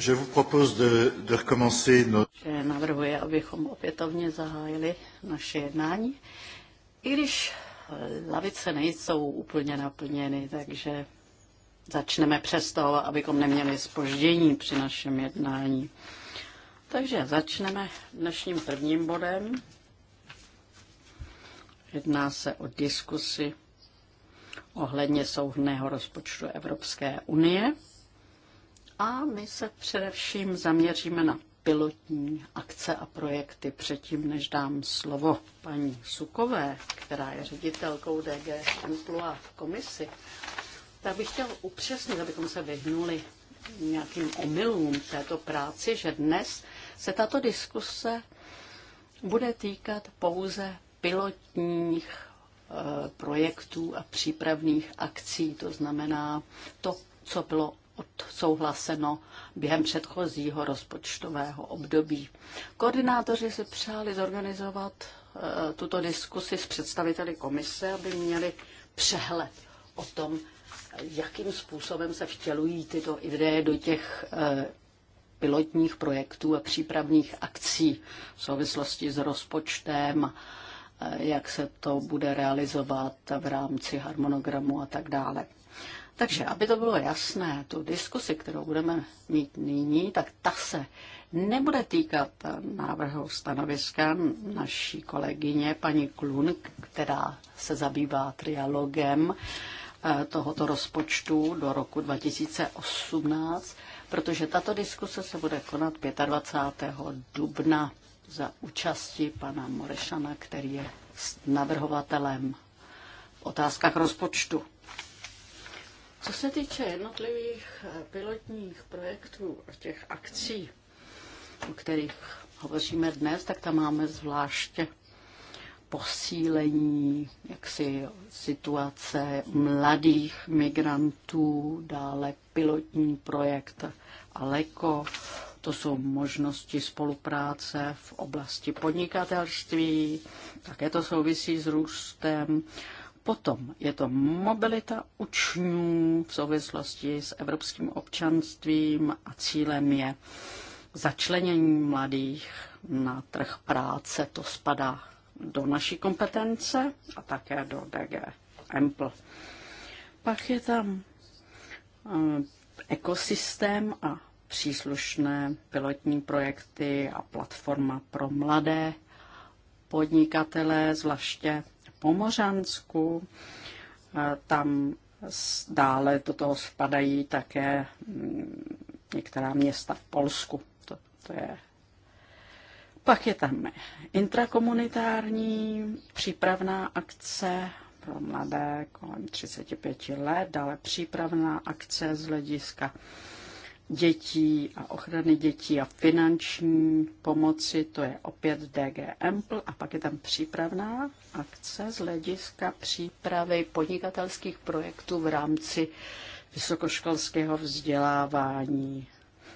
Je vous propose de, de recommencer notre... Navrhuji, abychom opětovně zahájili naše jednání, i když eh, lavice nejsou úplně naplněny, takže začneme přesto, abychom neměli spoždění při našem jednání. Takže začneme dnešním prvním bodem. Jedná se o diskusi ohledně souhrného rozpočtu Evropské unie. A my se především zaměříme na pilotní akce a projekty. Předtím, než dám slovo paní Sukové, která je ředitelkou DG Emplua v komisi, tak bych chtěl upřesnit, abychom se vyhnuli nějakým omylům této práci, že dnes se tato diskuse bude týkat pouze pilotních eh, projektů a přípravných akcí, to znamená to, co bylo odsouhlaseno během předchozího rozpočtového období. Koordinátoři si přáli zorganizovat eh, tuto diskusi s představiteli komise, aby měli přehled o tom, jakým způsobem se vtělují tyto ideje do těch eh, pilotních projektů a přípravných akcí v souvislosti s rozpočtem, eh, jak se to bude realizovat v rámci harmonogramu a tak dále. Takže, aby to bylo jasné, tu diskusi, kterou budeme mít nyní, tak ta se nebude týkat návrhu stanoviska naší kolegyně paní Klun, která se zabývá trialogem eh, tohoto rozpočtu do roku 2018, protože tato diskuse se bude konat 25. dubna za účasti pana Morešana, který je navrhovatelem v otázkách rozpočtu. Co se týče jednotlivých eh, pilotních projektů a těch akcí, o kterých hovoříme dnes, tak tam máme zvláště posílení jaksi situace mladých migrantů, dále pilotní projekt Aleko, to jsou možnosti spolupráce v oblasti podnikatelství, také to souvisí s růstem Potom je to mobilita učňů v souvislosti s evropským občanstvím a cílem je začlenění mladých na trh práce. To spadá do naší kompetence a také do DG Ample. Pak je tam eh, ekosystém a příslušné pilotní projekty a platforma pro mladé podnikatele, zvláště Pomořansku. Tam dále do toho spadají také mm, některá města v Polsku. To, to je. Pak je tam intrakomunitární přípravná akce pro mladé kolem 35 let, dále přípravná akce z hlediska dětí a ochrany dětí a finanční pomoci, to je opět DG Ample a pak je tam přípravná akce z hlediska přípravy podnikatelských projektů v rámci vysokoškolského vzdělávání.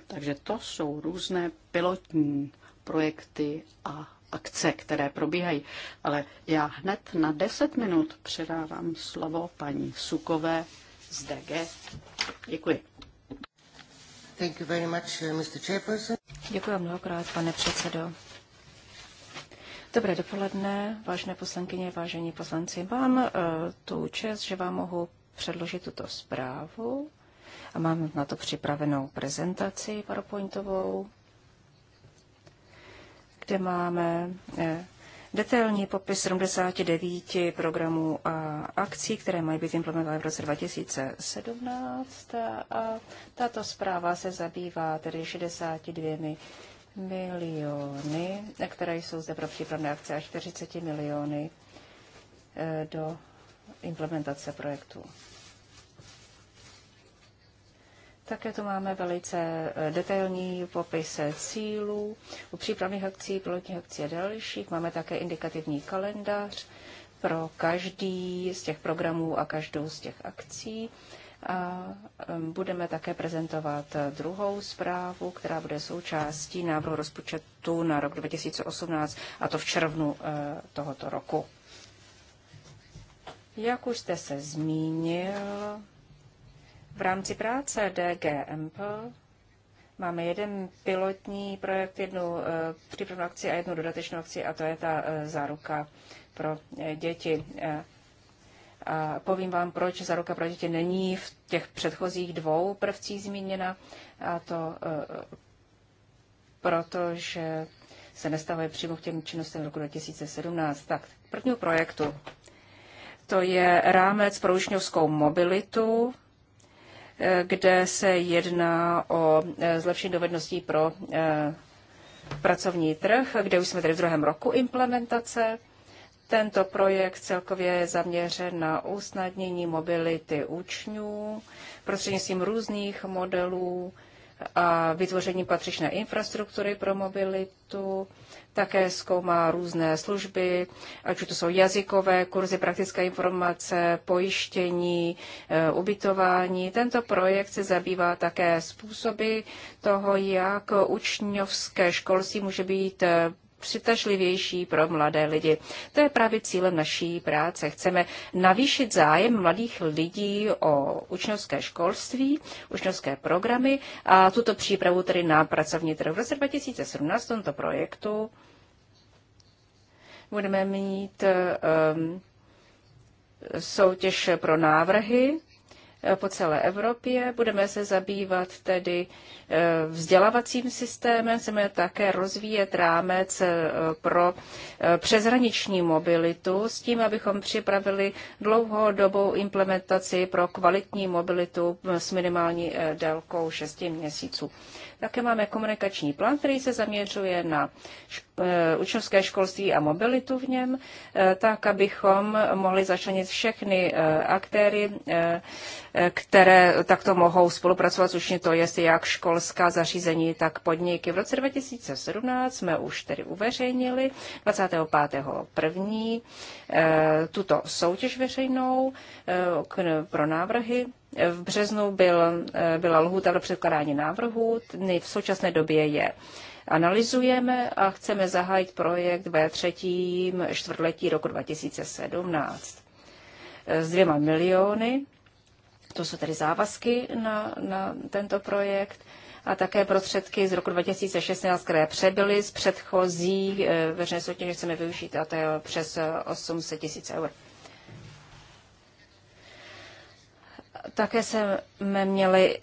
Takže to jsou různé pilotní projekty a akce, které probíhají. Ale já hned na 10 minut předávám slovo paní Sukové z DG. Děkuji. Uh, Děkuji mnohokrát, pane předsedo. Dobré dopoledne, vážné poslankyně, vážení poslanci. Mám uh, tu čest, že vám mohu předložit tuto zprávu a mám na to připravenou prezentaci PowerPointovou, kde máme eh, detailní popis 79 programů a akcí, které mají být implementovány v roce 2017. A tato zpráva se zabývá tedy 62 miliony, které jsou zde pro přípravné akce a 40 miliony eh, do implementace projektu. Také tu máme velice eh, detailní popis eh, cílů u přípravných akcí, pilotních akcí a dalších. Máme také indikativní kalendář pro každý z těch programů a každou z těch akcí. A budeme také prezentovat eh, druhou zprávu, která bude součástí návrhu rozpočtu na rok 2018, a to v červnu tohoto roku. Jak už jste se zmínil, v rámci práce DGMP máme jeden pilotní projekt, jednu eh, přípravnou akci a jednu dodatečnou akci a to je ta eh, záruka pro eh, děti. A povím vám, proč záruka pro děti není v těch předchozích dvou prvcích zmíněna a to protože se nestavuje přímo k těm činnostem roku 2017. Tak, prvního projektu. To je rámec pro učňovskou mobilitu kde se jedná o eh, zlepšení dovedností pro eh, pracovní trh, kde už jsme tedy v druhém roku implementace. Tento projekt celkově je zaměřen na usnadnění mobility učňů prostřednictvím různých modelů a vytvoření patřičné infrastruktury pro mobilitu. Také zkoumá různé služby, ať už to jsou jazykové kurzy, praktické informace, pojištění, e, ubytování. Tento projekt se zabývá také způsoby toho, jak učňovské školství může být e, přitažlivější pro mladé lidi. To je právě cílem naší práce. Chceme navýšit zájem mladých lidí o učňovské školství, učňovské programy a tuto přípravu tedy na pracovní trh. V roce 2017 v tomto projektu budeme mít um, soutěž pro návrhy Eh, po celé Evropě. Budeme se zabývat tedy eh, vzdělávacím systémem, chceme také rozvíjet rámec eh, pro přeshraniční mobilitu s tím, abychom připravili dlouhodobou implementaci pro kvalitní mobilitu s minimální délkou 6 měsíců. Také máme komunikační plán, který se zaměřuje na eh, učňovské školství a mobilitu v něm, eh, tak abychom mohli začlenit všechny eh, aktéry, které takto mohou spolupracovat s učně, to je jak školská zařízení, tak podniky. V roce 2017 jsme už tedy uveřejnili 25.1. tuto soutěž veřejnou pro návrhy v březnu byl, eh, byla lhůta pro předkládání návrhů, v současné době je analyzujeme a chceme zahájit projekt ve třetím čtvrtletí roku 2017 eh, s dvěma miliony. To jsou tedy závazky na, na tento projekt a také prostředky z roku 2016, které přebyly z předchozí eh, veřejné soutěže, chceme využít a to je přes 800 tisíc eur. Také jsme měli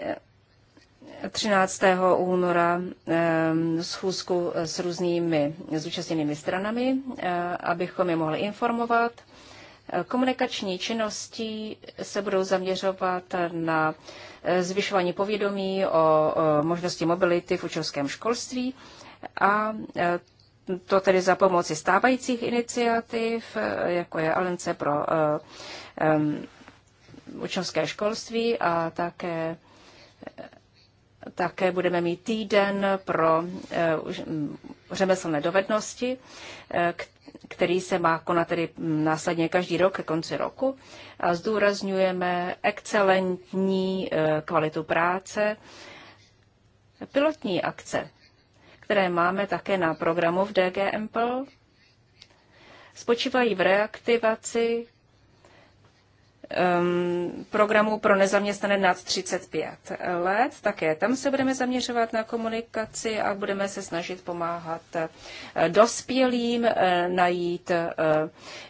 13. Eh, února eh, schůzku s různými zúčastněnými stranami, eh, abychom je mohli informovat. Komunikační činnosti se budou zaměřovat na zvyšování povědomí o možnosti mobility v učovském školství a to tedy za pomoci stávajících iniciativ, jako je Alence pro učňovské školství a také také budeme mít týden pro eh, řemeslné dovednosti, eh, který se má konat tedy následně každý rok ke konci roku. A zdůrazňujeme excelentní eh, kvalitu práce, pilotní akce, které máme také na programu v DGMPL, spočívají v reaktivaci um, programů pro nezaměstnané nad 35 let. Také tam se budeme zaměřovat na komunikaci a budeme se snažit pomáhat eh, dospělým eh, najít eh,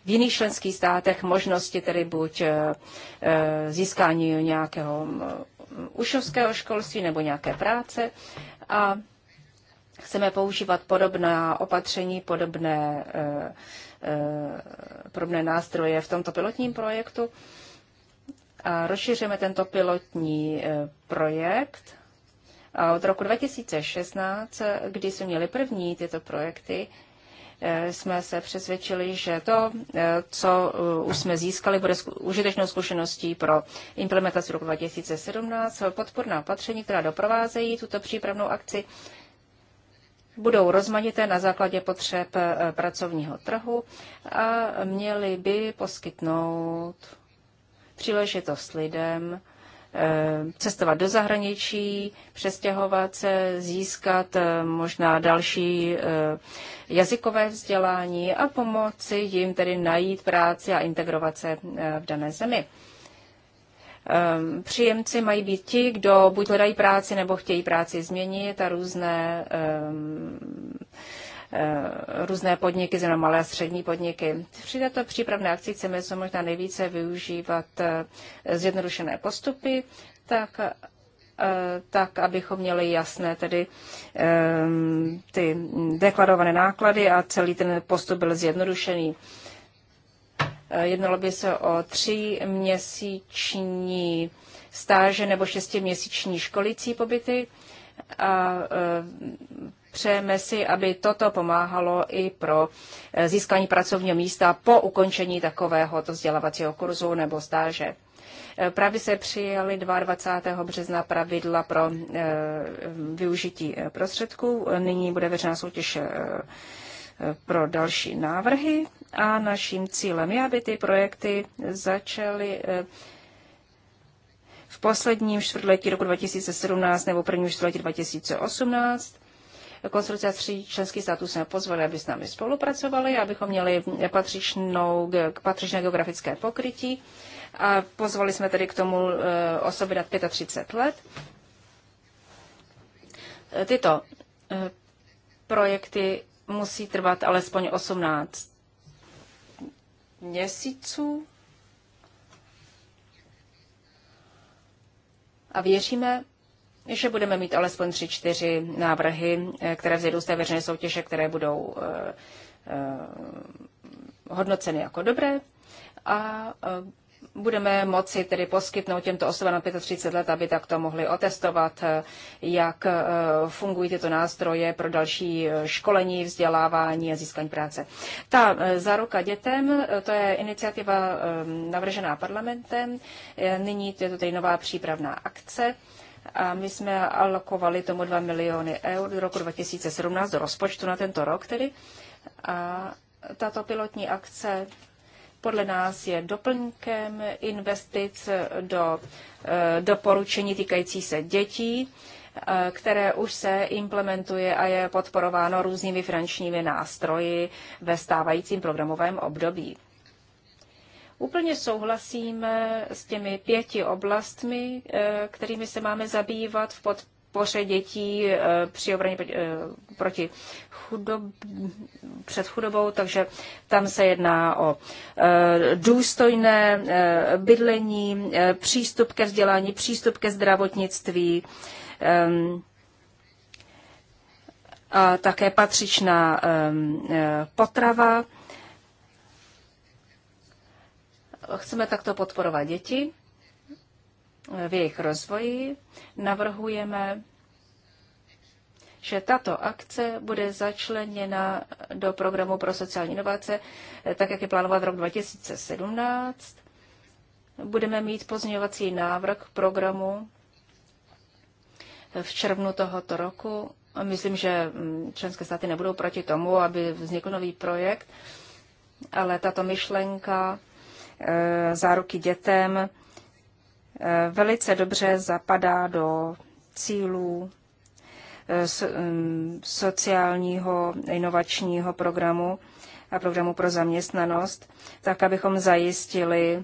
v jiných členských státech možnosti, tedy buď získání nějakého mm, ušovského školství nebo nějaké práce. A chceme používat podobná opatření, podobné, podobné nástroje v tomto pilotním projektu. Rozšiřujeme tento pilotní e, projekt. A od roku 2016, e, kdy jsme měli první tyto projekty, e, jsme se přesvědčili, že to, co už jsme získali, bude užitečnou zkušeností pro implementaci roku 2017. Podporná opatření, která doprovázejí tuto přípravnou akci, budou rozmanité na základě potřeb pracovního trhu a měly by poskytnout příležitost lidem eh, cestovat do zahraničí, přestěhovat se, získat eh, možná další eh, jazykové vzdělání a pomoci jim tedy najít práci a integrovat se v dané zemi. Příjemci mají být ti, kdo buď hledají práci nebo chtějí práci změnit a různé Eh, různé podniky, zejména malé a střední podniky. Při této přípravné akci chceme co možná nejvíce využívat eh, zjednodušené postupy, tak eh, tak, abychom měli jasné tedy ty deklarované náklady a celý ten postup byl zjednodušený. Jednalo by se o tři měsíční stáže nebo šestiměsíční školicí pobyty a Přejeme si, aby toto pomáhalo i pro eh, získání pracovního místa po ukončení takového vzdělávacího kurzu nebo stáže. Eh, právě se přijali 22. března pravidla pro eh, využití prostředků. Nyní bude veřejná soutěž pro další návrhy a naším cílem je, aby ty projekty začaly v posledním čtvrtletí roku 2017 nebo prvním čtvrtletí 2018 konstrukce tří členských států jsme pozvali, aby s námi spolupracovali, abychom měli patřičnou, patřičné geografické pokrytí. A pozvali jsme tedy k tomu eh, osoby nad 35 let. Eh, tyto eh, projekty musí trvat alespoň 18 měsíců. A věříme, že budeme mít alespoň tři, čtyři návrhy, eh, které vzjedou z té veřejné soutěže, které budou eh, eh, hodnoceny jako dobré a budeme moci tedy poskytnout těmto osobám na 35 let, aby takto mohli otestovat, jak fungují tyto nástroje pro další školení, vzdělávání a získání práce. Ta záruka dětem, to je iniciativa navržená parlamentem, nyní je to tedy nová přípravná akce a my jsme alokovali tomu 2 miliony eur do roku 2017 do rozpočtu na tento rok tedy. A tato pilotní akce podle nás je doplňkem investic do e, doporučení týkající se dětí, e, které už se implementuje a je podporováno různými finančními nástroji ve stávajícím programovém období. Úplně souhlasím s těmi pěti oblastmi, eh, kterými se máme zabývat v podpoře dětí eh, při obraně eh, proti chudob, před chudobou, takže tam se jedná o důstojné bydlení, přístup ke vzdělání, přístup ke zdravotnictví, a také patřičná potrava Chceme takto podporovat děti v jejich rozvoji. Navrhujeme, že tato akce bude začleněna do programu pro sociální inovace, tak jak je plánovat rok 2017. Budeme mít pozměňovací návrh programu v červnu tohoto roku. Myslím, že mm, členské státy nebudou proti tomu, aby vznikl nový projekt, ale tato myšlenka Eh, záruky dětem eh, velice dobře zapadá do cílů eh, mm, sociálního inovačního programu a programu pro zaměstnanost, tak abychom zajistili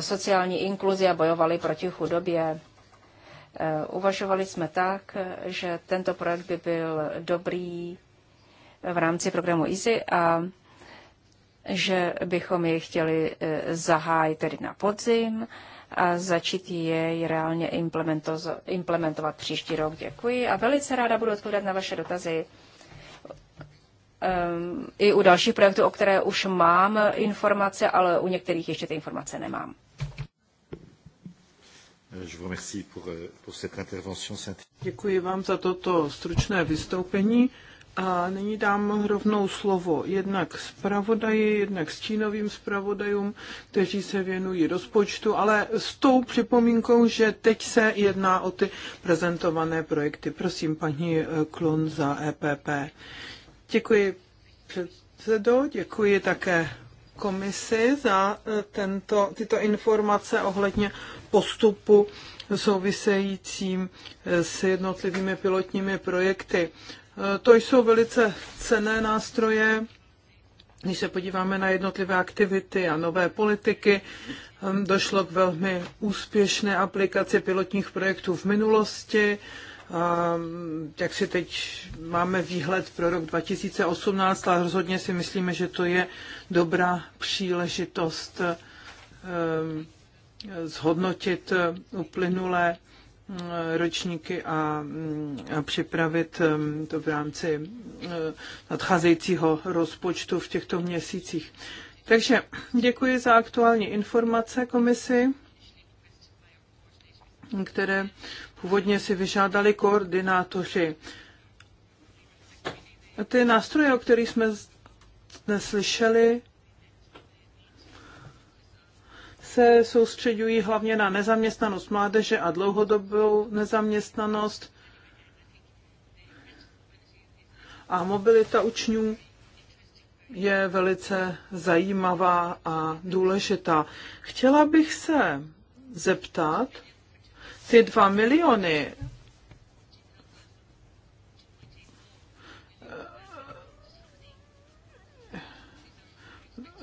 sociální inkluzi a bojovali proti chudobě. Uvažovali jsme tak, že tento projekt by byl dobrý v rámci programu EASY a že bychom jej chtěli e, zahájit tedy na podzim a začít jej reálně implementovat příští rok. Děkuji a velice ráda budu odpovídat na vaše dotazy. Um, I u dalších projektů, o které už mám informace, ale u některých ještě ty informace nemám. Euh, Děkuji vám za toto stručné vystoupení. A nyní dám rovnou slovo jednak zpravodaji, jednak čínovým zpravodajům, kteří se věnují rozpočtu, ale s tou připomínkou, že teď se jedná o ty prezentované projekty. Prosím, paní eh, Klun za EPP. Děkuji předsedo, děkuji také komisi za eh, tento, tyto informace ohledně postupu souvisejícím eh, s jednotlivými pilotními projekty. Eh, to jsou velice cené nástroje, když se podíváme na jednotlivé aktivity a nové politiky, ehm, došlo k velmi úspěšné aplikaci pilotních projektů v minulosti. Ehm, jak si teď máme výhled pro rok 2018, ale rozhodně si myslíme, že to je dobrá příležitost ehm, zhodnotit eh, uplynulé Eh, ročníky a mm, připravit mm, to v rámci eh, nadcházejícího rozpočtu v těchto měsících. Takže děkuji za aktuální informace komisi, které původně si vyžádali koordinátoři. Ty nástroje, o kterých jsme dnes slyšeli, se soustředují hlavně na nezaměstnanost mládeže a dlouhodobou nezaměstnanost a mobilita učňů je velice zajímavá a důležitá. Chtěla bych se zeptat, ty dva miliony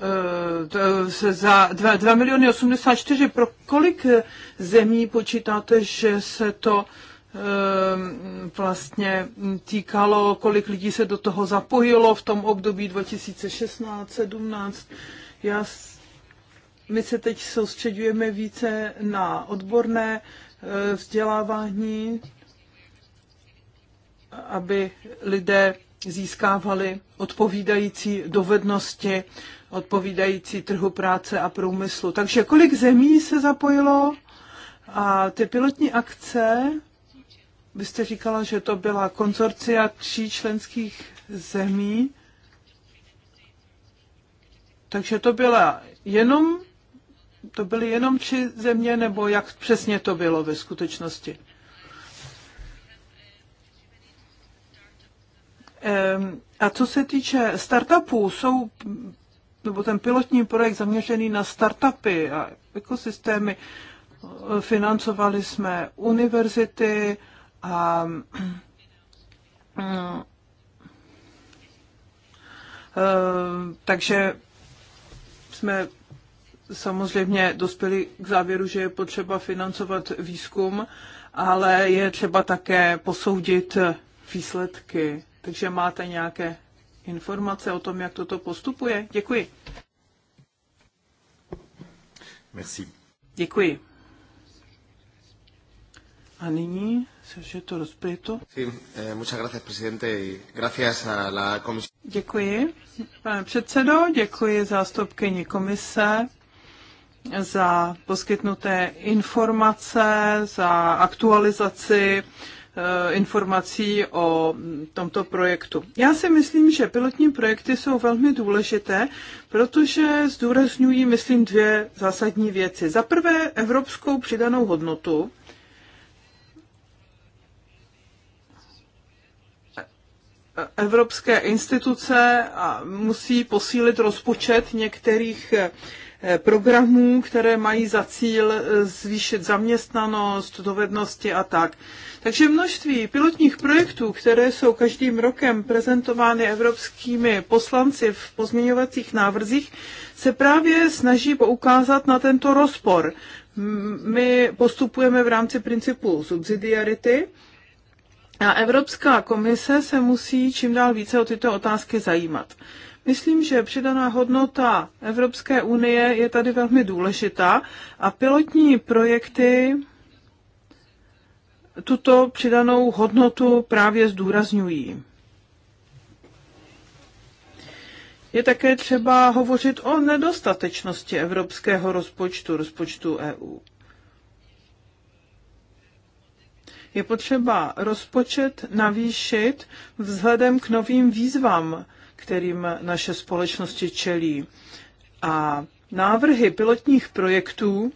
Eh, za 2, 2 miliony 84, pro kolik eh, zemí počítáte, že se to eh, vlastně týkalo, kolik lidí se do toho zapojilo v tom období 2016-17. Já, my se teď soustředujeme více na odborné vzdělávání, aby lidé získávali odpovídající dovednosti odpovídající trhu práce a průmyslu. Takže kolik zemí se zapojilo a ty pilotní akce, byste říkala, že to byla konzorcia tří členských zemí, takže to byla jenom, to byly jenom tři země, nebo jak přesně to bylo ve skutečnosti? A co se týče startupů, jsou nebo ten pilotní projekt zaměřený na startupy a ekosystémy. Financovali jsme univerzity a mm, eh, takže jsme samozřejmě dospěli k závěru, že je potřeba financovat výzkum, ale je třeba také posoudit výsledky. Takže máte nějaké informace o tom, jak toto postupuje? Děkuji. Merci. Děkuji. A nyní Sergio Toros to Sí, eh, gracias, presidente, y gracias a la comisión. Děkuji, pane předsedo, děkuji zástupkyni komise za poskytnuté informace, za aktualizaci Eh, informací o tomto projektu. Já si myslím, že pilotní projekty jsou velmi důležité, protože zdůrazňují, myslím, dvě zásadní věci. Za prvé evropskou přidanou hodnotu, evropské instituce musí posílit rozpočet některých Eh, programů, které mají za cíl eh, zvýšit zaměstnanost, dovednosti a tak. Takže množství pilotních projektů, které jsou každým rokem prezentovány evropskými poslanci v pozměňovacích návrzích, se právě snaží poukázat na tento rozpor. My postupujeme v rámci principu subsidiarity, a Evropská komise se musí čím dál více o tyto otázky zajímat. Myslím, že přidaná hodnota Evropské unie je tady velmi důležitá a pilotní projekty tuto přidanou hodnotu právě zdůrazňují. Je také třeba hovořit o nedostatečnosti evropského rozpočtu, rozpočtu EU. Je potřeba rozpočet navýšit vzhledem k novým výzvám, kterým naše společnosti čelí. A návrhy pilotních projektů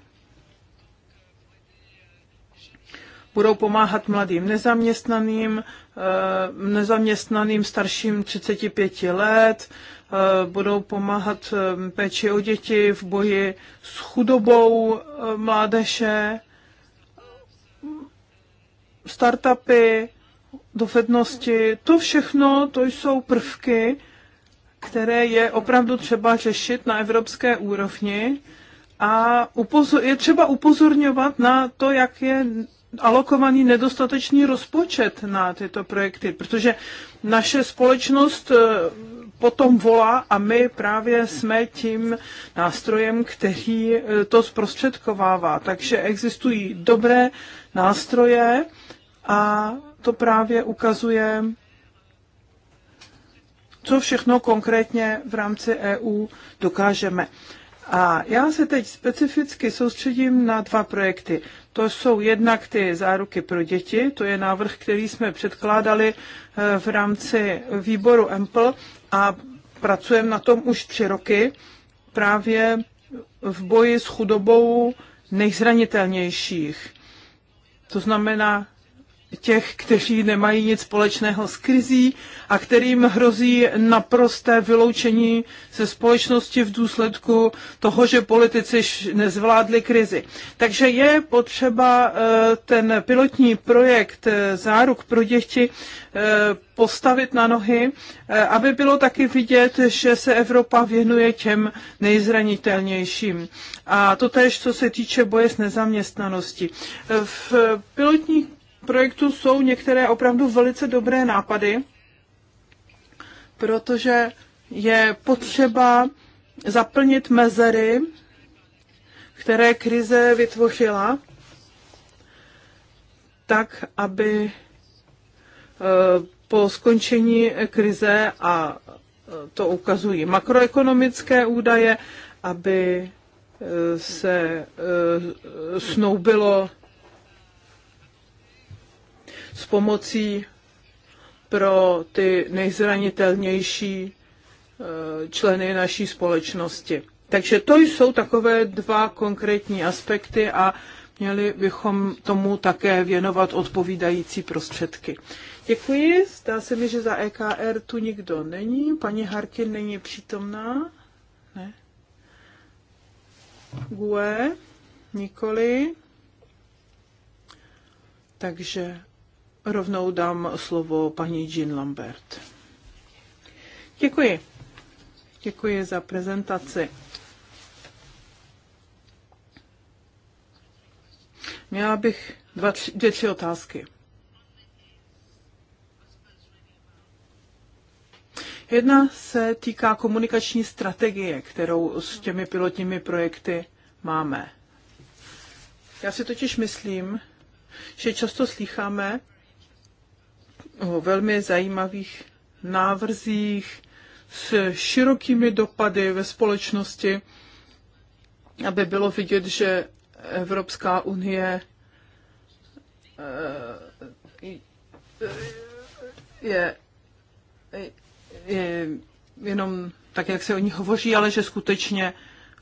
budou pomáhat mladým nezaměstnaným, eh, nezaměstnaným starším 35 let, eh, budou pomáhat eh, péči o děti v boji s chudobou mládeže, startupy, dovednosti, to všechno, to jsou prvky, které je opravdu třeba řešit na evropské úrovni a upozor, je třeba upozorňovat na to, jak je alokovaný nedostatečný rozpočet na tyto projekty, protože naše společnost eh, potom volá a my právě jsme tím nástrojem, který eh, to zprostředkovává. Takže existují dobré nástroje a to právě ukazuje co všechno konkrétně v rámci EU dokážeme. A já se teď specificky soustředím na dva projekty. To jsou jednak ty záruky pro děti, to je návrh, který jsme předkládali eh, v rámci výboru EMPL a pracujeme na tom už tři roky právě v boji s chudobou nejzranitelnějších. To znamená těch, kteří nemají nic společného s krizí a kterým hrozí naprosté vyloučení ze společnosti v důsledku toho, že politici nezvládli krizi. Takže je potřeba eh, ten pilotní projekt eh, záruk pro děti eh, postavit na nohy, aby bylo taky vidět, že se Evropa věnuje těm nejzranitelnějším. A to tež, co se týče boje s nezaměstnaností. V pilotní projektu jsou některé opravdu velice dobré nápady, protože je potřeba zaplnit mezery, které krize vytvořila, tak, aby e, po skončení krize, a e, to ukazují makroekonomické údaje, aby e, se snoubilo s pomocí pro ty nejzranitelnější eh, členy naší společnosti. Takže to jsou takové dva konkrétní aspekty a měli bychom tomu také věnovat odpovídající prostředky. Děkuji. Zdá se mi, že za EKR tu nikdo není. Paní Harkin není přítomná. Ne. GUE. Nikoli. Takže rovnou dám slovo paní Jean Lambert. Děkuji. Děkuji za prezentaci. Měla bych dva, tři, dvě, tři otázky. Jedna se týká komunikační strategie, kterou s těmi pilotními projekty máme. Já si totiž myslím, že často slýcháme, o velmi zajímavých návrzích s širokými dopady ve společnosti, aby bylo vidět, že Evropská unie eh, je, je jenom tak, jak se o ní hovoří, ale že skutečně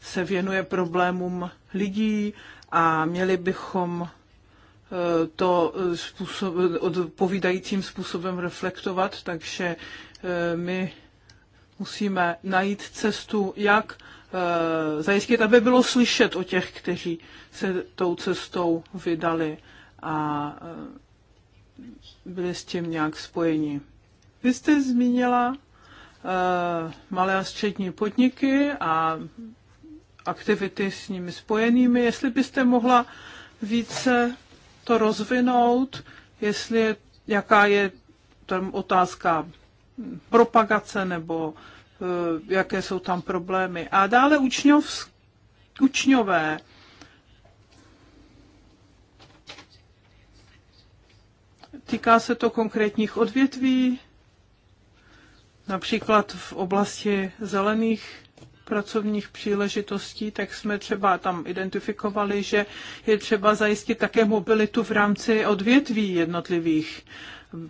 se věnuje problémům lidí a měli bychom to způsob, odpovídajícím způsobem reflektovat, takže eh, my musíme najít cestu, jak eh, zajistit, aby bylo slyšet o těch, kteří se tou cestou vydali a eh, byli s tím nějak spojeni. Vy jste zmínila malé a střední podniky a aktivity s nimi spojenými. Jestli byste mohla více to rozvinout, jestli je, jaká je tam otázka propagace nebo eh, jaké jsou tam problémy. A dále učňov, učňové. Týká se to konkrétních odvětví, například v oblasti zelených pracovních příležitostí, tak jsme třeba tam identifikovali, že je třeba zajistit také mobilitu v rámci odvětví jednotlivých,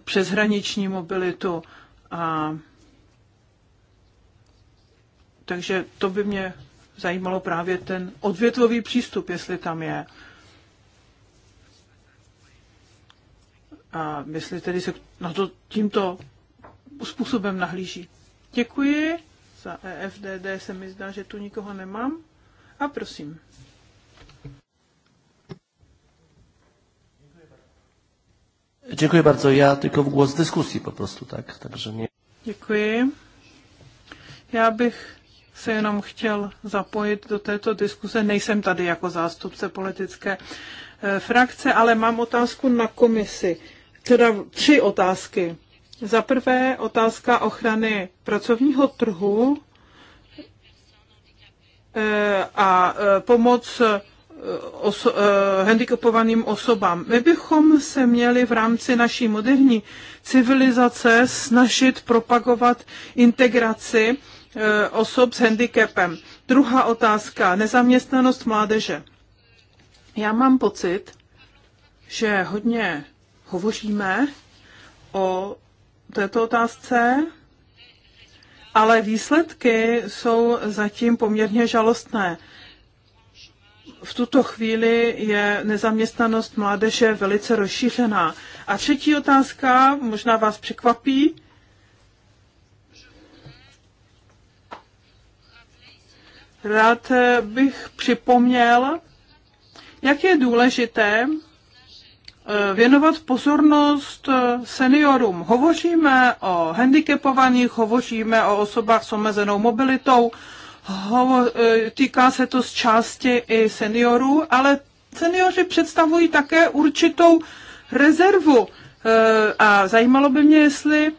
přeshraniční mobilitu. A... Takže to by mě zajímalo právě ten odvětvový přístup, jestli tam je. A jestli tedy se na to tímto způsobem nahlíží. Děkuji za EFDD se mi zdá, že tu nikoho nemám. A prosím. Děkuji bardzo. Já tylko v głos dyskusji po prostu, tak? Takže nie... Děkuji. Já bych se jenom chtěl zapojit do této diskuse. Nejsem tady jako zástupce politické eh, frakce, ale mám otázku na komisi. Teda tři otázky. Za prvé otázka ochrany pracovního trhu eh, a eh, pomoc eh, oso- handicapovaným osobám. My bychom se měli v rámci naší moderní civilizace snažit propagovat integraci osob s handicapem. Druhá otázka, nezaměstnanost mládeže. Já mám pocit, že hodně hovoříme o této otázce, ale výsledky jsou zatím poměrně žalostné. V tuto chvíli je nezaměstnanost mládeže velice rozšířená. A třetí otázka, možná vás překvapí, rád bych připomněl, jak je důležité, Eh, věnovat pozornost eh, seniorům. Hovoříme o handicapovaných, hovoříme o osobách s omezenou mobilitou, hovo, eh, týká se to z části i seniorů, ale seniori představují také určitou rezervu. A zajímalo by mě, jestli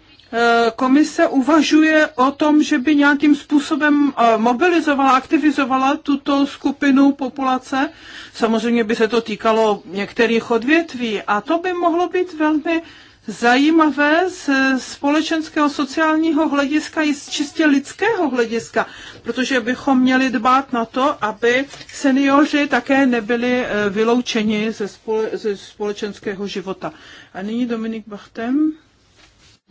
komise uvažuje o tom, že by nějakým způsobem eh, mobilizovala, aktivizovala tuto skupinu populace. Samozřejmě by se to týkalo některých odvětví a to by mohlo být velmi zajímavé z společenského sociálního hlediska i z čistě lidského hlediska, protože bychom měli dbát na to, aby seniori také nebyli eh, vyloučeni ze, spole, ze společenského života. A nyní Dominik Bachtem.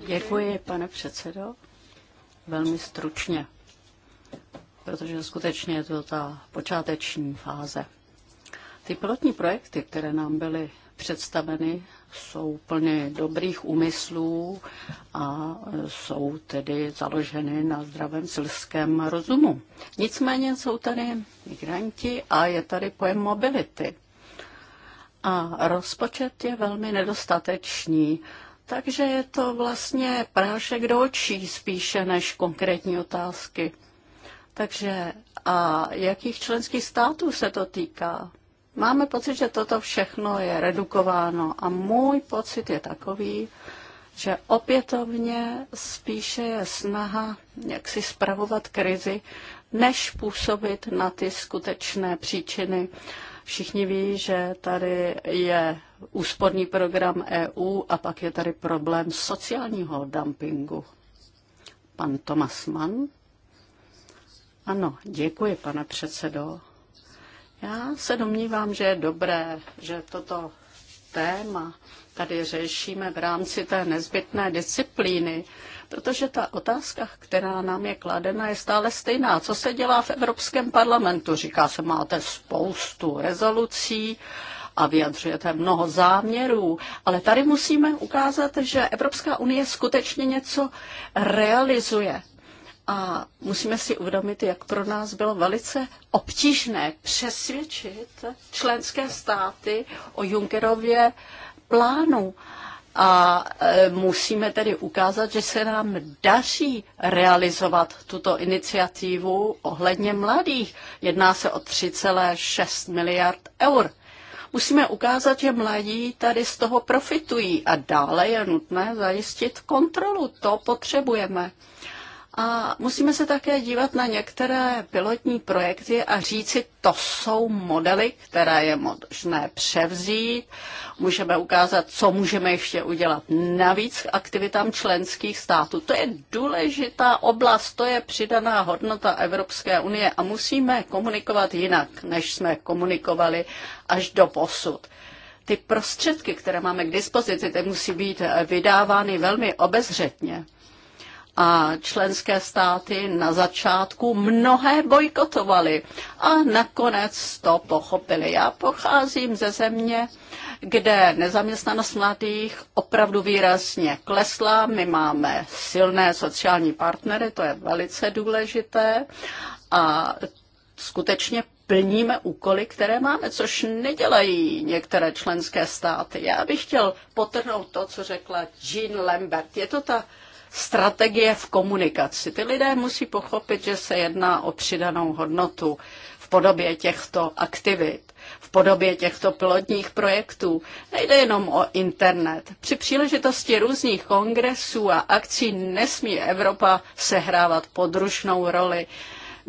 Děkuji, pane předsedo. Velmi stručně, protože skutečně je to ta počáteční fáze. Ty pilotní projekty, které nám byly představeny, jsou plně dobrých úmyslů a jsou tedy založeny na zdravém selském rozumu. Nicméně jsou tady migranti a je tady pojem mobility. A rozpočet je velmi nedostatečný takže je to vlastně prášek do očí spíše než konkrétní otázky. Takže a jakých členských států se to týká? Máme pocit, že toto všechno je redukováno a můj pocit je takový, že opětovně spíše je snaha jak si spravovat krizi, než působit na ty skutečné příčiny. Všichni ví, že tady je úsporný program EU a pak je tady problém sociálního dumpingu. Pan Tomas Mann. Ano, děkuji, pane předsedo. Já se domnívám, že je dobré, že toto téma tady řešíme v rámci té nezbytné disciplíny, protože ta otázka, která nám je kladena, je stále stejná. Co se dělá v Evropském parlamentu? Říká se, máte spoustu rezolucí, a vyjadřujete mnoho záměrů, ale tady musíme ukázat, že Evropská unie skutečně něco realizuje. A musíme si uvědomit, jak pro nás bylo velice obtížné přesvědčit členské státy o Junckerově plánu. A e, musíme tedy ukázat, že se nám daří realizovat tuto iniciativu ohledně mladých. Jedná se o 3,6 miliard eur. Musíme ukázat, že mladí tady z toho profitují a dále je nutné zajistit kontrolu. To potřebujeme. A musíme se také dívat na některé pilotní projekty a říci, to jsou modely, které je možné převzít. Můžeme ukázat, co můžeme ještě udělat navíc k aktivitám členských států. To je důležitá oblast, to je přidaná hodnota Evropské unie a musíme komunikovat jinak, než jsme komunikovali až do posud ty prostředky, které máme k dispozici, ty musí být vydávány velmi obezřetně a členské státy na začátku mnohé bojkotovaly a nakonec to pochopili. Já pocházím ze země, kde nezaměstnanost mladých opravdu výrazně klesla. My máme silné sociální partnery, to je velice důležité a skutečně plníme úkoly, které máme, což nedělají některé členské státy. Já bych chtěl potrhnout to, co řekla Jean Lambert. Je to ta strategie v komunikaci. Ty lidé musí pochopit, že se jedná o přidanou hodnotu v podobě těchto aktivit, v podobě těchto pilotních projektů. Nejde jenom o internet. Při příležitosti různých kongresů a akcí nesmí Evropa sehrávat podružnou roli.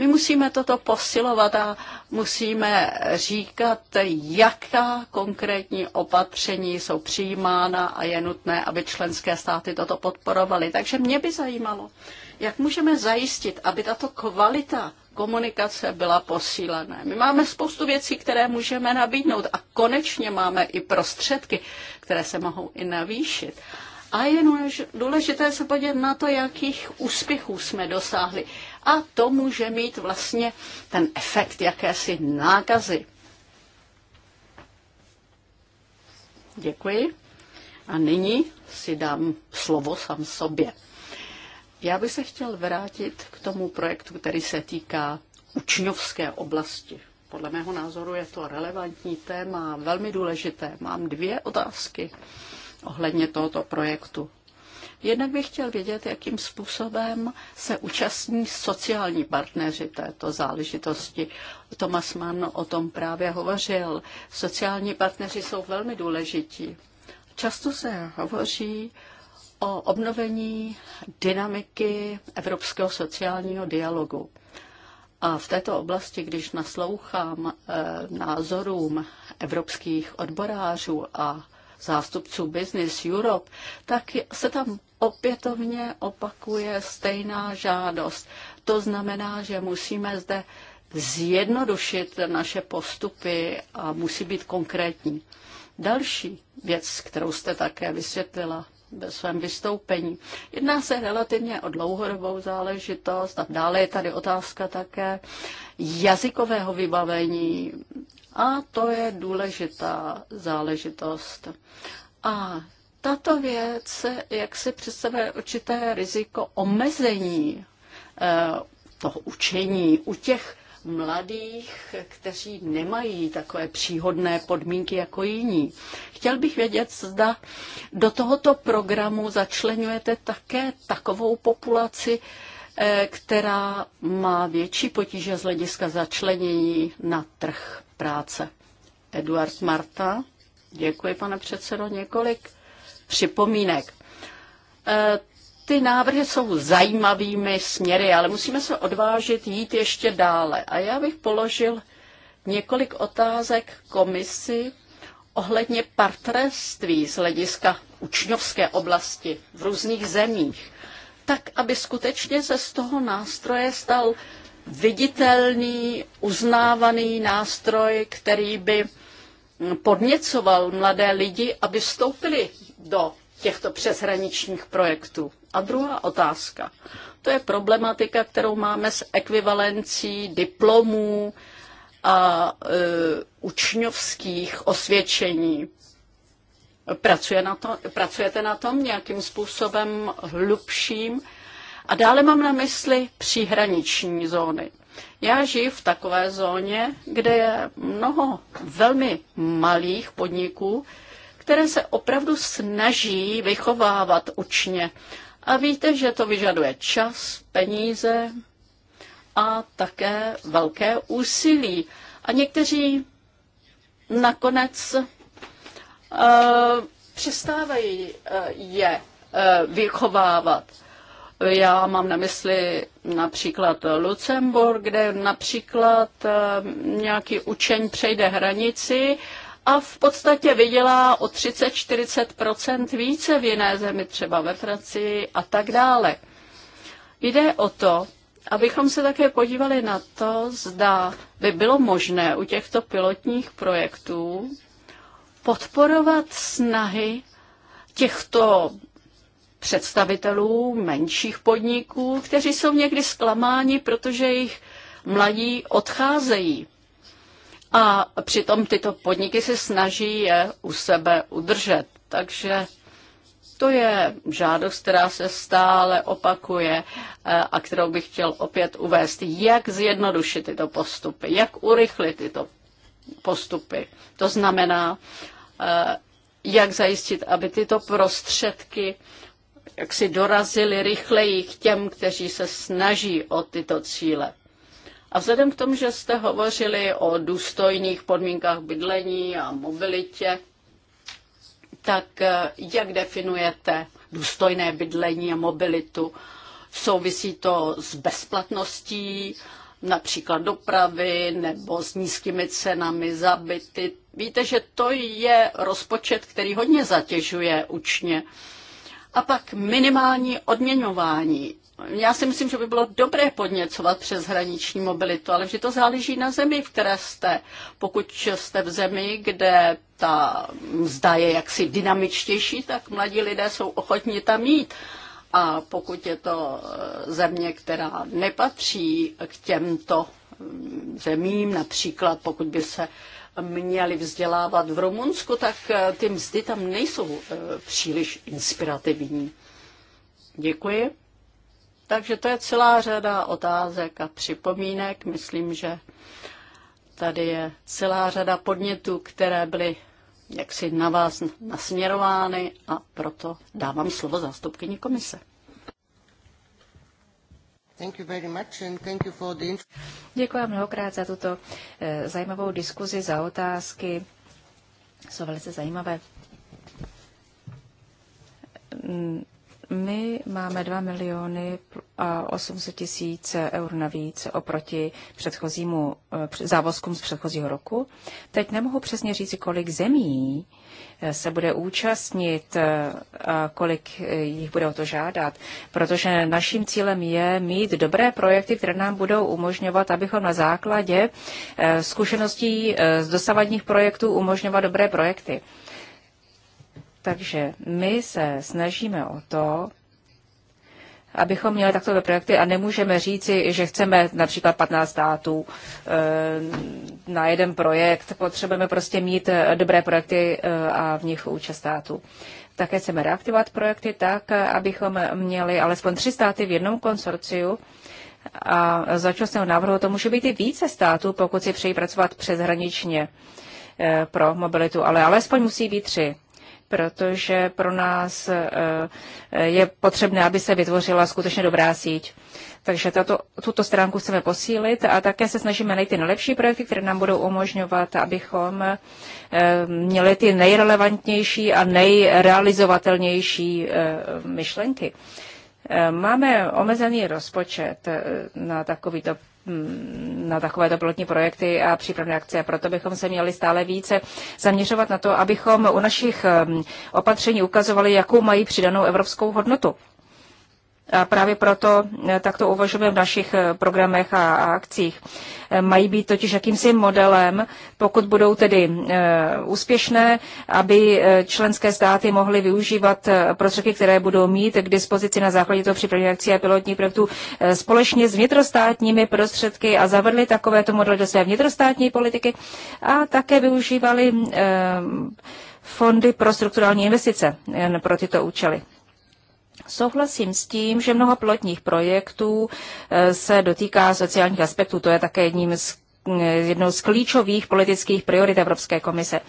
My musíme toto posilovat a musíme říkat, jaká konkrétní opatření jsou přijímána a je nutné, aby členské státy toto podporovaly. Takže mě by zajímalo, jak můžeme zajistit, aby tato kvalita komunikace byla posílená. My máme spoustu věcí, které můžeme nabídnout a konečně máme i prostředky, které se mohou i navýšit. A je důležité se podívat na to, jakých úspěchů jsme dosáhli a to může mít vlastně ten efekt jakési nákazy. Děkuji. A nyní si dám slovo sám sobě. Já bych se chtěl vrátit k tomu projektu, který se týká učňovské oblasti. Podle mého názoru je to relevantní téma, velmi důležité. Mám dvě otázky ohledně tohoto projektu. Jednak bych chtěl vědět, jakým způsobem se účastní sociální partneři této záležitosti. Tomas Mann o tom právě hovořil. Sociální partneři jsou velmi důležití. Často se hovoří o obnovení dynamiky evropského sociálního dialogu. A v této oblasti, když naslouchám eh, názorům evropských odborářů a zástupců Business Europe, tak se tam opětovně opakuje stejná žádost. To znamená, že musíme zde zjednodušit naše postupy a musí být konkrétní. Další věc, kterou jste také vysvětlila ve svém vystoupení. Jedná se relativně o dlouhodobou záležitost a dále je tady otázka také jazykového vybavení a to je důležitá záležitost. A tato věc, jak si představuje určité riziko omezení eh, toho učení u těch mladých, kteří nemají takové příhodné podmínky jako jiní. Chtěl bych vědět, zda do tohoto programu začlenujete také takovou populaci, eh, která má větší potíže z hlediska začlenění na trh práce. Eduard Marta, děkuji pane předsedo, několik připomínek. E, ty návrhy jsou zajímavými směry, ale musíme se odvážit jít ještě dále. A já bych položil několik otázek komisi ohledně partnerství z hlediska učňovské oblasti v různých zemích, tak aby skutečně se z toho nástroje stal viditelný, uznávaný nástroj, který by podněcoval mladé lidi, aby vstoupili do těchto přeshraničních projektů. A druhá otázka. To je problematika, kterou máme s ekvivalencí diplomů a e, učňovských osvědčení. Pracuje na to, pracujete na tom nějakým způsobem hlubším? A dále mám na mysli příhraniční zóny. Já žiju v takové zóně, kde je mnoho velmi malých podniků, které se opravdu snaží vychovávat učně. A víte, že to vyžaduje čas, peníze a také velké úsilí. A někteří nakonec uh, přestávají uh, je uh, vychovávat. Já mám na mysli například Lucemburg, kde například eh, nějaký učeň přejde hranici a v podstatě vydělá o 30-40 více v jiné zemi, třeba ve Francii a tak dále. Jde o to, abychom se také podívali na to, zda by bylo možné u těchto pilotních projektů podporovat snahy těchto představitelů menších podniků, kteří jsou někdy zklamáni, protože jejich mladí odcházejí. A přitom tyto podniky se snaží je u sebe udržet. Takže to je žádost, která se stále opakuje eh, a kterou bych chtěl opět uvést. Jak zjednodušit tyto postupy, jak urychlit tyto postupy. To znamená, eh, jak zajistit, aby tyto prostředky jak si dorazili rychleji k těm, kteří se snaží o tyto cíle. A vzhledem k tomu, že jste hovořili o důstojných podmínkách bydlení a mobilitě, tak eh, jak definujete důstojné bydlení a mobilitu? Souvisí to s bezplatností, například dopravy nebo s nízkými cenami za byty. Víte, že to je rozpočet, který hodně zatěžuje učně. A pak minimální odměňování. Já si myslím, že by bylo dobré podněcovat přeshraniční mobilitu, ale vždy to záleží na zemi, v které jste. Pokud jste v zemi, kde ta mzda je jaksi dynamičtější, tak mladí lidé jsou ochotní tam jít. A pokud je to eh, země, která nepatří k těmto mm, zemím, například pokud by se měli vzdělávat v Rumunsku, tak eh, ty mzdy tam nejsou eh, příliš inspirativní. Děkuji. Takže to je celá řada otázek a připomínek. Myslím, že tady je celá řada podnětů, které byly jaksi na vás nasměrovány a proto dávám slovo zástupkyni komise. Děkuji mnohokrát za tuto eh, zajímavou diskuzi, za otázky. Jsou velice zajímavé. Mm, my máme 2 miliony a 800 tisíc eur navíc oproti předchozímu eh, závozkům z předchozího roku. Teď nemohu přesně říct, kolik zemí eh, se bude účastnit, eh, a kolik jich bude o to žádat, protože naším cílem je mít dobré projekty, které nám budou umožňovat, abychom na základě zkušeností z dosavadních projektů umožňovat dobré projekty. Takže my se snažíme o to, abychom měli takové projekty a nemůžeme říci, že chceme například 15 států eh, na jeden projekt. Potřebujeme prostě mít eh, dobré projekty eh, a v nich účast států. Také chceme reaktivovat projekty tak, abychom měli alespoň tři státy v jednom konsorciu. A z začasného návrhu to může být i více států, pokud si přejí pracovat přeshraničně pro mobilitu, ale alespoň musí být tři protože pro nás eh, eh, je potřebné, aby se vytvořila skutečně dobrá síť. Takže tato, tuto stránku chceme posílit a také se snažíme najít ty nejlepší projekty, které nám budou umožňovat, abychom eh, měli ty nejrelevantnější a nejrealizovatelnější myšlenky. Máme omezený rozpočet na takovýto Mm, na takovéto pilotní projekty a přípravné akce. A proto bychom se měli stále více zaměřovat na to, abychom u našich mm, opatření ukazovali, jakou mají přidanou evropskou hodnotu. A právě proto eh, takto uvažujeme v našich eh, programech a akcích. Eh, mají být totiž jakýmsi modelem, pokud budou tedy úspěšné, aby členské státy mohly využívat prostředky, které budou mít k dispozici na základě toho připravení akcí a pilotních projektů společně s vnitrostátními prostředky a zavedli takovéto modely do své vnitrostátní politiky a také využívali fondy pro strukturální investice pro tyto účely. Souhlasím s tím, že mnoho plotních projektů eh, se dotýká sociálních aspektů. To je také jedním z, eh, jednou z klíčových politických priorit Evropské komise.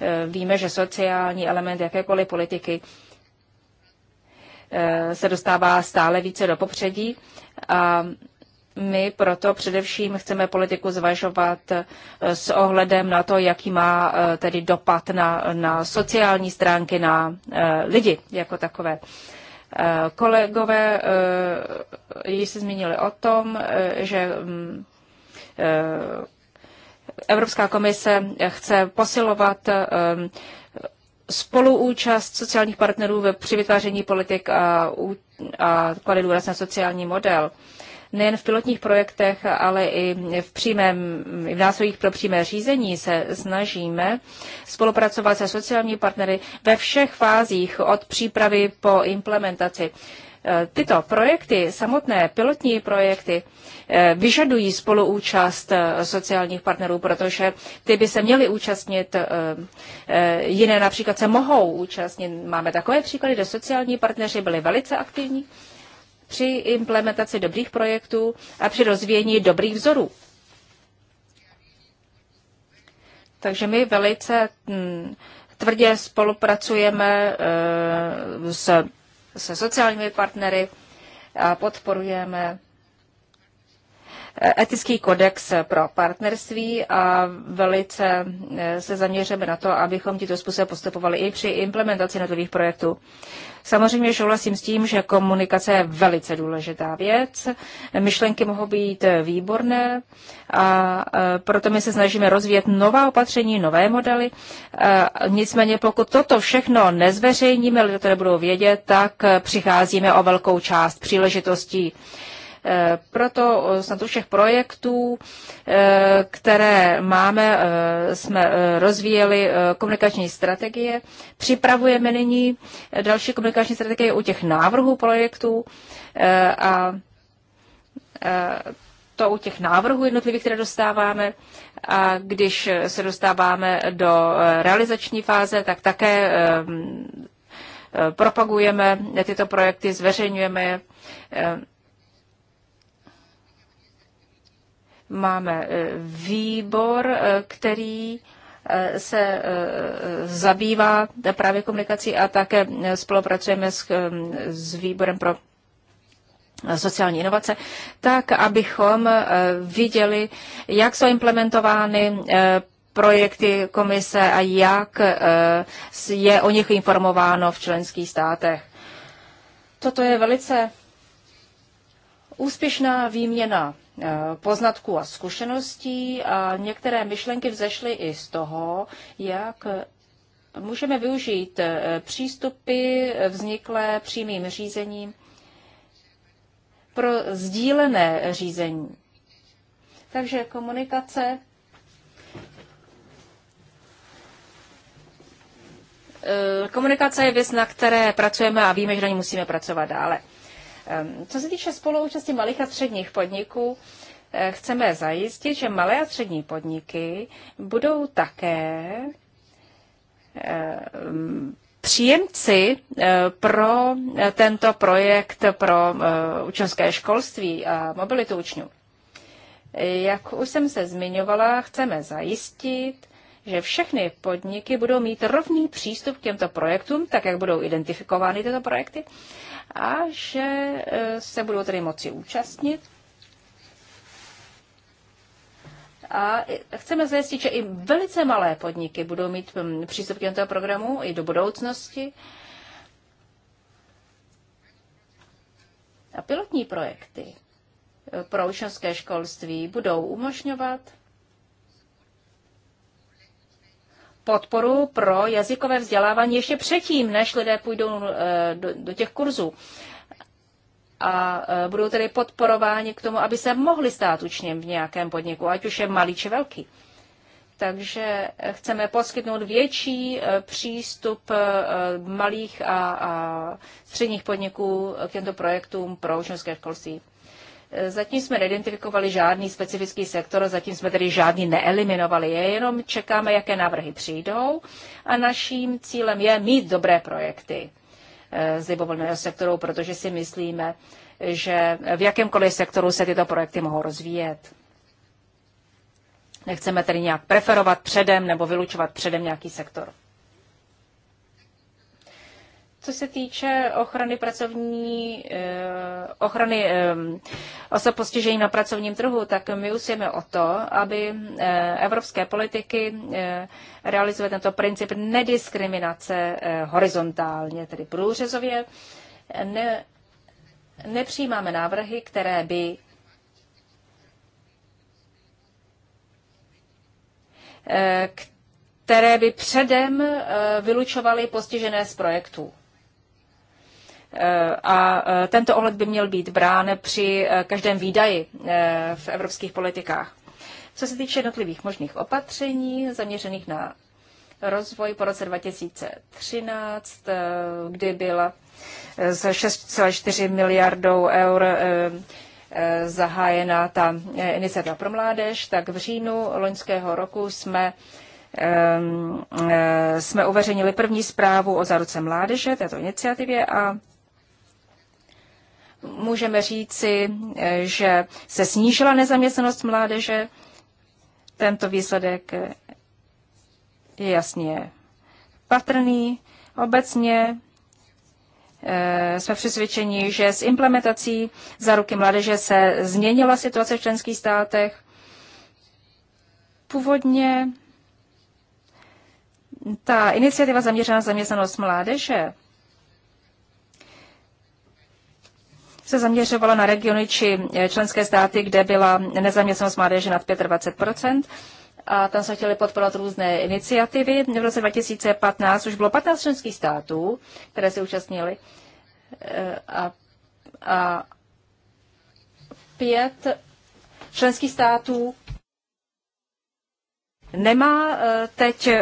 Eh, víme, že sociální element jakékoliv politiky se dostává stále více do popředí a my proto především chceme politiku zvažovat s ohledem na to, jaký má tedy dopad na, na sociální stránky, na lidi jako takové. Eh, kolegové eh, ji se zmínili o tom, eh, že mm, Evropská komise chce posilovat spoluúčast sociálních partnerů při vytváření politik a, a klade důraz na sociální model nejen v pilotních projektech, ale i v, přímém, i v nástrojích pro přímé řízení se snažíme spolupracovat se sociální partnery ve všech fázích od přípravy po implementaci. E, tyto projekty, samotné pilotní projekty, e, vyžadují spoluúčast e, sociálních partnerů, protože ty by se měly účastnit, jiné například se mohou účastnit. Máme takové příklady, kde sociální partneři byli velice aktivní při implementaci dobrých projektů a při rozvíjení dobrých vzorů. Takže my velice mm, tvrdě spolupracujeme eh, se, se sociálními partnery a podporujeme etický kodex pro partnerství a velice eh, se zaměříme na to, abychom tímto způsobem postupovali i při implementaci nových projektů. Samozřejmě souhlasím s tím, že komunikace je velice důležitá věc. Myšlenky mohou být výborné a eh, proto my se snažíme rozvíjet nová opatření, nové modely. Eh, nicméně pokud toto všechno nezveřejníme, lidé to nebudou vědět, tak přicházíme o velkou část příležitostí Eh, proto eh, snad u všech projektů, eh, které máme, jsme rozvíjeli komunikační strategie. Připravujeme nyní další komunikační strategie u těch návrhů projektů a to u těch návrhů jednotlivých, které dostáváme. A když se dostáváme do realizační fáze, tak také propagujeme tyto projekty, zveřejňujeme je Máme e, výbor, e, který e, se zabývá právě komunikací a také spolupracujeme s, s výborem pro sociální inovace, tak abychom viděli, jak jsou implementovány projekty komise a jak je o nich informováno v členských státech. Toto je velice úspěšná výměna Eh, poznatků a zkušeností a některé myšlenky vzešly i z toho, jak můžeme využít eh, přístupy vzniklé přímým řízením pro sdílené řízení. Takže komunikace eh, komunikace je věc, na které pracujeme a víme, že na ní musíme pracovat dále. Ehm, co se týče spoluúčasti malých a středních podniků, eh, chceme zajistit, že malé a střední podniky budou také ehm, příjemci eh, pro eh, tento projekt pro učňovské školství a mobilitu učňů. Jak už jsem se zmiňovala, chceme zajistit, že všechny podniky budou mít rovný přístup k těmto projektům, tak jak budou identifikovány tyto projekty, a že e, se budou tedy moci účastnit. A chceme zajistit, že i velice malé podniky budou mít přístup k těmto programu i do budoucnosti. A pilotní projekty e, pro učňovské školství budou umožňovat podporu pro jazykové vzdělávání ještě předtím, než lidé půjdou eh, do, do těch kurzů. A eh, budou tedy podporováni k tomu, aby se mohli stát učněm v nějakém podniku, ať už je malý či velký. Takže eh, chceme poskytnout větší přístup malých a, a středních podniků k těmto projektům pro učňovské školství. Zatím jsme neidentifikovali žádný specifický sektor, zatím jsme tedy žádný neeliminovali, je jenom čekáme, jaké návrhy přijdou a naším cílem je mít dobré projekty eh, z libovolného sektoru, protože si myslíme, že v jakémkoliv sektoru se tyto projekty mohou rozvíjet. Nechceme tedy nějak preferovat předem nebo vylučovat předem nějaký sektor. Co se týče ochrany pracovní, eh, ochrany osob postižení na pracovním trhu, tak my usilujeme o to, aby eh, evropské politiky eh, realizovaly tento princip nediskriminace horizontálně, tedy průřezově. Ne, nepřijímáme návrhy, které by které by předem vylučovaly postižené z projektů. A e, tento ohled by měl být brán při e, každém výdaji e, v evropských politikách. Co se týče jednotlivých možných opatření zaměřených na rozvoj po roce 2013, kdy byla s 6,4 miliardou eur zahájena ta iniciativa pro mládež, tak v říjnu loňského roku jsme jsme uveřejnili první zprávu o záruce mládeže této iniciativě a můžeme říci, eh, že se snížila nezaměstnanost mládeže. Tento výsledek eh, je jasně patrný. Obecně eh, jsme přesvědčeni, že s implementací za ruky mládeže se změnila situace v členských státech. Původně ta iniciativa zaměřená na zaměstnanost mládeže se zaměřovala na regiony či eh, členské státy, kde byla nezaměstnanost mládeže nad 25 a tam se chtěli podporovat různé iniciativy. V roce 2015 už bylo 15 členských států, které se účastnily, eh, a, a pět členských států nemá eh, teď eh,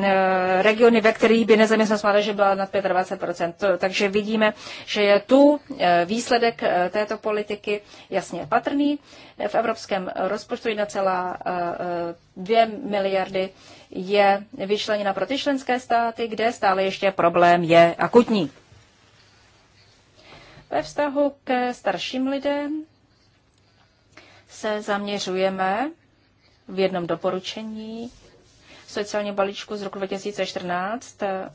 eh, regiony, ve kterých by nezaměstnanost mládeže byla nad 25 Takže vidíme, že je tu výsledek této politiky jasně patrný. V evropském rozpočtu 1,2 miliardy je vyčleněna pro ty členské státy, kde stále ještě problém je akutní. Ve vztahu ke starším lidem se zaměřujeme v jednom doporučení sociálního balíčku z roku 2014 eh,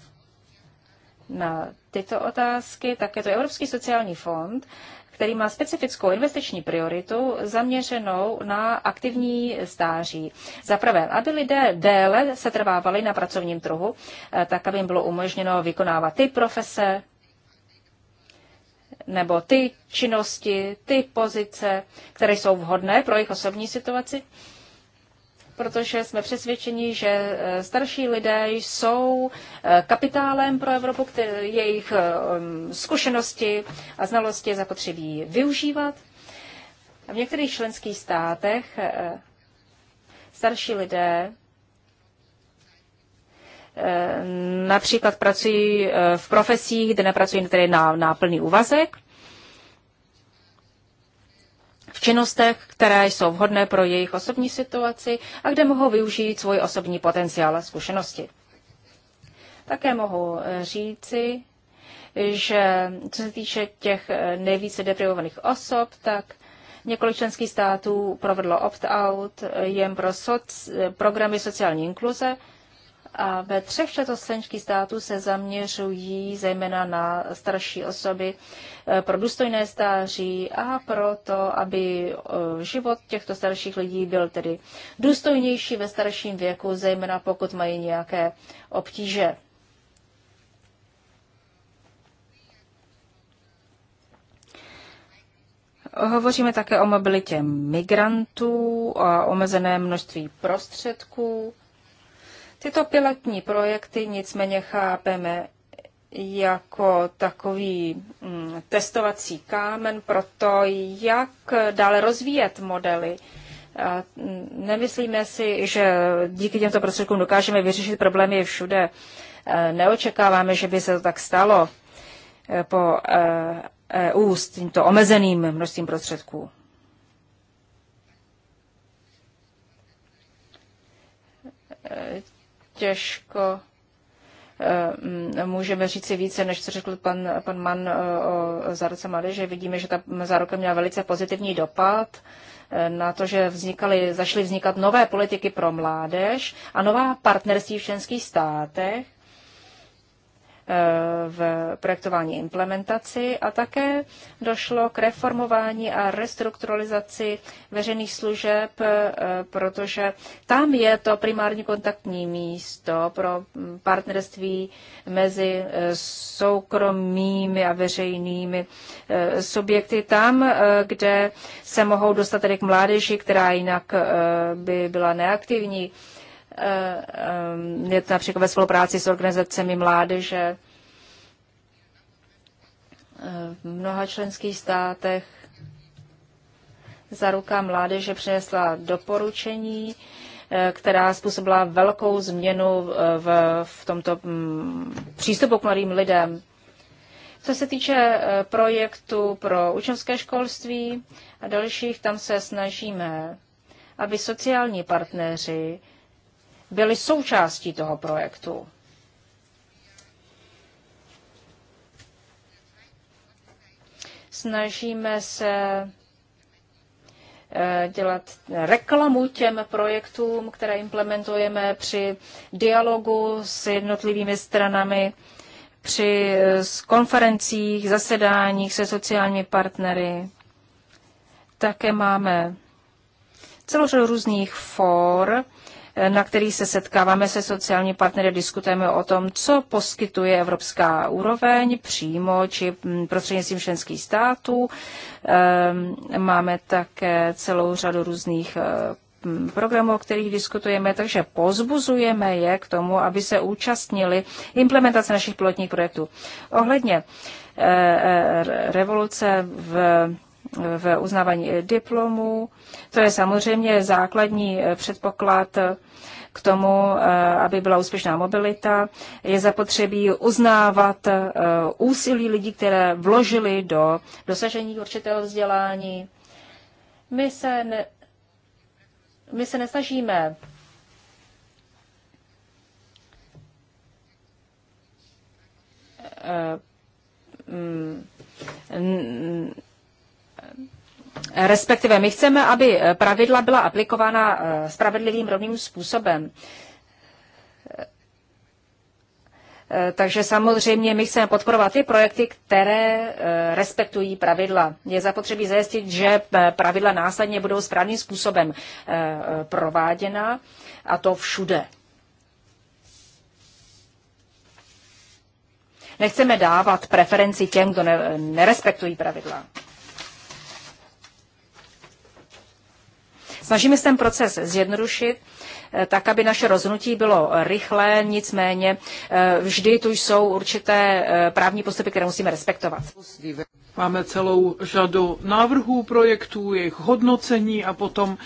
na tyto otázky. Také to Evropský sociální fond, který má specifickou investiční prioritu zaměřenou na aktivní stáří. Za prvé, aby lidé déle se trvávali na pracovním trhu, eh, tak aby jim bylo umožněno vykonávat ty profese nebo ty činnosti, ty pozice, které jsou vhodné pro jejich osobní situaci protože jsme přesvědčeni, že eh, starší lidé jsou eh, kapitálem pro Evropu, které jejich eh, um, zkušenosti a znalosti zapotřebí využívat. V některých členských státech starší lidé například pracují v profesích, kde nepracují na, na plný úvazek, činnostech, které jsou vhodné pro jejich osobní situaci a kde mohou využít svůj osobní potenciál a zkušenosti. Také mohu eh, říci, že co se týče těch eh, nejvíce deprivovaných osob, tak Několik členských států provedlo opt-out eh, jen pro soc, programy sociální inkluze a ve třech těchto členských států se zaměřují zejména na starší osoby eh, pro důstojné stáří a pro to, aby eh, život těchto starších lidí byl tedy důstojnější ve starším věku, zejména pokud mají nějaké obtíže. Hovoříme také o mobilitě migrantů a omezené množství prostředků Tyto pilotní projekty nicméně chápeme jako takový mm, testovací kámen pro to, jak dále rozvíjet modely. A mm, nemyslíme si, že díky těmto prostředkům dokážeme vyřešit problémy všude. E, neočekáváme, že by se to tak stalo e, po EU e s tímto omezeným množstvím prostředků těžko eh, můžeme říci více, než co řekl pan, pan Mann eh, o záruce že Vidíme, že ta záruka měla velice pozitivní dopad eh, na to, že vznikaly, zašly vznikat nové politiky pro mládež a nová partnerství v členských státech Eh, v projektování implementaci a také došlo k reformování a restrukturalizaci veřejných služeb, eh, protože tam je to primární kontaktní místo pro mm, partnerství mezi eh, soukromými a veřejnými subjekty tam, kde se mohou dostat tedy k mládeži, která jinak by byla neaktivní Eh, eh, je to například ve spolupráci s organizacemi mládeže. Eh, v mnoha členských státech zaruka mládeže přinesla doporučení, která způsobila velkou změnu v, v tomto mm, přístupu k mladým lidem. Co se týče projektu pro učňovské školství a dalších, tam se snažíme, aby sociální partneři byli součástí toho projektu. Snažíme se eh, dělat reklamu těm projektům, které implementujeme při dialogu s jednotlivými stranami, při eh, konferencích, zasedáních se sociálními partnery. Také máme celou řadu různých for, na kterých se setkáváme se sociální partnery, diskutujeme o tom, co poskytuje evropská úroveň přímo či mm, prostřednictvím členských států. Ehm, máme také celou řadu různých eh, mm, programů, o kterých diskutujeme, takže pozbuzujeme je k tomu, aby se účastnili implementace našich pilotních projektů. Ohledně eh, eh, revoluce v v uznávání diplomů. To je samozřejmě základní eh, předpoklad eh, k tomu, eh, aby byla úspěšná mobilita. Je zapotřebí uznávat úsilí lidí, které vložili do dosažení určitého vzdělání. My se, ne, my se nesnažíme uh, mm, Respektive my chceme, aby pravidla byla aplikována eh, spravedlivým rovným způsobem. Eh, takže samozřejmě my chceme podporovat ty projekty, které eh, respektují pravidla. Je zapotřebí zajistit, že pravidla následně budou správným způsobem prováděna a to všude. Nechceme dávat preferenci těm, kdo nerespektují pravidla. Snažíme se ten proces zjednodušit, eh, tak aby naše rozhodnutí bylo rychlé, nicméně eh, vždy tu jsou určité eh, právní postupy, které musíme respektovat. Máme celou řadu návrhů projektů, jejich hodnocení a potom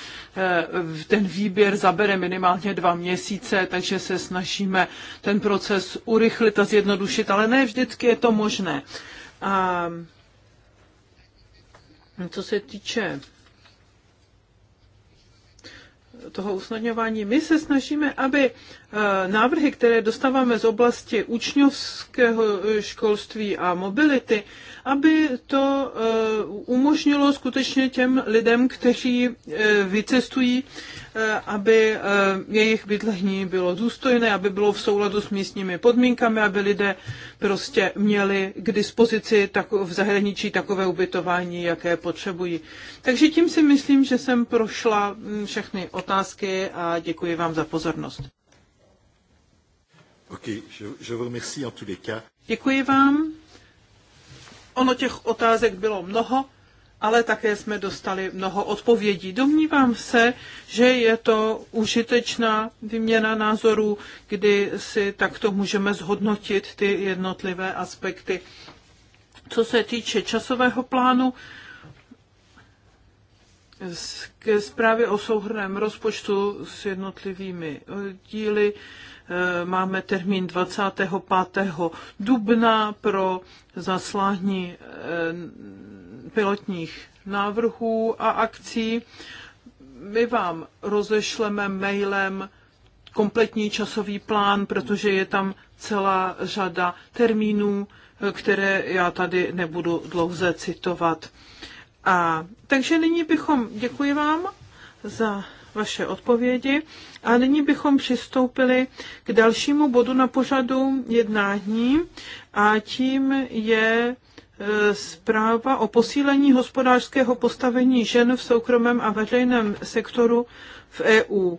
ten výběr zabere minimálně dva měsíce, takže se snažíme ten proces urychlit a zjednodušit, ale ne vždycky je to možné. A co se týče toho usnadňování. My se snažíme, aby Eh, návrhy, které dostáváme z oblasti učňovského eh, školství a mobility, aby to eh, umožnilo skutečně těm lidem, kteří vycestují, aby jejich bydlení bylo důstojné, aby bylo v souladu s místními podmínkami, aby lidé prostě měli k dispozici v zahraničí takové ubytování, jaké potřebují. Takže tím si myslím, že jsem prošla mm, všechny otázky a děkuji vám za pozornost. Děkuji vám. Ono těch otázek bylo mnoho, ale také jsme dostali mnoho odpovědí. Domnívám se, že je to užitečná výměna názorů, kdy si takto můžeme zhodnotit ty jednotlivé aspekty. Co se týče časového plánu, ke zprávě o souhrném rozpočtu s jednotlivými díly Eh, máme termín 25. dubna pro zaslání eh, pilotních návrhů a akcí. My vám rozešleme mailem kompletní časový plán, protože je tam celá řada termínů, eh, které já tady nebudu dlouze citovat. A, takže nyní bychom, děkuji vám za vaše odpovědi. A nyní bychom přistoupili k dalšímu bodu na pořadu jednání a tím je e, zpráva o posílení hospodářského postavení žen v soukromém a veřejném sektoru v EU.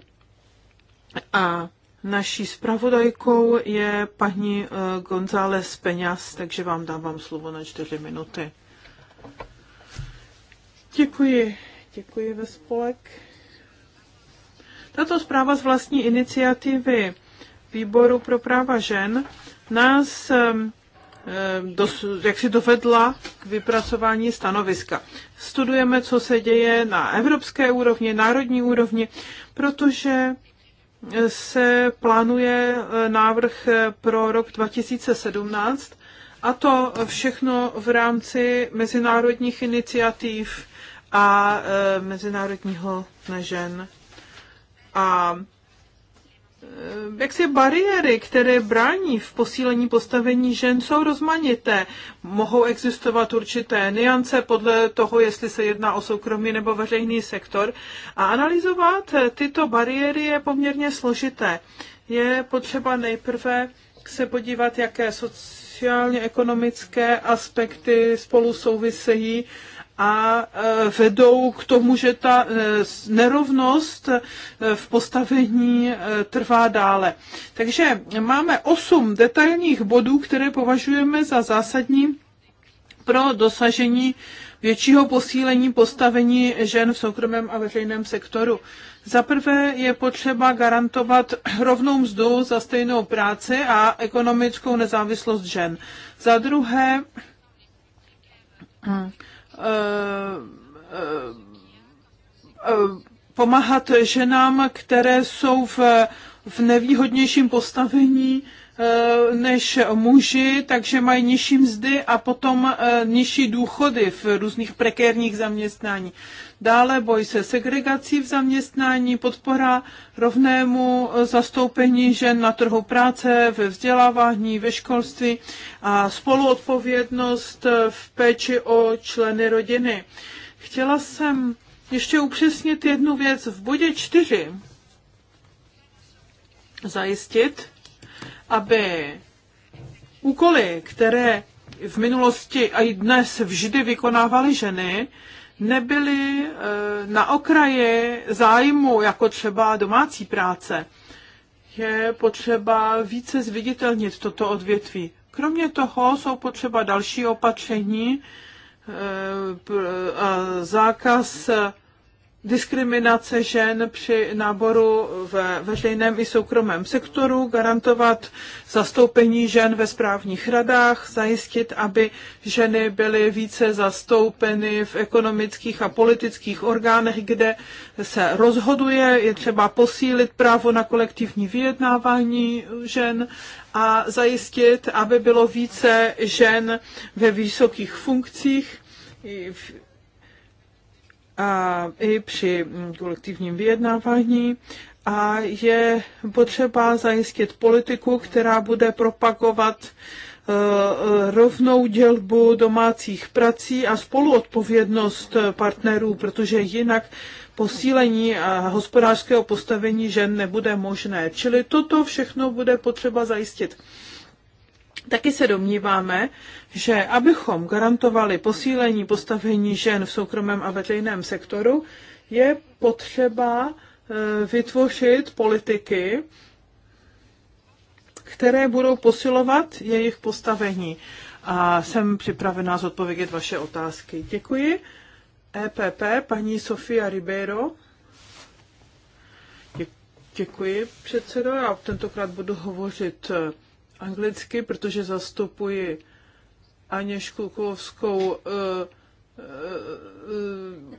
A naší zpravodajkou je paní e, González Peňas, takže vám dávám slovo na čtyři minuty. Děkuji. Děkuji ve spolek. Tato zpráva z vlastní iniciativy Výboru pro práva žen nás dos, jak si dovedla k vypracování stanoviska. Studujeme, co se děje na evropské úrovni, národní úrovni, protože se plánuje e, návrh e, pro rok 2017 a to všechno v rámci mezinárodních iniciativ a e, Mezinárodního dne žen a eh, jaksi bariéry, které brání v posílení postavení žen, jsou rozmanité. Mohou existovat určité niance podle toho, jestli se jedná o soukromý nebo veřejný sektor. A analyzovat tyto bariéry je poměrně složité. Je potřeba nejprve se podívat, jaké sociálně-ekonomické aspekty spolu souvisejí a e, vedou k tomu, že ta e, nerovnost e, v postavení trvá dále. Takže máme osm detailních bodů, které považujeme za zásadní pro dosažení většího posílení postavení žen v soukromém a veřejném sektoru. Za prvé je potřeba garantovat rovnou mzdu za stejnou práci a ekonomickou nezávislost žen. Za druhé, Eh, eh, pomáhat ženám, které jsou v, v nevýhodnějším postavení Eh, než muži, takže mají nižší mzdy a potom eh, nižší důchody v různých prekérních zaměstnání. Dále boj se segregací v zaměstnání, podpora rovnému eh, zastoupení žen na trhu práce, ve vzdělávání, ve školství a spoluodpovědnost v péči o členy rodiny. Chtěla jsem ještě upřesnit jednu věc. V bodě čtyři zajistit, aby úkoly, které v minulosti a i dnes vždy vykonávaly ženy, nebyly eh, na okraji zájmu, jako třeba domácí práce. Je potřeba více zviditelnit toto odvětví. Kromě toho jsou potřeba další opatření, eh, zákaz diskriminace žen při náboru ve veřejném i soukromém sektoru, garantovat zastoupení žen ve správních radách, zajistit, aby ženy byly více zastoupeny v ekonomických a politických orgánech, kde se rozhoduje, je třeba posílit právo na kolektivní vyjednávání žen a zajistit, aby bylo více žen ve vysokých funkcích a i při kolektivním vyjednávání a je potřeba zajistit politiku, která bude propagovat eh, rovnou dělbu domácích prací a spoluodpovědnost partnerů, protože jinak posílení a hospodářského postavení žen nebude možné. Čili toto všechno bude potřeba zajistit. Taky se domníváme, že abychom garantovali posílení postavení žen v soukromém a veřejném sektoru, je potřeba eh, vytvořit politiky, které budou posilovat jejich postavení. A jsem připravená zodpovědět vaše otázky. Děkuji. EPP, paní Sofia Ribeiro. Děkuji, předsedo. Já tentokrát budu hovořit eh, anglicky, protože zastupuji Aněšku Kulovskou. Eh, eh,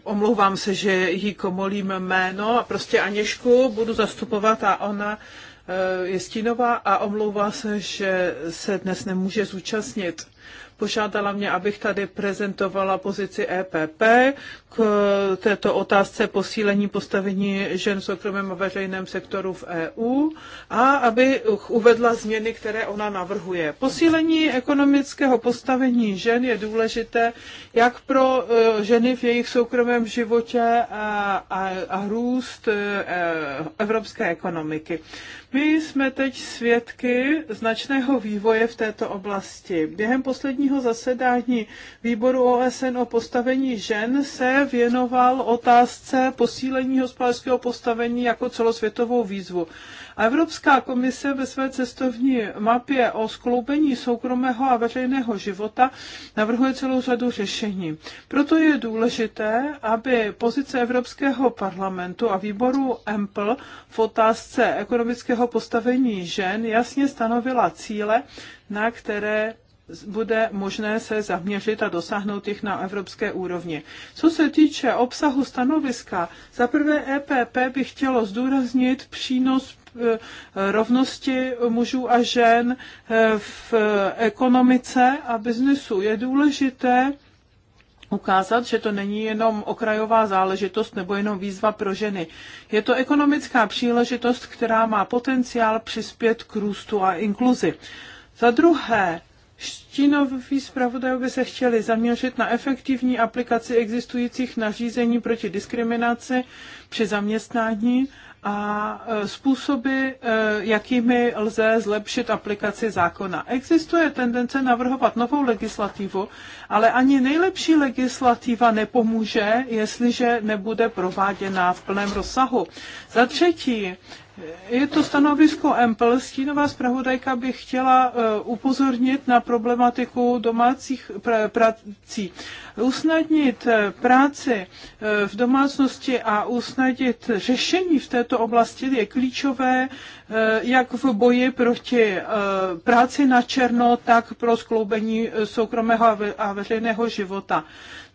omlouvám se, že jí komolím jméno a prostě Aněšku budu zastupovat a ona eh, je stínová a omlouvá se, že se dnes nemůže zúčastnit. Požádala mě, abych tady prezentovala pozici EPP k této otázce posílení postavení žen v soukromém a veřejném sektoru v EU a aby uvedla změny, které ona navrhuje. Posílení ekonomického postavení žen je důležité jak pro e, ženy v jejich soukromém životě a, a, a růst e, evropské ekonomiky. My jsme teď svědky značného vývoje v této oblasti. Během posledního zasedání výboru OSN o postavení žen se věnoval otázce posílení hospodářského postavení jako celosvětovou výzvu. A Evropská komise ve své cestovní mapě o skloubení soukromého a veřejného života navrhuje celou řadu řešení. Proto je důležité, aby pozice Evropského parlamentu a výboru EMPL v otázce ekonomického postavení žen jasně stanovila cíle, na které bude možné se zaměřit a dosáhnout jich na evropské úrovni. Co se týče obsahu stanoviska, za prvé EPP by chtělo zdůraznit přínos e, rovnosti mužů a žen e, v ekonomice a biznesu. Je důležité, ukázat, že to není jenom okrajová záležitost nebo jenom výzva pro ženy. Je to ekonomická příležitost, která má potenciál přispět k růstu a inkluzi. Za druhé, Štínoví zpravodajové se chtěli zaměřit na efektivní aplikaci existujících nařízení proti diskriminaci při zaměstnání a e, způsoby, e, jakými lze zlepšit aplikaci zákona. Existuje tendence navrhovat novou legislativu, ale ani nejlepší legislativa nepomůže, jestliže nebude prováděná v plném rozsahu. Za třetí, je to stanovisko MPL. Stínová zpravodajka by chtěla e, upozornit na problematiku domácích pr- prací. Usnadnit e, práci e, v domácnosti a usnadnit řešení v této oblasti je klíčové jak v boji proti práci na černo, tak pro skloubení soukromého a veřejného života.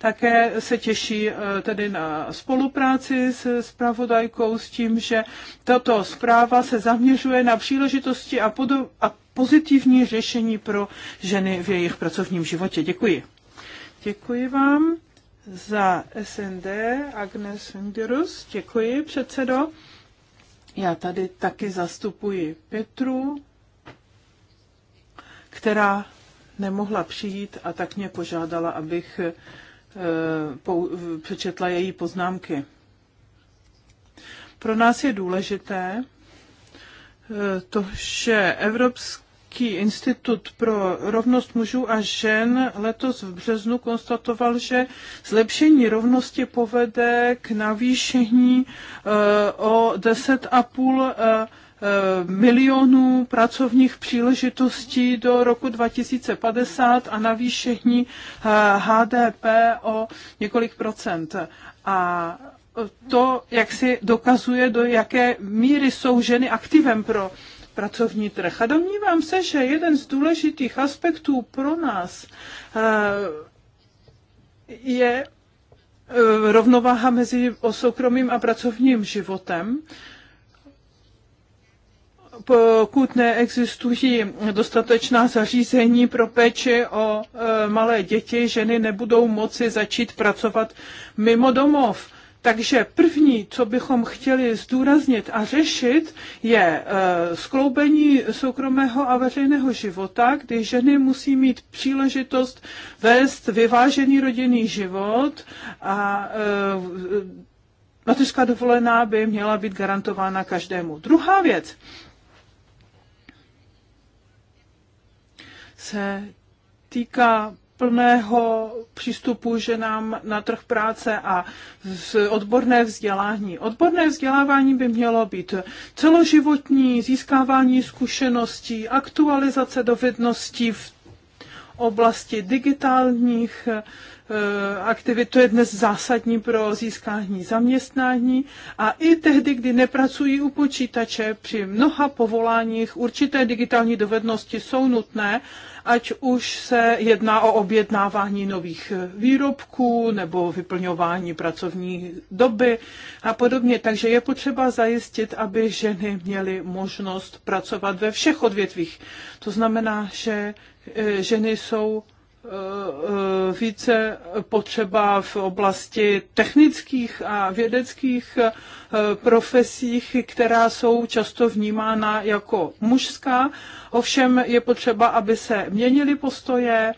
Také se těší eh, tedy na spolupráci s zpravodajkou s tím, že tato zpráva se zaměřuje na příležitosti a, podo- a pozitivní řešení pro ženy v jejich pracovním životě. Děkuji. Děkuji vám za SND Agnes Wingerus. Děkuji, předsedo. Já tady taky zastupuji Petru, která nemohla přijít a tak mě požádala, abych Eh, přečetla její poznámky. Pro nás je důležité eh, to, že Evropský institut pro rovnost mužů a žen letos v březnu konstatoval, že zlepšení rovnosti povede k navýšení eh, o 10,5 Eh, milionů pracovních příležitostí do roku 2050 a navýšení HDP eh, o několik procent. A to, jak si dokazuje, do jaké míry jsou ženy aktivem pro pracovní trh. A domnívám se, že jeden z důležitých aspektů pro nás eh, je rovnováha mezi soukromým a pracovním životem pokud neexistují dostatečná zařízení pro péči o e, malé děti, ženy nebudou moci začít pracovat mimo domov. Takže první, co bychom chtěli zdůraznit a řešit, je e, skloubení soukromého a veřejného života, kdy ženy musí mít příležitost vést vyvážený rodinný život a e, mateřská dovolená by měla být garantována každému. Druhá věc, se týká plného přístupu ženám na trh práce a odborné vzdělání. Odborné vzdělávání by mělo být celoživotní, získávání zkušeností, aktualizace dovedností v oblasti digitálních Eh, aktivitu je dnes zásadní pro získání zaměstnání a i tehdy, kdy nepracují u počítače, při mnoha povoláních určité digitální dovednosti jsou nutné, ať už se jedná o objednávání nových eh, výrobků nebo vyplňování pracovní doby a podobně. Takže je potřeba zajistit, aby ženy měly možnost pracovat ve všech odvětvích. To znamená, že eh, ženy jsou Eh, více potřeba v oblasti technických a vědeckých eh, profesích, která jsou často vnímána jako mužská. Ovšem je potřeba, aby se měnily postoje,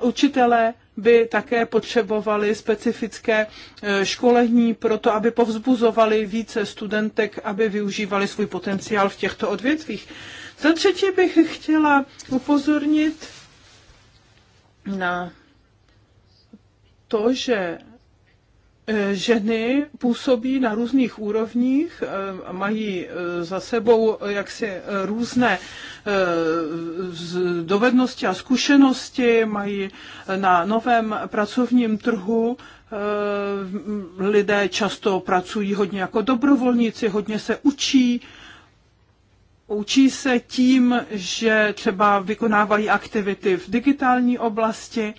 učitelé by také potřebovali specifické eh, školení pro to, aby povzbuzovali více studentek, aby využívali svůj potenciál v těchto odvětvích. Za třetí bych chtěla upozornit na to, že eh, ženy působí na různých úrovních, eh, mají eh, za sebou jaksi různé dovednosti a zkušenosti, mají na novém pracovním trhu lidé často pracují hodně jako dobrovolníci, hodně se učí, Učí se tím, že třeba vykonávají aktivity v digitální oblasti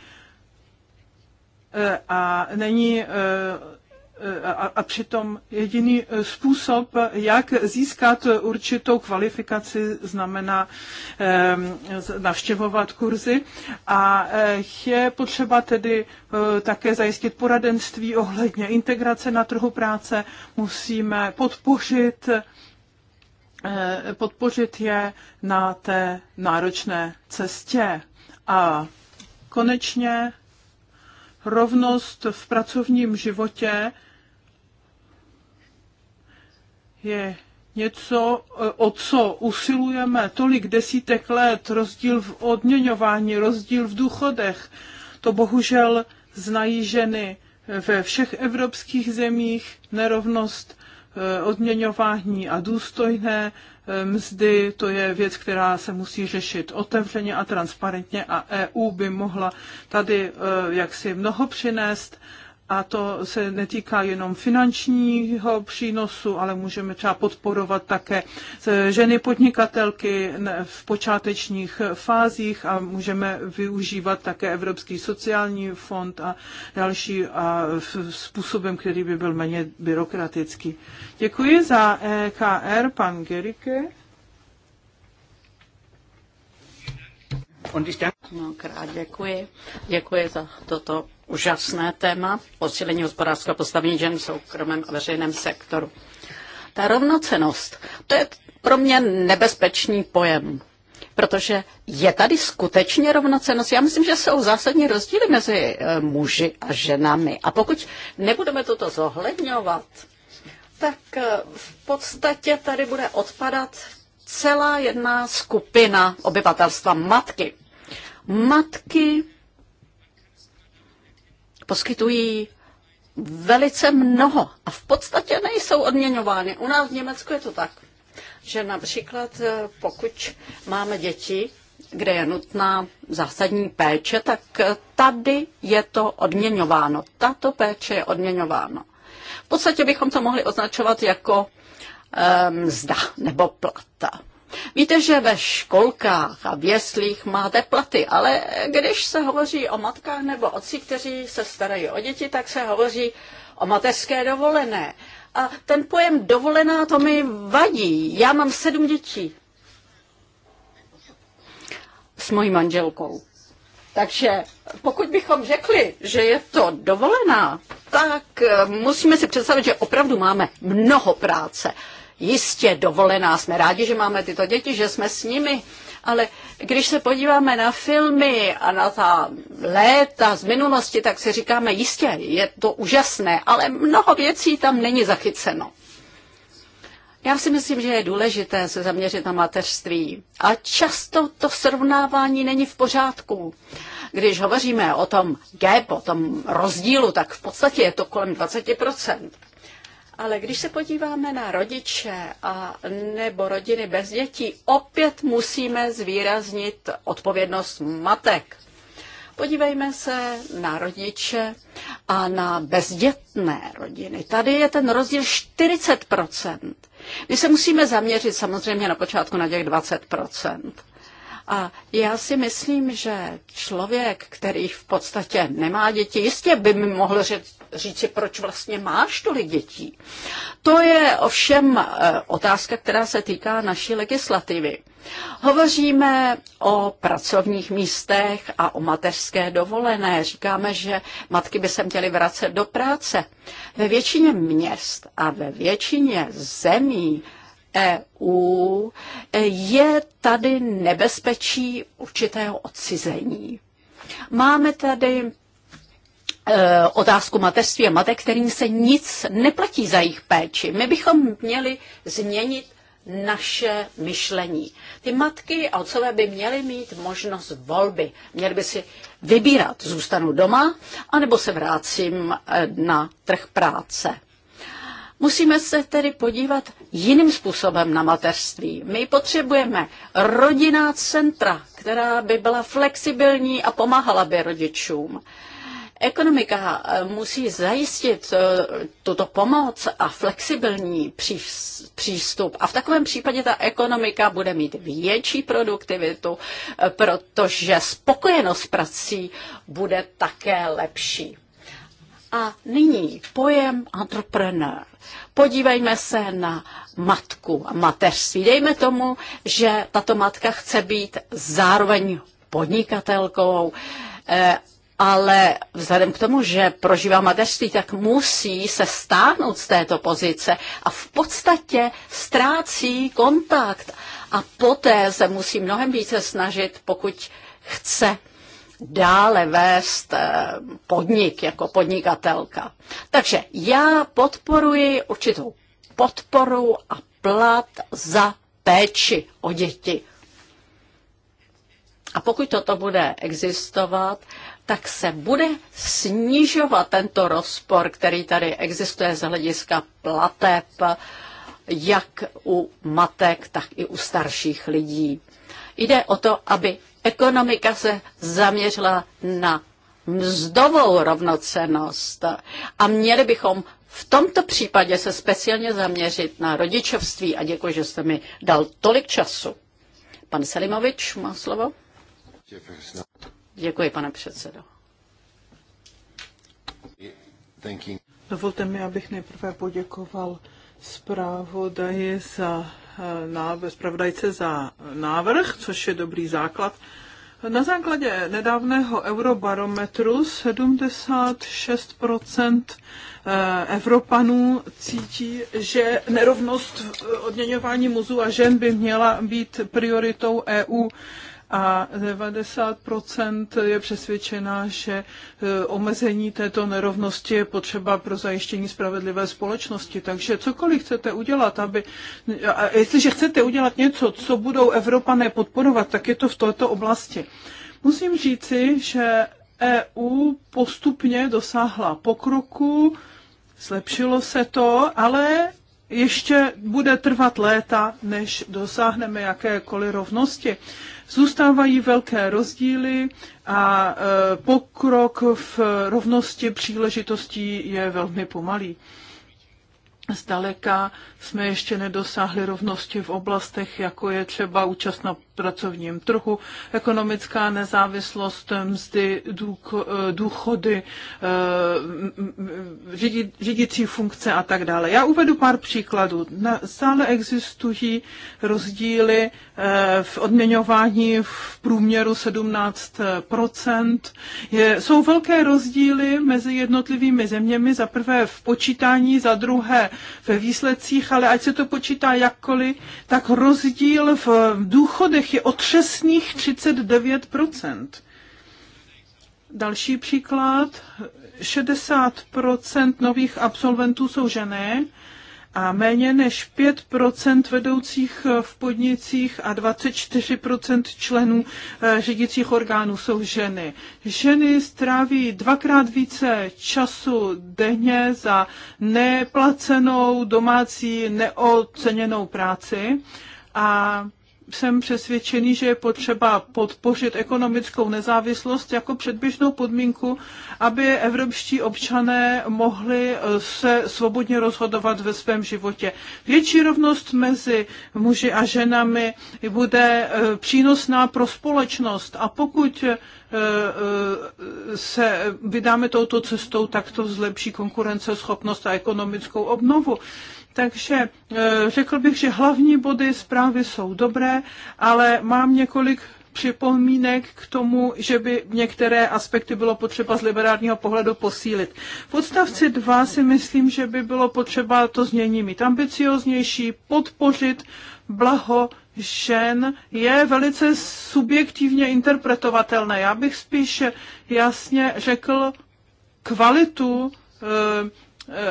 eh, a není eh, eh, a přitom jediný způsob, jak získat určitou kvalifikaci, znamená navštěvovat kurzy. A je potřeba tedy také zajistit poradenství ohledně integrace na trhu práce. Musíme podpořit Eh, podpořit je na té náročné cestě. A konečně rovnost v pracovním životě je něco, eh, o co usilujeme tolik desítek let, rozdíl v odměňování, rozdíl v důchodech. To bohužel znají ženy ve všech evropských zemích, nerovnost Eh, odměňování a důstojné eh, mzdy, to je věc, která se musí řešit otevřeně a transparentně a EU by mohla tady eh, jaksi mnoho přinést a to se netýká jenom finančního přínosu, ale můžeme třeba podporovat také eh, ženy podnikatelky v počátečních fázích a můžeme využívat také Evropský sociální fond a další a způsobem, který by byl méně byrokratický. Děkuji za EKR, pan Gerike. Mnohokrát děkuji. Děkuji za toto úžasné téma, posílení hospodářského postavení žen v soukromém a veřejném sektoru. Ta rovnocenost, to je pro mě nebezpečný pojem, protože je tady skutečně rovnocenost. Já myslím, že jsou zásadní rozdíly mezi eh, muži a ženami. A pokud nebudeme toto zohledňovat, tak eh, v podstatě tady bude odpadat celá jedna skupina obyvatelstva matky. Matky poskytují velice mnoho a v podstatě nejsou odměňovány. U nás v Německu je to tak, že například eh, pokud máme děti, kde je nutná zásadní péče, tak eh, tady je to odměňováno. Tato péče je odměňováno. V podstatě bychom to mohli označovat jako eh, mzda nebo plata. Víte, že ve školkách a v jeslích máte platy, ale když se hovoří o matkách nebo otcích, kteří se starají o děti, tak se hovoří o mateřské dovolené. A ten pojem dovolená to mi vadí. Já mám sedm dětí s mojí manželkou. Takže pokud bychom řekli, že je to dovolená, tak eh, musíme si představit, že opravdu máme mnoho práce jistě dovolená. Jsme rádi, že máme tyto děti, že jsme s nimi, ale když se podíváme na filmy a na ta léta z minulosti, tak si říkáme, jistě, je to úžasné, ale mnoho věcí tam není zachyceno. Já si myslím, že je důležité se zaměřit na mateřství. A často to srovnávání není v pořádku. Když hovoříme o tom gap, o tom rozdílu, tak v podstatě je to kolem 20%. Ale když se podíváme na rodiče a nebo rodiny bez dětí, opět musíme zvýraznit odpovědnost matek. Podívejme se na rodiče a na bezdětné rodiny. Tady je ten rozdíl 40 My se musíme zaměřit samozřejmě na počátku na těch 20 a já si myslím, že člověk, který v podstatě nemá děti, jistě by mi mohl říct, říci, proč vlastně máš tolik dětí. To je ovšem eh, otázka, která se týká naší legislativy. Hovoříme o pracovních místech a o mateřské dovolené. Říkáme, že matky by se měly vracet do práce. Ve většině měst a ve většině zemí EU je tady nebezpečí určitého odcizení. Máme tady Eh, otázku mateřství a matek, kterým se nic neplatí za jejich péči. My bychom měli změnit naše myšlení. Ty matky a otcové by měly mít možnost volby. Měly by si vybírat, zůstanu doma, anebo se vrátím eh, na trh práce. Musíme se tedy podívat jiným způsobem na mateřství. My potřebujeme rodinná centra, která by byla flexibilní a pomáhala by rodičům. Ekonomika musí zajistit eh, tuto pomoc a flexibilní přístup. A v takovém případě ta ekonomika bude mít větší produktivitu, eh, protože spokojenost prací bude také lepší. A nyní pojem entrepreneur. Podívejme se na matku a mateřství. Dejme tomu, že tato matka chce být zároveň podnikatelkou eh, ale vzhledem k tomu, že prožívá mateřství, tak musí se stáhnout z této pozice a v podstatě ztrácí kontakt. A poté se musí mnohem více snažit, pokud chce dále vést eh, podnik jako podnikatelka. Takže já podporuji určitou podporu a plat za péči o děti. A pokud toto bude existovat, tak se bude snižovat tento rozpor, který tady existuje z hlediska plateb, jak u matek, tak i u starších lidí. Jde o to, aby ekonomika se zaměřila na mzdovou rovnocenost a měli bychom v tomto případě se speciálně zaměřit na rodičovství a děkuji, že jste mi dal tolik času. Pan Selimovič má slovo. Děkuji, pane předsedo. Dovolte mi, abych nejprve poděkoval zpravodaji za eh, návrh, zpravodajce za návrh, což je dobrý základ. Na základě nedávného eurobarometru 76 eh, Evropanů cítí, že nerovnost odměňování mužů a žen by měla být prioritou EU a 90% je přesvědčena, že e, omezení této nerovnosti je potřeba pro zajištění spravedlivé společnosti. Takže cokoliv chcete udělat, aby, a jestliže chcete udělat něco, co budou Evropané podporovat, tak je to v této oblasti. Musím říci, že EU postupně dosáhla pokroku, zlepšilo se to, ale ještě bude trvat léta, než dosáhneme jakékoliv rovnosti. Zůstávají velké rozdíly a e, pokrok v rovnosti příležitostí je velmi pomalý. Zdaleka jsme ještě nedosáhli rovnosti v oblastech, jako je třeba účast na pracovním trhu, ekonomická nezávislost, mzdy, eh, důchody, eh, řídící funkce a tak dále. Já uvedu pár příkladů. Stále existují rozdíly eh, v odměňování v průměru 17 je, Jsou velké rozdíly mezi jednotlivými zeměmi, za prvé v počítání, za druhé ve výsledcích, ale ať se to počítá jakkoliv, tak rozdíl v důchodech Čech je otřesných 39 Další příklad, 60 nových absolventů jsou ženy a méně než 5 vedoucích v podnicích a 24 členů eh, řídicích orgánů jsou ženy. Ženy stráví dvakrát více času denně za neplacenou domácí neoceněnou práci a jsem přesvědčený, že je potřeba podpořit ekonomickou nezávislost jako předběžnou podmínku, aby evropští občané mohli eh, se svobodně rozhodovat ve svém životě. Větší rovnost mezi muži a ženami bude eh, přínosná pro společnost a pokud eh, se vydáme touto cestou, tak to zlepší konkurenceschopnost a ekonomickou obnovu. Takže eh, řekl bych, že hlavní body zprávy jsou dobré, ale mám několik připomínek k tomu, že by některé aspekty bylo potřeba z liberálního pohledu posílit. V odstavci 2 si myslím, že by bylo potřeba to změní mít ambicioznější, podpořit blaho žen je velice subjektivně interpretovatelné. Já bych spíš jasně řekl kvalitu e, e,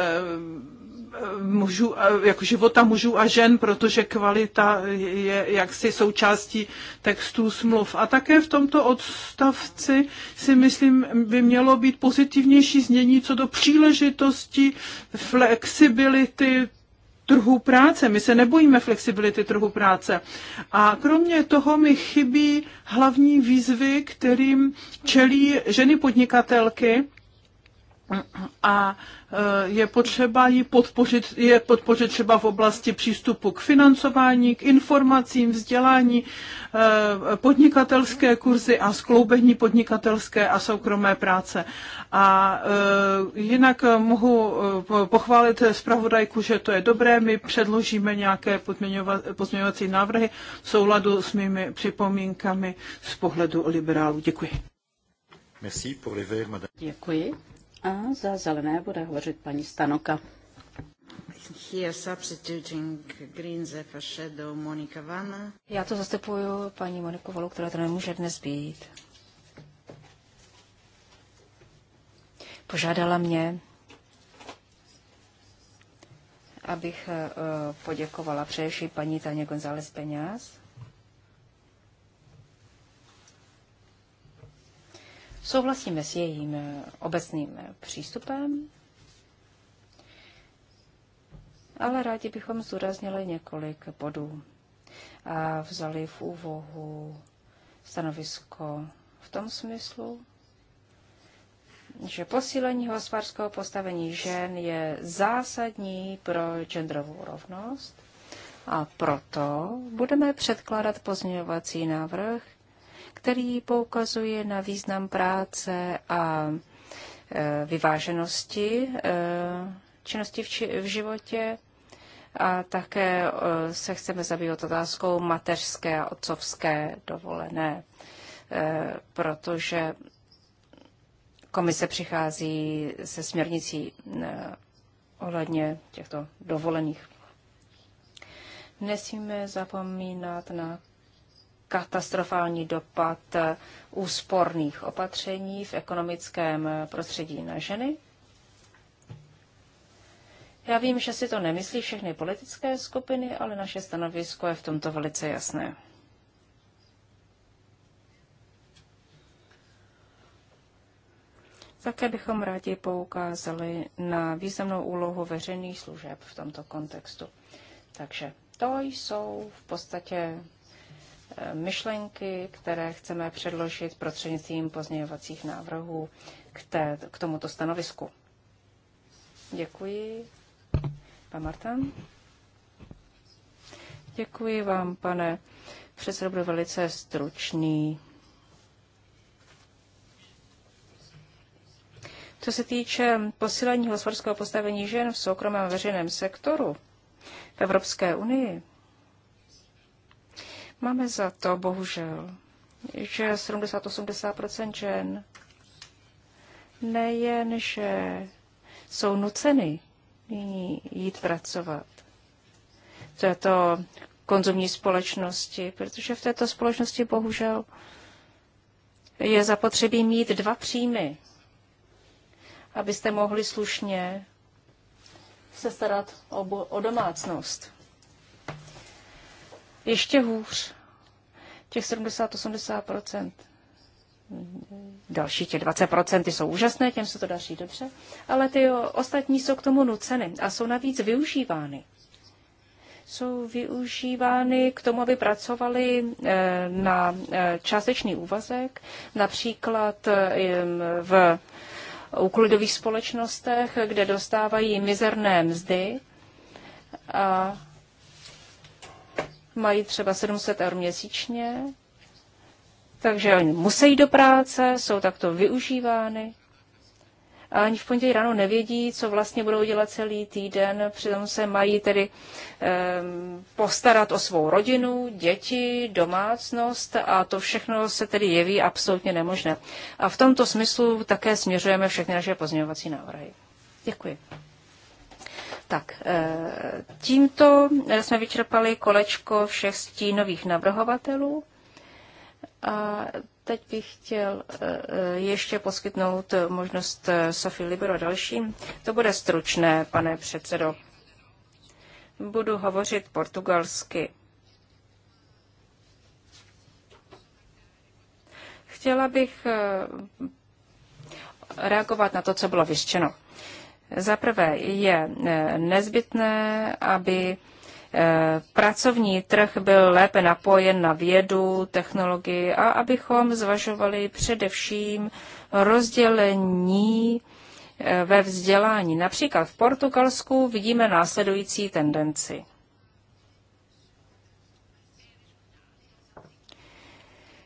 mužů, jako života mužů a žen, protože kvalita je jaksi součástí textů smluv. A také v tomto odstavci si myslím, by mělo být pozitivnější znění co do příležitosti, flexibility, trhu práce. My se nebojíme flexibility trhu práce. A kromě toho mi chybí hlavní výzvy, kterým čelí ženy podnikatelky, a e, je potřeba ji podpořit, je podpořit třeba v oblasti přístupu k financování, k informacím, vzdělání, e, podnikatelské kurzy a skloubení podnikatelské a soukromé práce. A e, jinak mohu pochválit zpravodajku, že to je dobré, my předložíme nějaké pozměňovací návrhy v souladu s mými připomínkami z pohledu liberálů. Děkuji. Merci pour les verts, madame. Děkuji a za zelené bude hovořit paní Stanoka. Já to zastupuju paní Moniku Volu, která to nemůže dnes být. Požádala mě, abych eh, poděkovala především paní Taně González Peňáz Souhlasíme s jejím eh, obecným eh, přístupem, ale rádi bychom zdůraznili několik bodů a vzali v úvahu stanovisko v tom smyslu, že posílení hospodářského postavení žen je zásadní pro genderovou rovnost a proto budeme předkládat pozměňovací návrh, který poukazuje na význam práce a e, vyváženosti e, činnosti v životě. A také e, se chceme zabývat otázkou mateřské a otcovské dovolené, protože komise přichází se směrnicí ohledně těchto dovolených. Nesmíme zapomínat na katastrofální dopad eh, úsporných opatření v ekonomickém eh, prostředí na ženy. Já vím, že si to nemyslí všechny politické skupiny, ale naše stanovisko je v tomto velice jasné. Také bychom rádi poukázali na významnou úlohu veřejných služeb v tomto kontextu. Takže to jsou v podstatě myšlenky, které chceme předložit prostřednictvím pozměňovacích návrhů k, té, k tomuto stanovisku. Děkuji. Pan Martin. Děkuji vám, pane předsedo, budu velice stručný. Co se týče posílení hospodářského postavení žen v soukromém a veřejném sektoru v Evropské unii, Máme za to, bohužel, že 70-80 žen nejen, že jsou nuceny nyní jít pracovat v této konzumní společnosti, protože v této společnosti bohužel je zapotřebí mít dva příjmy, abyste mohli slušně se starat o, o domácnost ještě hůř, těch 70-80%. Další tě 20% ty jsou úžasné, těm se to daří dobře, ale ty ostatní jsou k tomu nuceny a jsou navíc využívány. Jsou využívány k tomu, aby pracovali eh, na eh, částečný úvazek, například eh, v úklidových společnostech, kde dostávají mizerné mzdy a mají třeba 700 eur měsíčně, takže oni musí do práce, jsou takto využívány. A ani v pondělí ráno nevědí, co vlastně budou dělat celý týden, přitom se mají tedy um, postarat o svou rodinu, děti, domácnost a to všechno se tedy jeví absolutně nemožné. A v tomto smyslu také směřujeme všechny naše pozměňovací návrhy. Děkuji. Tak, eh, tímto jsme vyčerpali kolečko všech stínových navrhovatelů. A teď bych chtěl eh, eh, ještě poskytnout možnost Sofii Libero dalším. To bude stručné, pane předsedo. Budu hovořit portugalsky. Chtěla bych reagovat na to, co bylo vyřčeno. Za prvé je e, nezbytné, aby e, pracovní trh byl lépe napojen na vědu, technologii a abychom zvažovali především rozdělení e, ve vzdělání. Například v Portugalsku vidíme následující tendenci.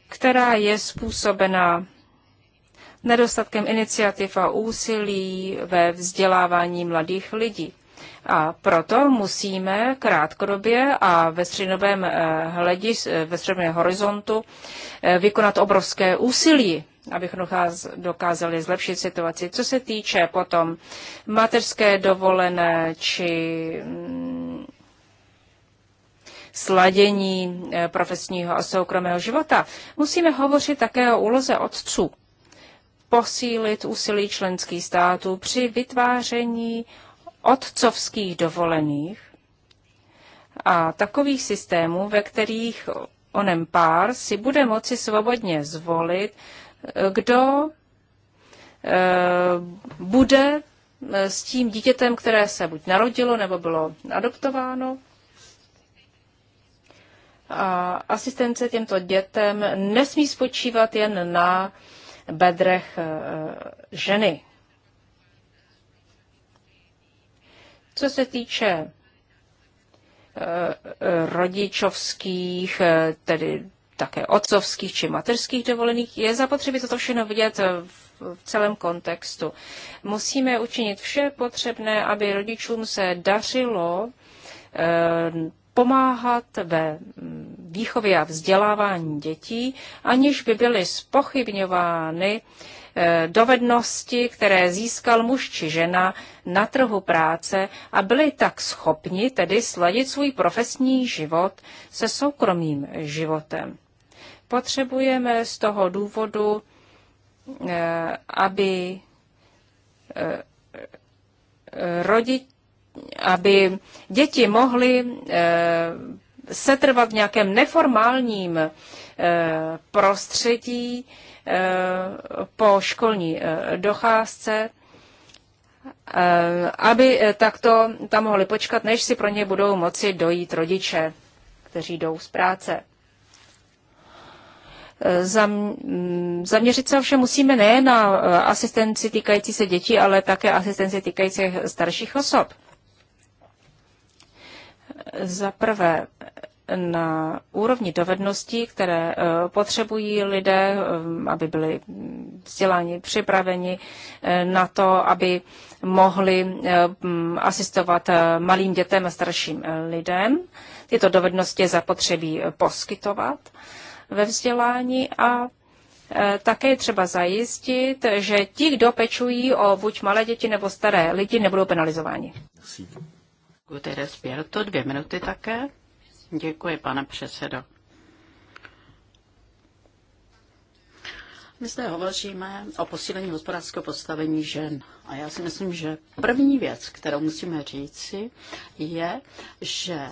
která je způsobena nedostatkem iniciativ a úsilí ve vzdělávání mladých lidí. A proto musíme krátkodobě a ve střednovém eh, hledis, eh, ve střednovém horizontu eh, vykonat obrovské úsilí, abychom dokázali zlepšit situaci. Co se týče potom mateřské dovolené či mm, sladění profesního a soukromého života, musíme hovořit také o úloze otců posílit úsilí členských států při vytváření otcovských dovolených a takových systémů, ve kterých onem pár si bude moci svobodně zvolit, kdo eh, bude eh, s tím dítětem, které se buď narodilo nebo bylo adoptováno. A asistence těmto dětem nesmí spočívat jen na bedrech eh, eh, ženy. Co se týče eh, rodičovských, tedy také otcovských či mateřských dovolených, je zapotřebí toto všechno vidět v celém kontextu. Musíme učinit vše potřebné, aby rodičům se dařilo pomáhat ve výchově a vzdělávání dětí, aniž by byly spochybňovány eh, dovednosti, které získal muž či žena na trhu práce a byli tak schopni tedy sladit svůj profesní život se soukromým životem. Potřebujeme z toho důvodu, eh, aby eh, rodič aby děti mohly eh, setrvat v nějakém neformálním eh, prostředí eh, po školní docházce, aby takto tam mohli počkat, než si pro ně budou moci dojít rodiče, kteří jdou z práce. Mm, zaměřit se ovšem musíme ne na asistenci týkající se dětí, ale také asistenci týkající se starších osob. Za prvé, na úrovni dovedností, které eh, potřebují lidé, eh, aby byli vzděláni, připraveni eh, na to, aby mohli mm, asistovat malým dětem a starším lidem. Tyto dovednosti zapotřebí poskytovat ve vzdělání a také třeba zajistit, že ti, kdo pečují o buď malé děti nebo staré lidi, nebudou penalizováni. Gutierrez to dvě minuty také. Děkuji, pane předsedo. My zde hovoříme o posílení hospodářského postavení žen. A já si myslím, že první věc, kterou musíme říci, je, že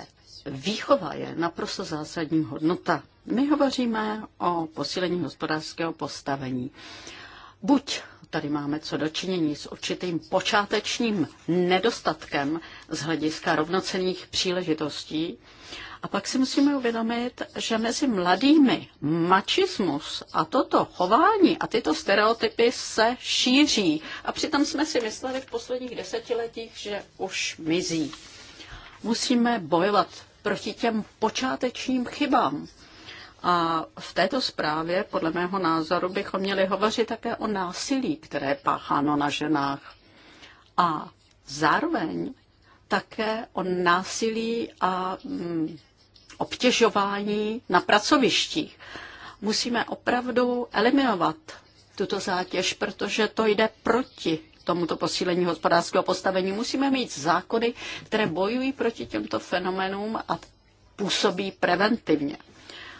výchova je naprosto zásadní hodnota. My hovoříme o posílení hospodářského postavení. Buď Tady máme co dočinění s určitým počátečním nedostatkem z hlediska rovnocených příležitostí. A pak si musíme uvědomit, že mezi mladými mačismus a toto chování a tyto stereotypy se šíří. A přitom jsme si mysleli v posledních desetiletích, že už mizí. Musíme bojovat proti těm počátečním chybám. A v této zprávě, podle mého názoru, bychom měli hovořit také o násilí, které je pácháno na ženách. A zároveň také o násilí a mm, obtěžování na pracovištích. Musíme opravdu eliminovat tuto zátěž, protože to jde proti tomuto posílení hospodářského postavení. Musíme mít zákony, které bojují proti těmto fenomenům a působí preventivně.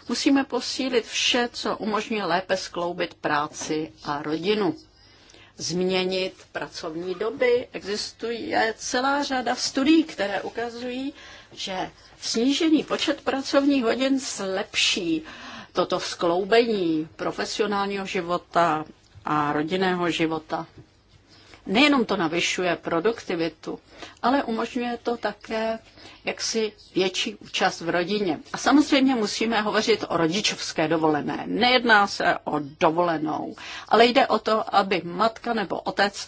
Musíme posílit vše, co umožní lépe skloubit práci a rodinu. Změnit pracovní doby. Existuje celá řada studií, které ukazují, že snížený počet pracovních hodin zlepší toto skloubení profesionálního života a rodinného života. Nejenom to navyšuje produktivitu, ale umožňuje to také jaksi větší účast v rodině. A samozřejmě musíme hovořit o rodičovské dovolené. Nejedná se o dovolenou, ale jde o to, aby matka nebo otec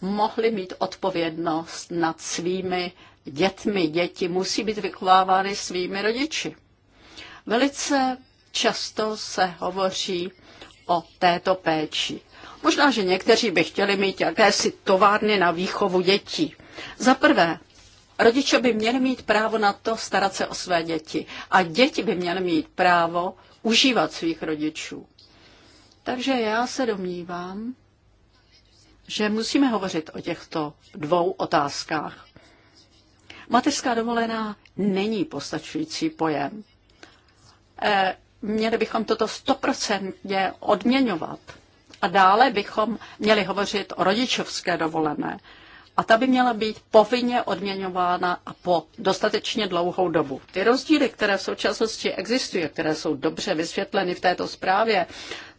mohli mít odpovědnost nad svými dětmi. Děti musí být vychovávány svými rodiči. Velice často se hovoří o této péči. Možná, že někteří by chtěli mít jakési továrny na výchovu dětí. Za prvé, rodiče by měli mít právo na to starat se o své děti a děti by měly mít právo užívat svých rodičů. Takže já se domnívám, že musíme hovořit o těchto dvou otázkách. Mateřská dovolená není postačující pojem. E, měli bychom toto stoprocentně odměňovat. A dále bychom měli hovořit o rodičovské dovolené. A ta by měla být povinně odměňována a po dostatečně dlouhou dobu. Ty rozdíly, které v současnosti existují, které jsou dobře vysvětleny v této zprávě,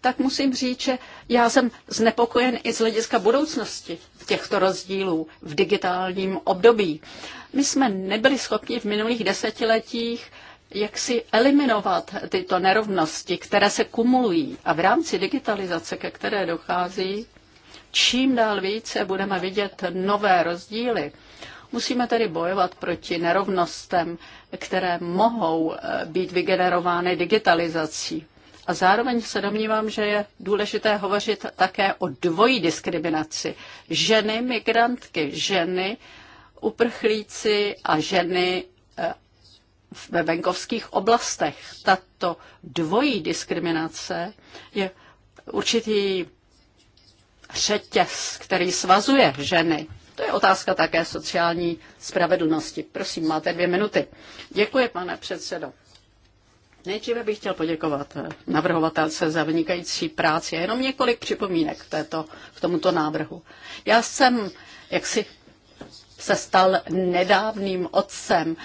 tak musím říct, že já jsem znepokojen i z hlediska budoucnosti těchto rozdílů v digitálním období. My jsme nebyli schopni v minulých desetiletích jak si eliminovat tyto nerovnosti, které se kumulují. A v rámci digitalizace, ke které dochází, čím dál více budeme vidět nové rozdíly. Musíme tedy bojovat proti nerovnostem, které mohou eh, být vygenerovány digitalizací. A zároveň se domnívám, že je důležité hovořit také o dvojí diskriminaci. Ženy migrantky, ženy uprchlíci a ženy eh, ve venkovských oblastech. Tato dvojí diskriminace je určitý řetěz, který svazuje ženy. To je otázka také sociální spravedlnosti. Prosím, máte dvě minuty. Děkuji, pane předsedo. Nejdříve bych chtěl poděkovat navrhovatelce za vynikající práci jenom několik připomínek k, této, k tomuto návrhu. Já jsem si se stal nedávným otcem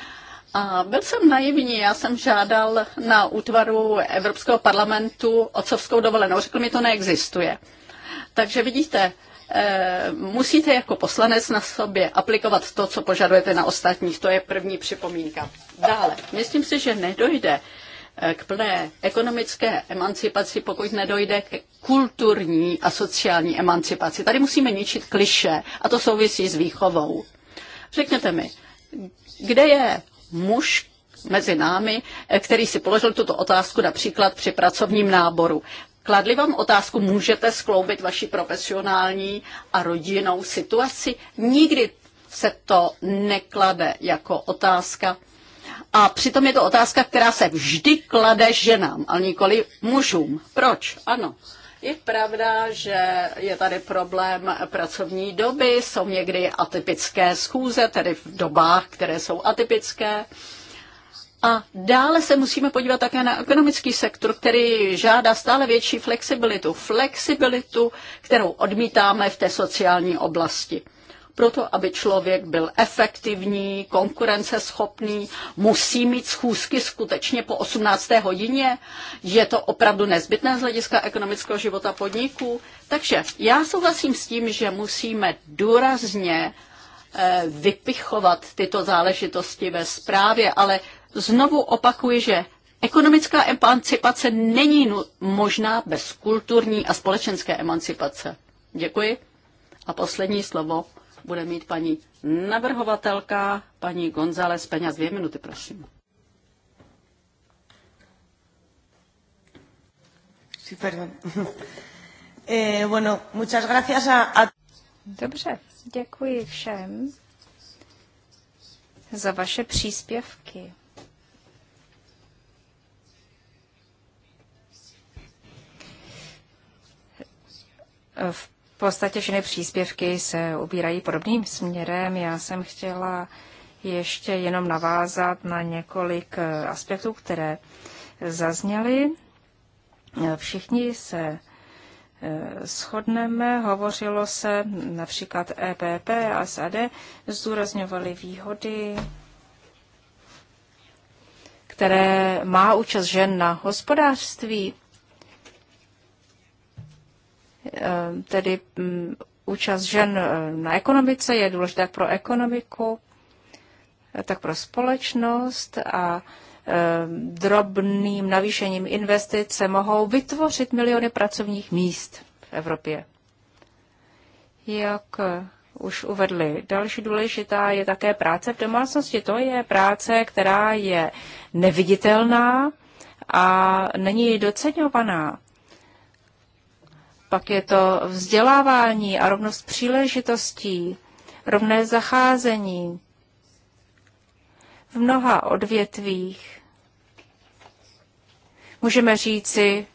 a byl jsem naivní, já jsem žádal na útvaru Evropského parlamentu otcovskou dovolenou. Řekl mi, to neexistuje. Takže vidíte, eh, musíte jako poslanec na sobě aplikovat to, co požadujete na ostatních. To je první připomínka. Dále, myslím si, že nedojde eh, k plné ekonomické emancipaci, pokud nedojde k kulturní a sociální emancipaci. Tady musíme ničit kliše a to souvisí s výchovou. Řekněte mi, kde je muž mezi námi, který si položil tuto otázku například při pracovním náboru. Kladli vám otázku, můžete skloubit vaši profesionální a rodinnou situaci? Nikdy se to neklade jako otázka. A přitom je to otázka, která se vždy klade ženám, ale nikoli mužům. Proč? Ano. Je pravda, že je tady problém pracovní doby, jsou někdy atypické schůze, tedy v dobách, které jsou atypické. A dále se musíme podívat také na ekonomický sektor, který žádá stále větší flexibilitu. Flexibilitu, kterou odmítáme v té sociální oblasti. Proto, aby člověk byl efektivní, konkurenceschopný, musí mít schůzky skutečně po 18. hodině. Je to opravdu nezbytné z hlediska ekonomického života podniků. Takže já souhlasím s tím, že musíme důrazně eh, vypichovat tyto záležitosti ve zprávě, ale znovu opakuji, že ekonomická emancipace není možná bez kulturní a společenské emancipace. Děkuji. A poslední slovo bude mít paní navrhovatelka, paní González Peňaz. Dvě minuty, prosím. Sí, perdón. Eh, bueno, muchas gracias a, a... Dobře, děkuji všem za vaše příspěvky. V v podstatě všechny příspěvky se ubírají podobným směrem. Já jsem chtěla ještě jenom navázat na několik eh, aspektů, které zazněly. Všichni se eh, shodneme, hovořilo se například EPP a SAD, zdůrazňovaly výhody, které má účast žen na hospodářství. Eh, tedy mm, účast žen eh, na ekonomice je důležitá pro ekonomiku, eh, tak pro společnost a drobným navýšením investic se mohou vytvořit miliony pracovních míst v Evropě. Jak už uvedli. Další důležitá je také práce v domácnosti. To je práce, která je neviditelná a není doceňovaná. Pak je to vzdělávání a rovnost příležitostí, rovné zacházení v mnoha odvětvích. Můžeme říci,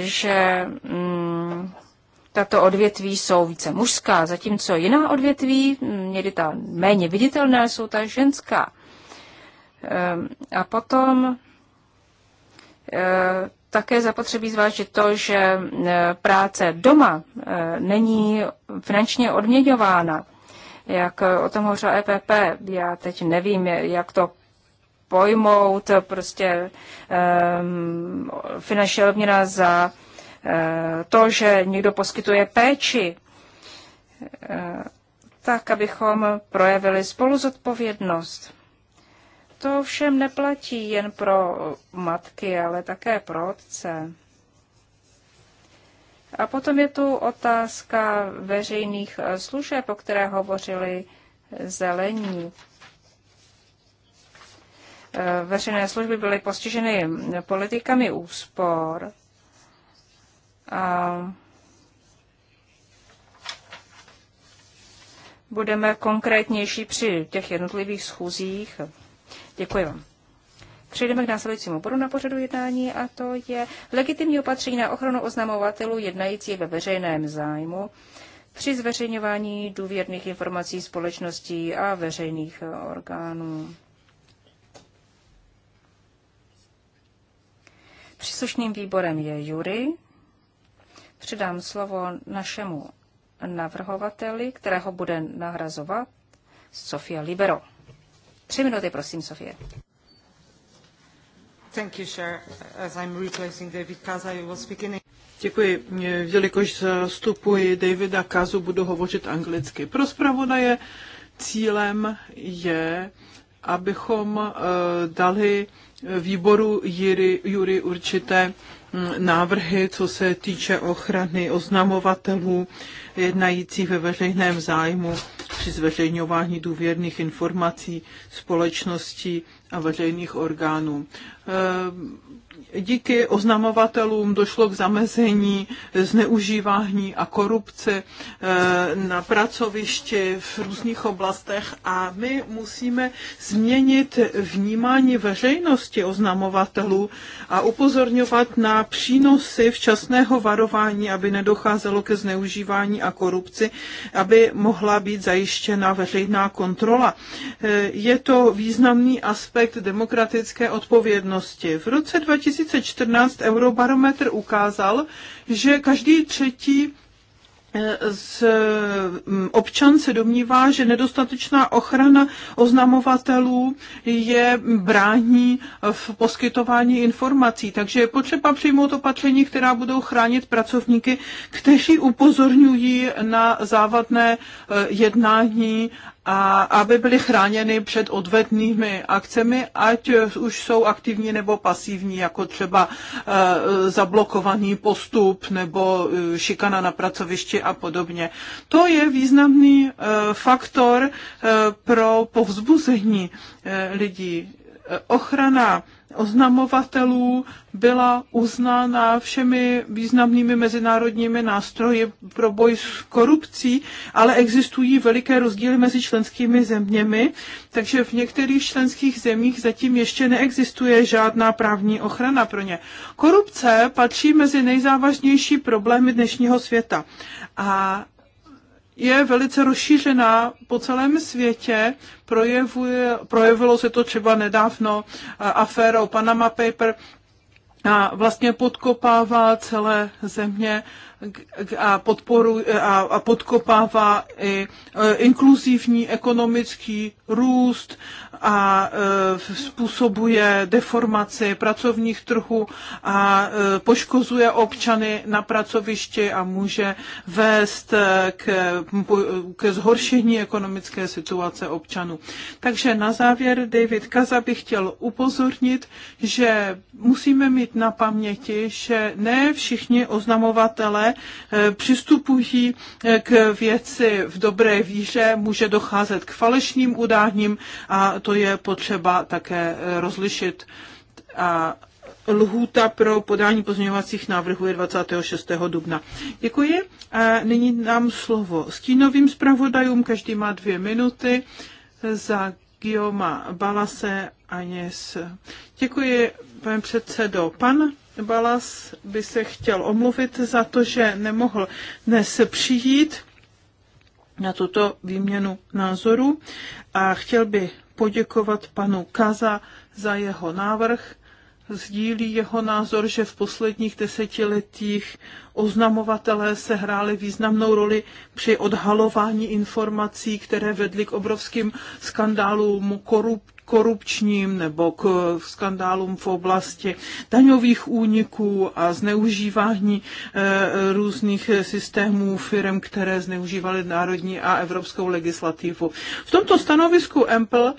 že mm, tato odvětví jsou více mužská, zatímco jiná odvětví, mm, někdy ta méně viditelná, jsou ta ženská. Ehm, a potom ehm, také zapotřebí zvážit to, že e, práce doma e, není finančně odměňována. Jak o tom hovořila EPP, já teď nevím, jak to pojmout, prostě um, finanční odměna za uh, to, že někdo poskytuje péči, uh, tak abychom projevili spoluzodpovědnost. To všem neplatí jen pro matky, ale také pro otce. A potom je tu otázka veřejných eh, služeb, o které hovořili zelení. Eh, veřejné služby byly postiženy politikami úspor. A budeme konkrétnější při těch jednotlivých schůzích. Děkuji vám. Přejdeme k následujícímu bodu na pořadu jednání a to je legitimní opatření na ochranu oznamovatelů jednající ve veřejném zájmu při zveřejňování důvěrných informací společností a veřejných eh, orgánů. Příslušným výborem je jury. Předám slovo našemu navrhovateli, kterého bude nahrazovat Sofia Libero. Tři minuty, prosím, Sofie. Thank you, As I'm replacing David Kaza, Děkuji. Jelikož zastupuji Davida Kazu, budu hovořit anglicky. Pro zpravodaje cílem je, abychom eh, dali výboru Jury, Jury určité hm, návrhy, co se týče ochrany oznamovatelů jednajících ve veřejném zájmu při zveřejňování důvěrných informací společností a veřejných orgánů díky oznamovatelům došlo k zamezení zneužívání a korupci eh, na pracovišti v různých oblastech a my musíme změnit vnímání veřejnosti oznamovatelů a upozorňovat na přínosy včasného varování, aby nedocházelo ke zneužívání a korupci, aby mohla být zajištěna veřejná kontrola. Eh, je to významný aspekt demokratické odpovědnosti. V roce 2000 2014 Eurobarometr ukázal, že každý třetí eh, z mm, občan se domnívá, že nedostatečná ochrana oznamovatelů je brání v poskytování informací. Takže je potřeba přijmout opatření, která budou chránit pracovníky, kteří upozorňují na závadné eh, jednání a aby byly chráněny před odvetnými akcemi, ať už jsou aktivní nebo pasivní, jako třeba e, zablokovaný postup nebo e, šikana na pracovišti a podobně. To je významný e, faktor pro povzbuzení lidí. Ochrana oznamovatelů byla uznána všemi významnými mezinárodními nástroji pro boj s korupcí, ale existují veliké rozdíly mezi členskými zeměmi, takže v některých členských zemích zatím ještě neexistuje žádná právní ochrana pro ně. Korupce patří mezi nejzávažnější problémy dnešního světa a je velice rozšířená po celém světě. Projevuje, projevilo se to třeba nedávno eh, aférou Panama Paper a vlastně podkopává celé země a, podporu, eh, a, a podkopává i eh, inkluzivní ekonomický růst a e, způsobuje deformaci pracovních trhů a e, poškozuje občany na pracovišti a může vést e, k, ke zhoršení ekonomické situace občanů. Takže na závěr David Kaza bych chtěl upozornit, že musíme mít na paměti, že ne všichni oznamovatele přistupují k věci v dobré víře, může docházet k falešným udáním a to to je potřeba také eh, rozlišit. A lhůta pro podání pozměňovacích návrhů je 26. dubna. Děkuji. A nyní nám slovo stínovým zpravodajům. Každý má dvě minuty za Gioma Balase a Něs. Děkuji, pane předsedo. Pan Balas by se chtěl omluvit za to, že nemohl dnes přijít na tuto výměnu názoru a chtěl by poděkovat panu Kaza za jeho návrh. Sdílí jeho názor, že v posledních desetiletích oznamovatelé se hráli významnou roli při odhalování informací, které vedly k obrovským skandálům, korup, korupčním nebo k skandálům v oblasti daňových úniků a zneužívání eh, různých systémů firm, které zneužívaly národní a evropskou legislativu. V tomto stanovisku Empl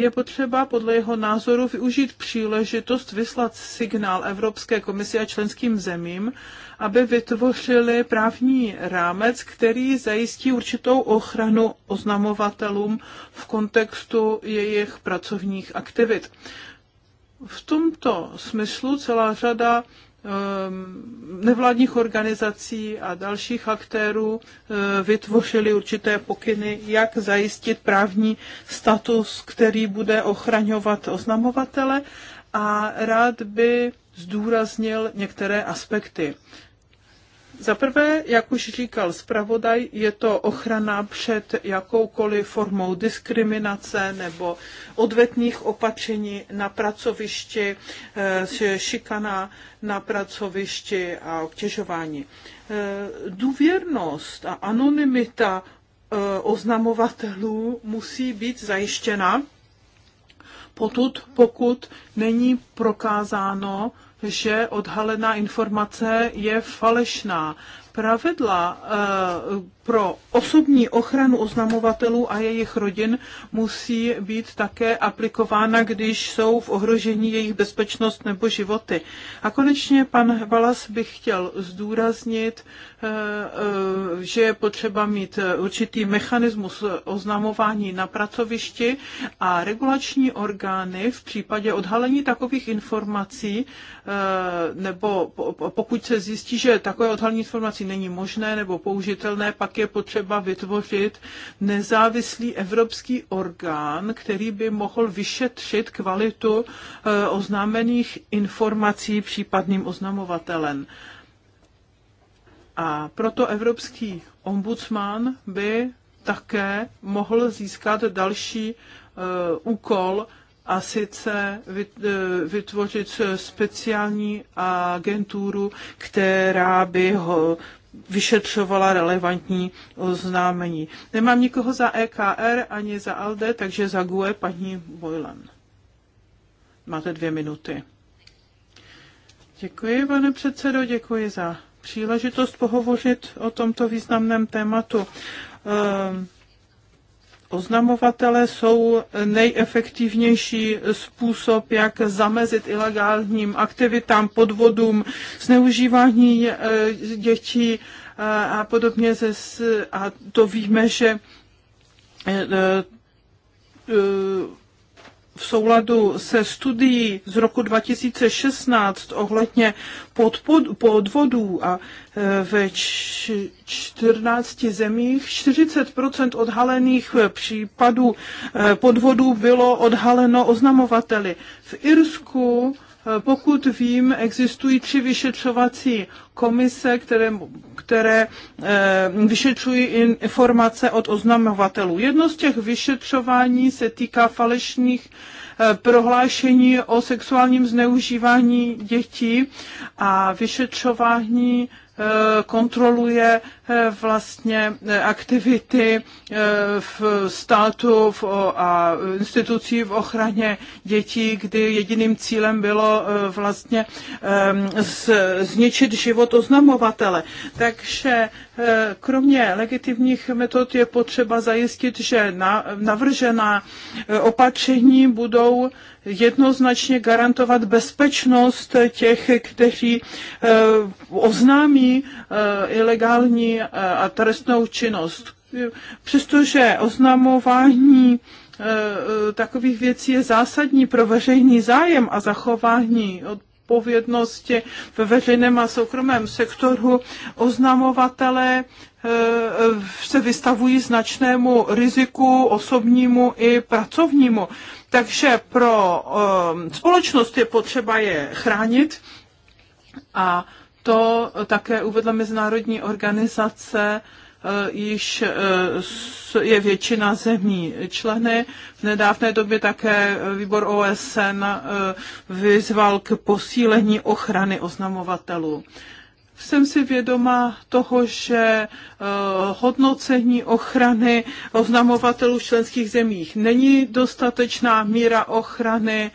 je potřeba podle jeho názoru využít příležitost vyslat signál Evropské komisi a členským zemím, aby vytvořili právní rámec, který zajistí určitou ochranu oznamovatelům v kontextu jejich pracovních aktivit. V tomto smyslu celá řada Ehm, nevládních organizací a dalších aktérů eh, vytvořili určité pokyny, jak zajistit právní status, který bude ochraňovat oznamovatele a rád by zdůraznil některé aspekty. Za prvé, jak už říkal zpravodaj, je to ochrana před jakoukoliv formou diskriminace nebo odvetných opatření na pracovišti, eh, šikana na pracovišti a obtěžování. Eh, důvěrnost a anonymita eh, oznamovatelů musí být zajištěna, potud, pokud není prokázáno, že odhalená informace je falešná. Pravidla eh, pro osobní ochranu oznamovatelů a jejich rodin musí být také aplikována, když jsou v ohrožení jejich bezpečnost nebo životy. A konečně pan Balas bych chtěl zdůraznit, eh, eh, že je potřeba mít určitý mechanismus oznamování na pracovišti a regulační orgány v případě odhalení takových informací eh, nebo pokud se zjistí, že takové odhalení informací není možné nebo použitelné, pak je potřeba vytvořit nezávislý evropský orgán, který by mohl vyšetřit kvalitu eh, oznámených informací případným oznamovatelem. A proto evropský ombudsman by také mohl získat další eh, úkol, a sice eh, vytvořit speciální agenturu, která by ho vyšetřovala relevantní oznámení. Nemám nikoho za EKR ani za ALD, takže za GUE paní Boylan. Máte dvě minuty. Děkuji, pane předsedo, děkuji za příležitost pohovořit o tomto významném tématu. Um, Oznamovatele jsou nejefektivnější způsob, jak zamezit ilegálním aktivitám, podvodům, zneužívání eh, dětí eh, a podobně. A to víme, že eh, v souladu se studií z roku 2016 ohledně podpod, podvodů a e, ve 14 zemích 40 odhalených případů e, podvodů bylo odhaleno oznamovateli. V Irsku pokud vím, existují tři vyšetřovací komise, které, které eh, vyšetřují informace od oznamovatelů. Jedno z těch vyšetřování se týká falešných eh, prohlášení o sexuálním zneužívání dětí a vyšetřování eh, kontroluje Eh, vlastně eh, aktivity eh, v státu a institucí v ochraně dětí, kdy jediným cílem bylo vlastně ehm, zničit život oznamovatele. Takže kromě legitimních metod je potřeba zajistit, že navržená opatření budou jednoznačně garantovat bezpečnost těch, kteří oznámí ilegální a trestnou činnost. Přestože oznamování e, e, takových věcí je zásadní pro veřejný zájem a zachování odpovědnosti ve veřejném a soukromém sektoru, oznamovatele e, se vystavují značnému riziku osobnímu i pracovnímu. Takže pro společnost je potřeba je chránit a to také uvedla mezinárodní organizace, eh, již eh, je většina zemí členy. V nedávné době také výbor OSN eh, vyzval k posílení ochrany oznamovatelů. Jsem si vědoma toho, že hodnocení ochrany oznamovatelů v členských zemích není dostatečná míra ochrany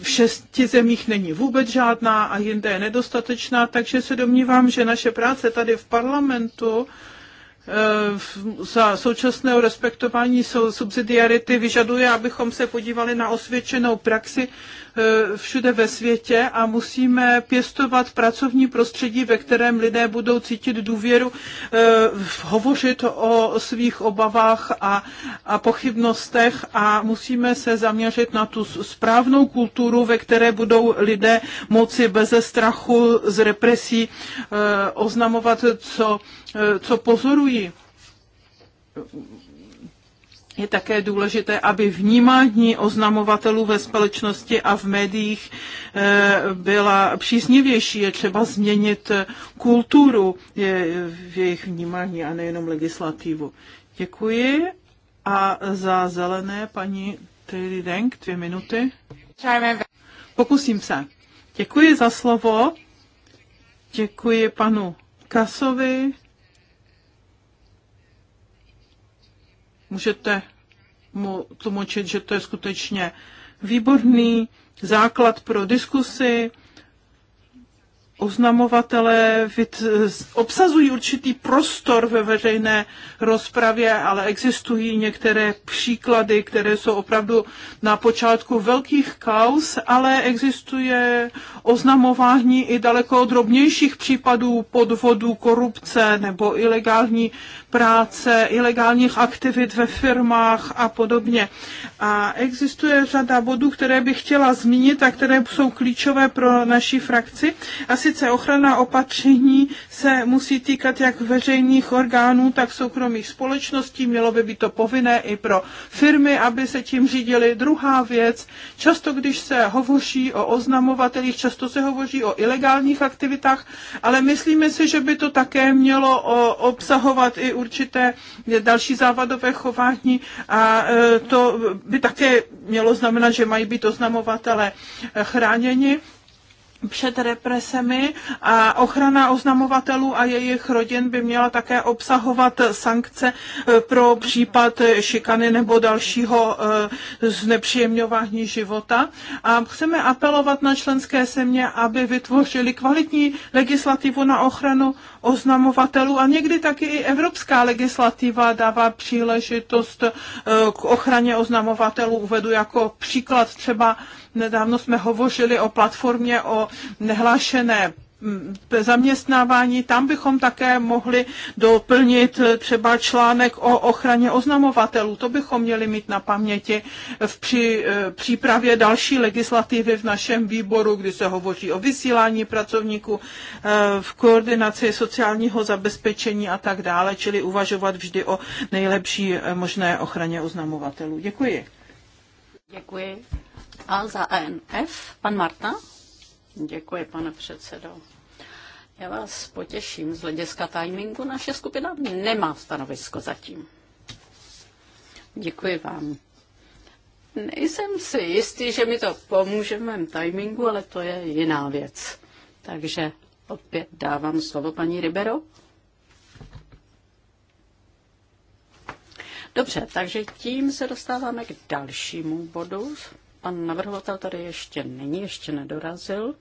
v šesti zemích není vůbec žádná a jinde je nedostatečná, takže se domnívám, že naše práce tady v parlamentu Eh, za současného respektování subsidiarity vyžaduje, abychom se podívali na osvědčenou praxi eh, všude ve světě a musíme pěstovat pracovní prostředí, ve kterém lidé budou cítit důvěru, eh, hovořit o svých obavách a, a pochybnostech a musíme se zaměřit na tu správnou kulturu, ve které budou lidé moci bez strachu z represí oznamovat, co Eh, co pozorují, Je také důležité, aby vnímání oznamovatelů ve společnosti a v médiích eh, byla příznivější. Je třeba změnit kulturu v jejich vnímání a nejenom legislativu. Děkuji. A za zelené paní Trilly Denk, dvě minuty. Pokusím se. Děkuji za slovo. Děkuji panu Kasovi můžete mu tlumočit, že to je skutečně výborný základ pro diskusy oznamovatelé obsazují určitý prostor ve veřejné rozpravě, ale existují některé příklady, které jsou opravdu na počátku velkých kaus, ale existuje oznamování i daleko drobnějších případů podvodů, korupce nebo ilegální práce, ilegálních aktivit ve firmách a podobně. A existuje řada bodů, které bych chtěla zmínit a které jsou klíčové pro naší frakci. Asi sice ochrana opatření se musí týkat jak veřejných orgánů, tak soukromých společností. Mělo by být to povinné i pro firmy, aby se tím řídili. Druhá věc, často když se hovoří o oznamovatelích, často se hovoří o ilegálních aktivitách, ale myslíme si, že by to také mělo obsahovat i určité další závadové chování a e, to by také mělo znamenat, že mají být oznamovatele e, chráněni před represemi a ochrana oznamovatelů a jejich rodin by měla také obsahovat sankce eh, pro případ šikany nebo dalšího eh, znepříjemňování života. A chceme apelovat na členské země, aby vytvořili kvalitní legislativu na ochranu oznamovatelů a někdy taky i evropská legislativa dává příležitost eh, k ochraně oznamovatelů. Uvedu jako příklad třeba Nedávno jsme hovořili o platformě o nehlášené mm, zaměstnávání, tam bychom také mohli doplnit třeba článek o ochraně oznamovatelů. To bychom měli mít na paměti v při, eh, přípravě další legislativy v našem výboru, kdy se hovoří o vysílání pracovníků eh, v koordinaci sociálního zabezpečení a tak dále, čili uvažovat vždy o nejlepší eh, možné ochraně oznamovatelů. Děkuji. Děkuji. A za ENF, pan Marta. Děkuji, pane předsedo. Já vás potěším, z hlediska timingu naše skupina nemá stanovisko zatím. Děkuji vám. Nejsem si jistý, že mi to pomůže v mém timingu, ale to je jiná věc. Takže opět dávám slovo paní Ribero. Dobře, takže tím se dostáváme k dalšímu bodu pan navrhovatel tady ještě není, ještě nedorazil,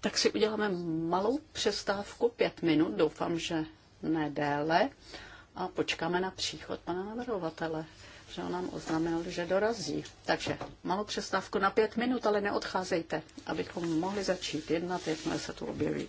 tak si uděláme malou přestávku, pět minut, doufám, že ne déle, a počkáme na příchod pana navrhovatele, že on nám oznámil, že dorazí. Takže malou přestávku na pět minut, ale neodcházejte, abychom mohli začít jednat, jakmile se tu objeví.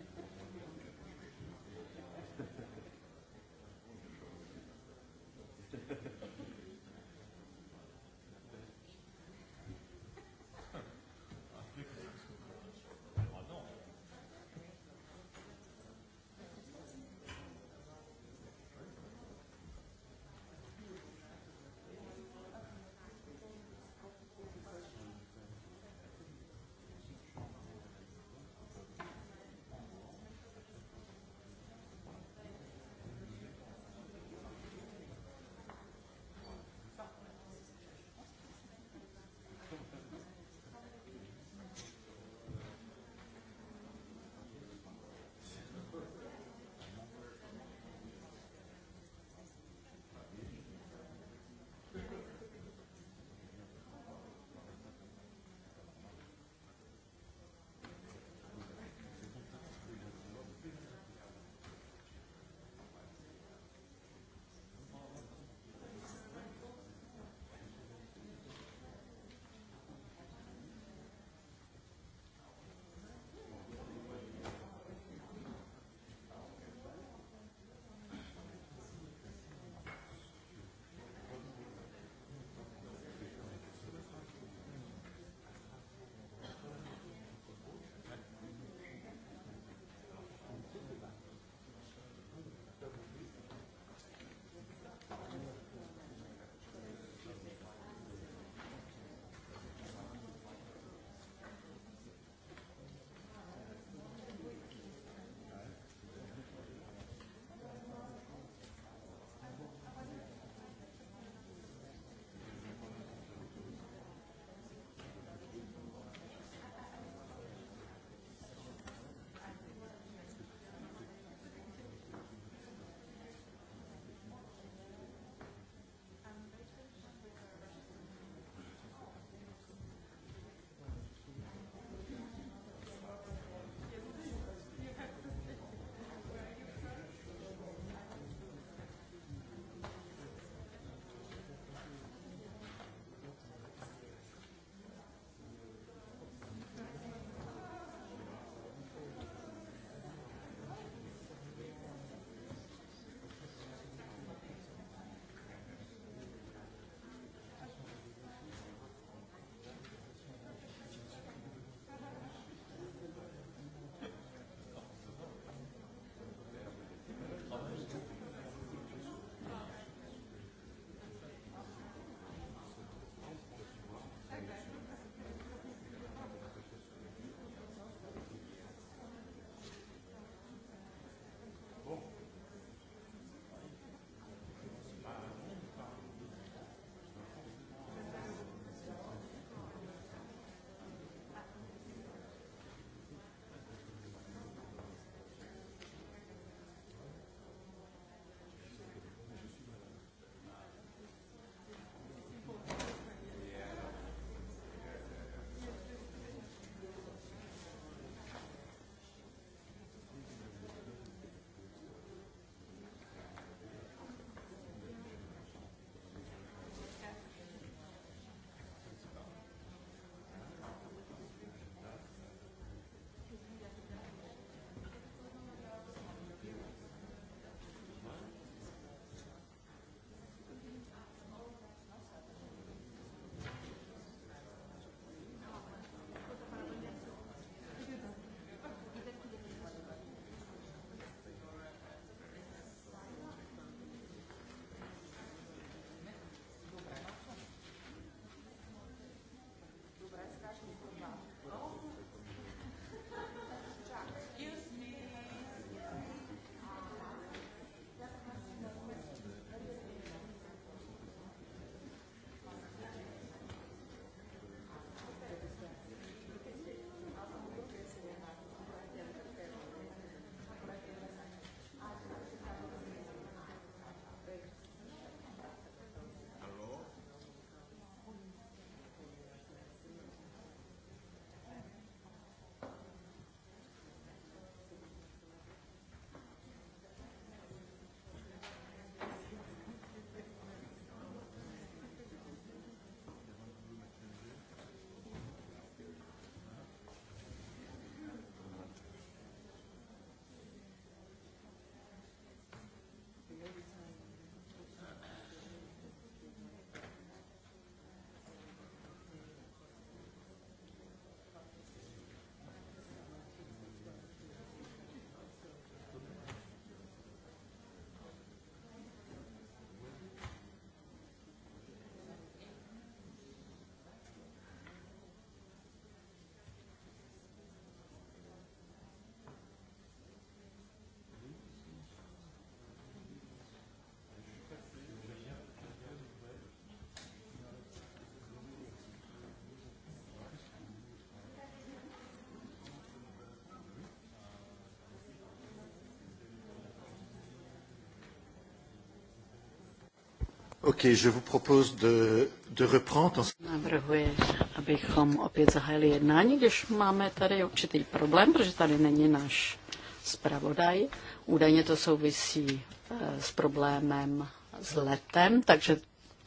OK, je vous propose de, de reprendre. Navrhuji, abychom opět zahájili jednání, když máme tady určitý problém, protože tady není náš zpravodaj. Údajně to souvisí eh, s problémem s letem, takže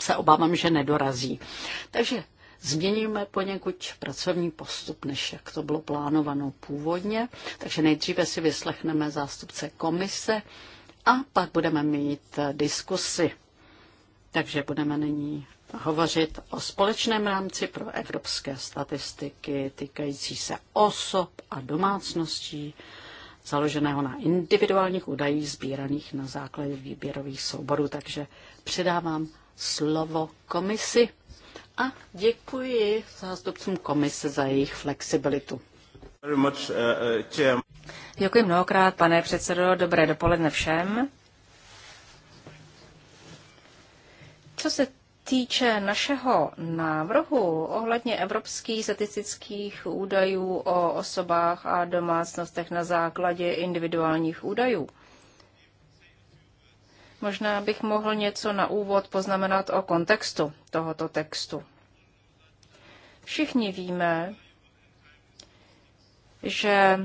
se obávám, že nedorazí. Takže změníme poněkud pracovní postup, než jak to bylo plánováno původně. Takže nejdříve si vyslechneme zástupce komise a pak budeme mít eh, diskusy takže budeme nyní hovořit o společném rámci pro evropské statistiky týkající se osob a domácností, založeného na individuálních údajích sbíraných na základě výběrových souborů. Takže předávám slovo komisi a děkuji zástupcům komise za jejich flexibilitu. Uh, uh, děkuji mnohokrát, pane předsedo. Dobré dopoledne všem. Co se týče našeho návrhu ohledně evropských statistických údajů o osobách a domácnostech na základě individuálních údajů, možná bych mohl něco na úvod poznamenat o kontextu tohoto textu. Všichni víme, že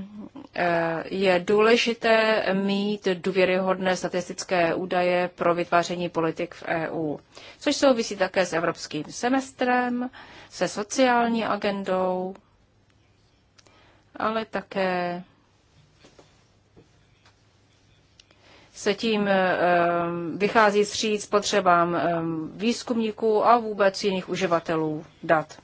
eh, je důležité mít důvěryhodné statistické údaje pro vytváření politik v EU, což souvisí také s evropským semestrem, se sociální agendou, ale také se tím eh, vychází stříc potřebám eh, výzkumníků a vůbec jiných uživatelů dat.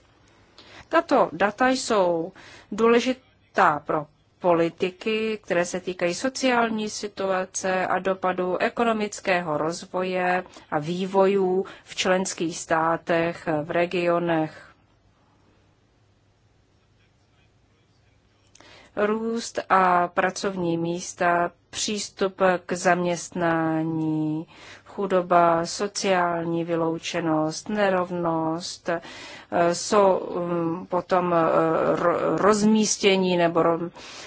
Tato data jsou důležité lhůta pro politiky, které se týkají sociální situace a dopadu ekonomického rozvoje a vývojů v členských státech, v regionech. Růst a pracovní místa, přístup k zaměstnání, chudoba, sociální vyloučenost, nerovnost, eh, jsou mm, potom eh, rozmístění nebo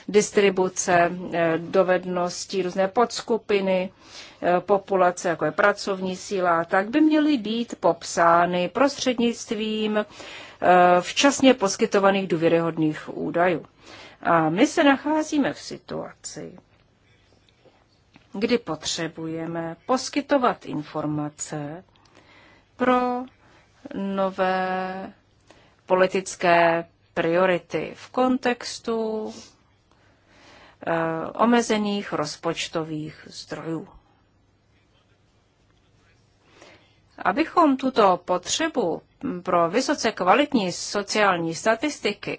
distribuce eh, dovedností, různé podskupiny populace, jako je pracovní síla, tak by měly být popsány prostřednictvím včasně poskytovaných důvěryhodných údajů. A my se nacházíme v situaci, kdy potřebujeme poskytovat informace pro nové politické priority v kontextu eh, omezených rozpočtových zdrojů. Abychom tuto potřebu pro vysoce kvalitní sociální statistiky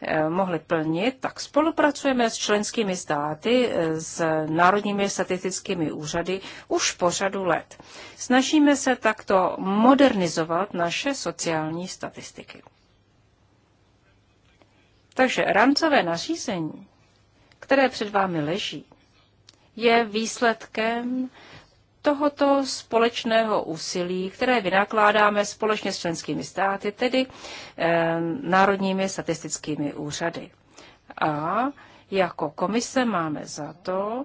Eh, mohli plnit, tak spolupracujeme s členskými státy, eh, s národními statistickými úřady už po řadu let. Snažíme se takto modernizovat naše sociální statistiky. Takže rámcové nařízení, které před vámi leží, je výsledkem tohoto společného úsilí, které vynakládáme společně s členskými státy, tedy e, národními statistickými úřady. A jako komise máme za to,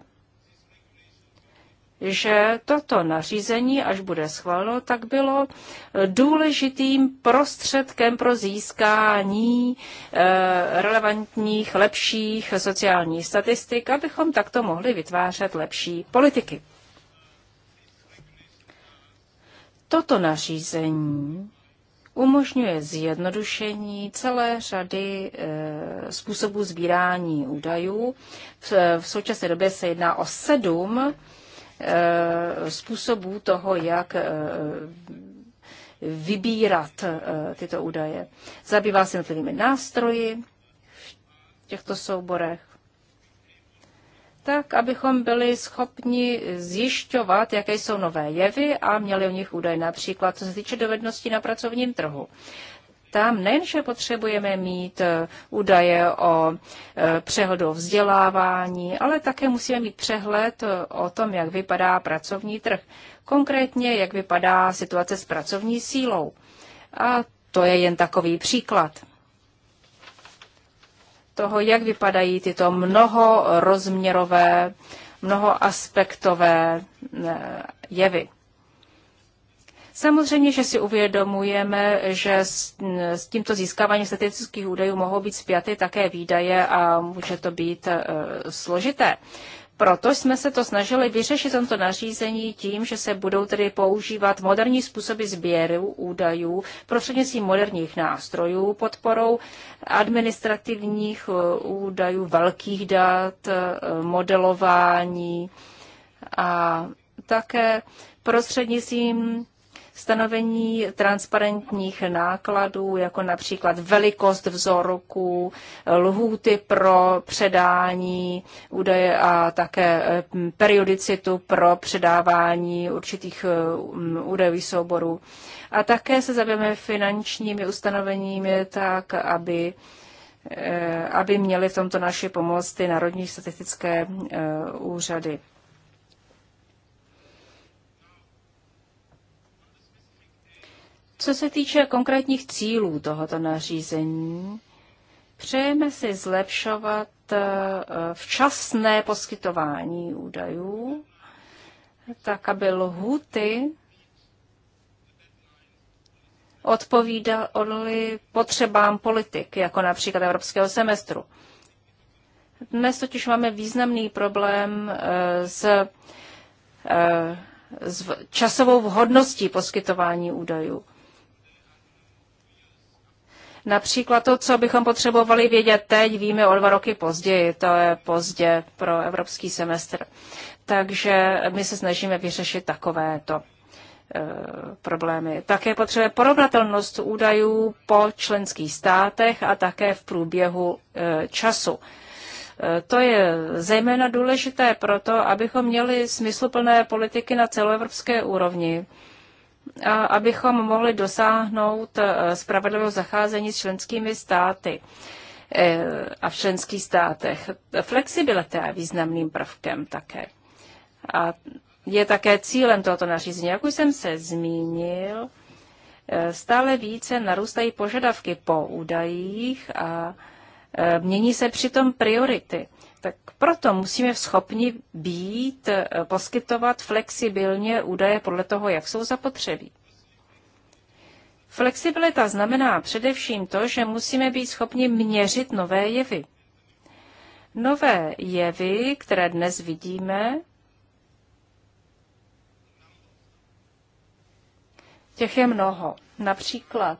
že toto nařízení, až bude schváleno, tak bylo důležitým prostředkem pro získání eh, relevantních, lepších sociálních statistik, abychom takto mohli vytvářet lepší politiky. Toto nařízení umožňuje zjednodušení celé řady e, způsobů sbírání údajů. V, v současné době se jedná o sedm e, způsobů toho, jak e, vybírat e, tyto údaje. Zabývá se jednotlivými nástroji v těchto souborech, tak abychom byli schopni zjišťovat, jaké jsou nové jevy a měli o nich údaje, například co se týče dovedností na pracovním trhu. Tam nejenže potřebujeme mít eh, údaje o eh, přehledu vzdělávání, ale také musíme mít přehled eh, o tom, jak vypadá pracovní trh. Konkrétně, jak vypadá situace s pracovní sílou. A to je jen takový příklad toho, jak vypadají tyto mnohorozměrové, mnohoaspektové eh, jevy. Samozřejmě, že si uvědomujeme, že s, eh, tímto získáváním statistických údajů mohou být zpěty také výdaje a může to být eh, složité. Proto jsme se to snažili vyřešit tomto nařízení tím, že se budou tedy používat moderní způsoby sběru údajů prostřednictvím moderních nástrojů, podporou administrativních eh, údajů, velkých dat, eh, modelování a také prostřednictvím Stanovení transparentních nákladů, jako například velikost vzorku, lhůty pro předání údaje a také eh, periodicitu pro předávání určitých eh, mm, údajových souborů. A také se zabýváme finančními ustanoveními tak, aby eh, aby měly v tomto naši pomoc ty národní statistické úřady. Co se týče konkrétních cílů tohoto nařízení, přejeme si zlepšovat eh, včasné poskytování údajů, tak aby lhuty odpovídaly potřebám politik, jako například evropského semestru. Dnes totiž máme významný problém eh, s, eh, s časovou vhodností poskytování údajů. Například to, co bychom potřebovali vědět teď, víme o dva roky později. To je pozdě pro evropský semestr. Takže my se snažíme vyřešit takovéto e, problémy. Také potřebuje porovnatelnost údajů po členských státech a také v průběhu e, času. E, to je zejména důležité proto, abychom měli smysluplné politiky na celoevropské úrovni abychom mohli dosáhnout eh, spravedlivého zacházení s členskými státy eh, a v členských státech. Flexibilita je významným prvkem také. A je také cílem tohoto nařízení. Jak už jsem se zmínil, eh, stále více narůstají požadavky po údajích a mění se přitom priority. Tak proto musíme schopni být, eh, poskytovat flexibilně údaje podle toho, jak jsou zapotřebí. Flexibilita znamená především to, že musíme být schopni měřit nové jevy. Nové jevy, které dnes vidíme, těch je mnoho. Například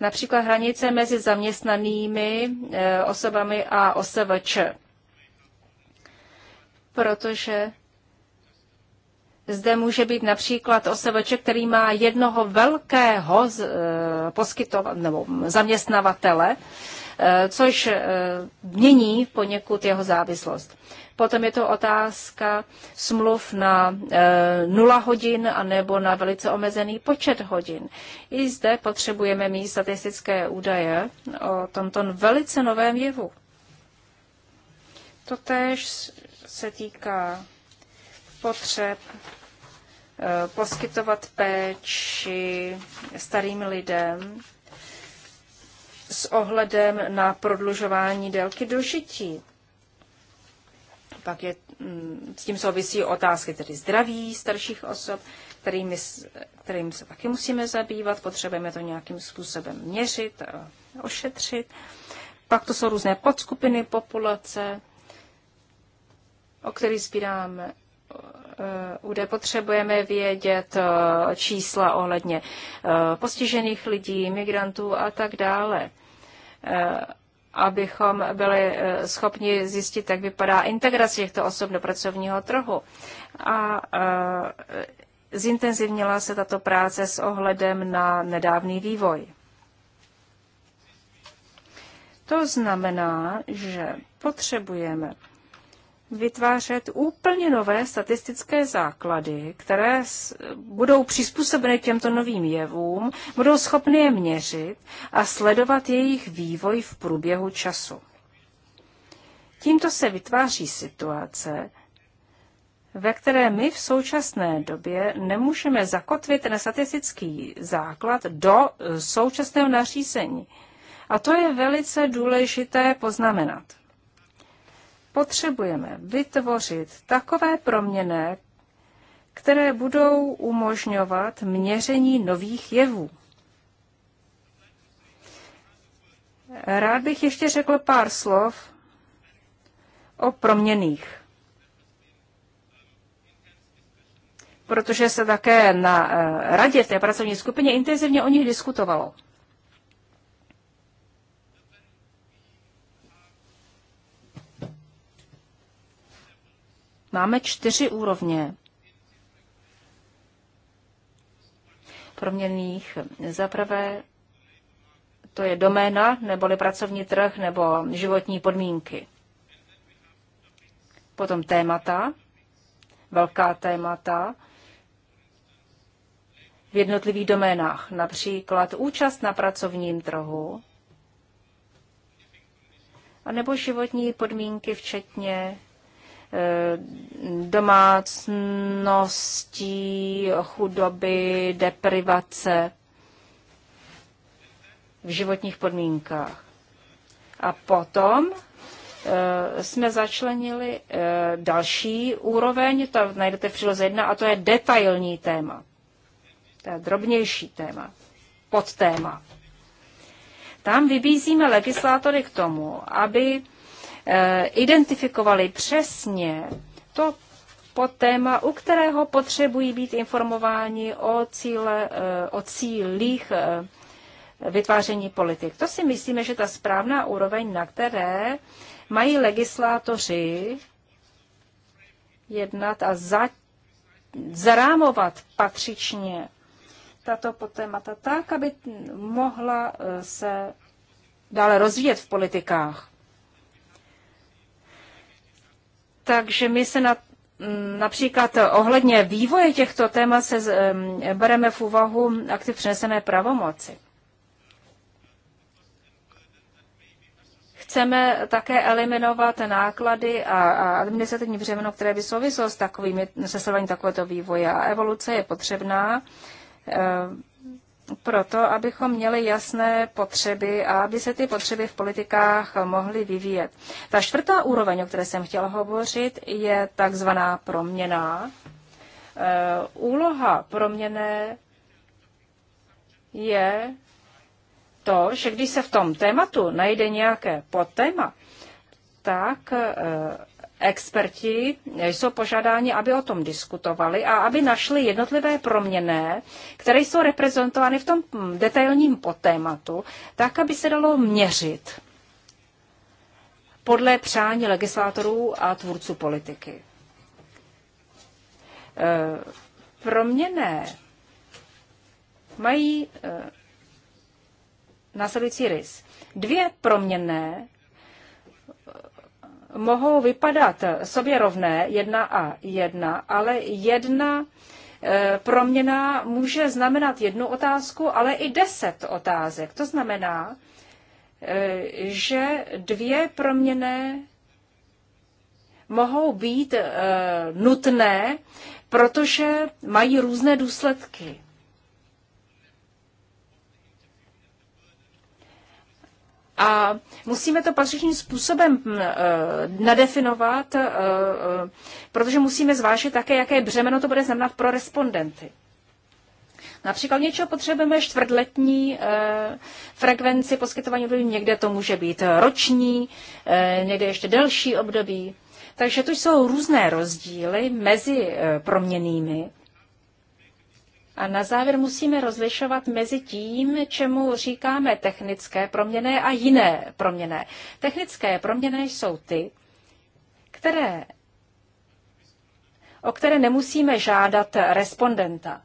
Například hranice mezi zaměstnanými eh, osobami a OSVČ. Protože zde může být například OSVČ, který má jednoho velkého eh, nebo zaměstnavatele, Eh, což eh, mění poněkud jeho závislost. Potom je to otázka smluv na eh, nula hodin anebo na velice omezený počet hodin. I zde potřebujeme mít statistické údaje o tomto velice novém jevu. Totež se týká potřeb poskytovat péči starým lidem s ohledem na prodlužování délky dožití. Pak je, mm, s tím souvisí otázky tedy zdraví starších osob, kterými, kterým se taky musíme zabývat, potřebujeme to nějakým způsobem měřit, ošetřit. Pak to jsou různé podskupiny populace, o kterých sbíráme eh, kde potřebujeme vědět eh, čísla ohledně eh, postižených lidí, migrantů a tak dále. Eh, abychom byli eh, schopni zjistit, jak vypadá integrace těchto osob do pracovního trhu. A eh, zintenzivnila se tato práce s ohledem na nedávný vývoj. To znamená, že potřebujeme vytvářet úplně nové statistické základy, které budou přizpůsobeny těmto novým jevům, budou schopny je měřit a sledovat jejich vývoj v průběhu času. Tímto se vytváří situace, ve které my v současné době nemůžeme zakotvit ten statistický základ do e, současného nařízení. A to je velice důležité poznamenat potřebujeme vytvořit takové proměny, které budou umožňovat měření nových jevů. Rád bych ještě řekl pár slov o proměných. Protože se také na eh, radě v té pracovní skupině intenzivně o nich diskutovalo. Máme čtyři úrovně proměných. Zaprvé to je doména, neboli pracovní trh, nebo životní podmínky. Potom témata, velká témata v jednotlivých doménách, například účast na pracovním trhu, anebo životní podmínky, včetně Eh, domácností, chudoby, deprivace v životních podmínkách. A potom eh, jsme začlenili eh, další úroveň, to najdete v příloze 1, a to je detailní téma. To je drobnější téma, podtéma. Tam vybízíme legislátory k tomu, aby Eh, identifikovali přesně to pod téma, u kterého potřebují být informováni o, cíle, eh, o cílích eh, vytváření politik. To si myslíme, že ta správná úroveň, na které mají legislátoři jednat a za, zarámovat patřičně tato témata tak, aby mohla se dále rozvíjet v politikách. Takže my se na, například ohledně vývoje těchto témat se bereme v úvahu akty přenesené pravomoci. Chceme také eliminovat náklady a, a administrativní břemeno, které by souviselo s takovými, se sledováním takovéto vývoje. A evoluce je potřebná proto, abychom měli jasné potřeby a aby se ty potřeby v politikách mohly vyvíjet. Ta čtvrtá úroveň, o které jsem chtěla hovořit, je takzvaná proměna. E, úloha proměné je to, že když se v tom tématu najde nějaké podtéma, tak e, experti jsou požádáni, aby o tom diskutovali a aby našli jednotlivé proměné, které jsou reprezentovány v tom detailním potématu, tak, aby se dalo měřit podle přání legislátorů a tvůrců politiky. E, proměné mají e, následující rys. Dvě proměné mohou vypadat sobě rovné, jedna a jedna, ale jedna eh, proměna může znamenat jednu otázku, ale i deset otázek. To znamená, eh, že dvě proměny mohou být eh, nutné, protože mají různé důsledky. A musíme to patřičným způsobem mm, eh, nadefinovat, eh, eh, protože musíme zvážit také, jaké břemeno to bude znamenat pro respondenty. Například něčeho potřebujeme čtvrtletní eh, frekvenci poskytování období, někde to může být roční, eh, někde ještě delší období. Takže to jsou různé rozdíly mezi eh, proměnými a na závěr musíme rozlišovat mezi tím, čemu říkáme technické proměny a jiné proměny. Technické proměny jsou ty, které, o které nemusíme žádat respondenta.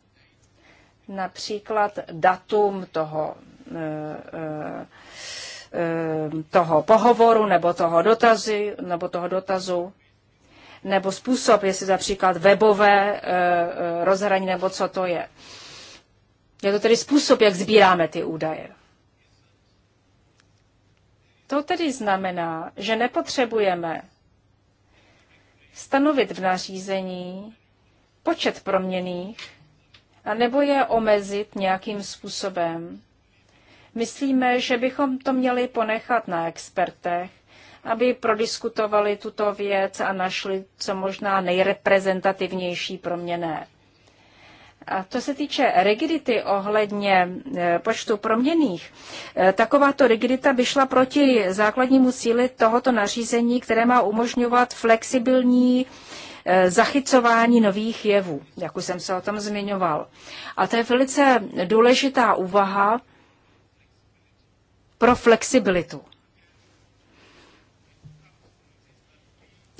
Například datum toho, eh, eh, eh, toho pohovoru nebo toho dotazu, nebo toho dotazu nebo způsob, jestli například webové eh, eh, rozhraní nebo co to je. Je to tedy způsob, jak sbíráme ty údaje. To tedy znamená, že nepotřebujeme stanovit v nařízení počet proměných, nebo je omezit nějakým způsobem. Myslíme, že bychom to měli ponechat na expertech, aby prodiskutovali tuto věc a našli co možná nejreprezentativnější proměné. A to se týče rigidity ohledně e, počtu proměných, e, takováto rigidita by šla proti základnímu cíli tohoto nařízení, které má umožňovat flexibilní e, zachycování nových jevů, jak už jsem se o tom zmiňoval. A to je velice důležitá úvaha pro flexibilitu.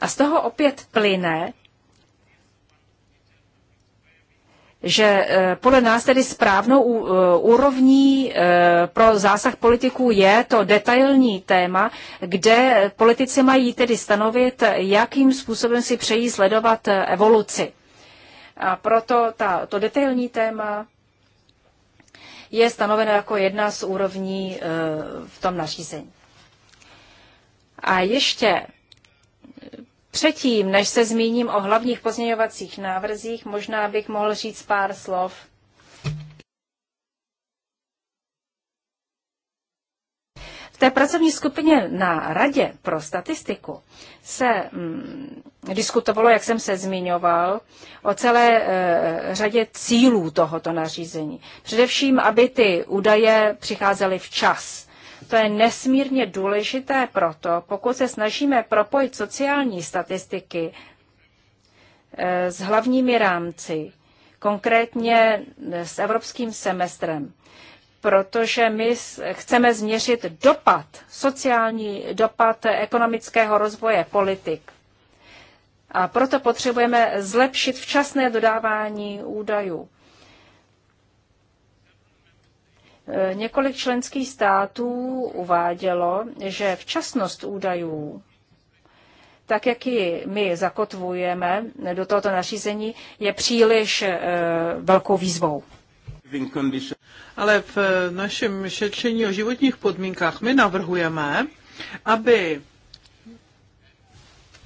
A z toho opět plyne, že eh, podle nás tedy správnou eh, úrovní eh, pro zásah politiků je to detailní téma, kde politici mají tedy stanovit, jakým způsobem si přejí sledovat evoluci. A proto ta, to detailní téma je stanoveno jako jedna z úrovní v tom nařízení. A ještě Předtím, než se zmíním o hlavních pozměňovacích návrzích, možná bych mohl říct pár slov. V té pracovní skupině na Radě pro statistiku se mm, diskutovalo, jak jsem se zmiňoval, o celé e, řadě cílů tohoto nařízení. Především, aby ty údaje přicházely včas to je nesmírně důležité proto, pokud se snažíme propojit sociální statistiky eh, s hlavními rámci, konkrétně eh, s evropským semestrem, protože my chceme změřit dopad, sociální dopad ekonomického rozvoje politik. A proto potřebujeme zlepšit včasné dodávání údajů. Eh, několik členských států uvádělo, že včasnost údajů, tak jak ji my zakotvujeme do tohoto nařízení, je příliš eh, velkou výzvou. Ale v eh, našem šetření o životních podmínkách my navrhujeme, aby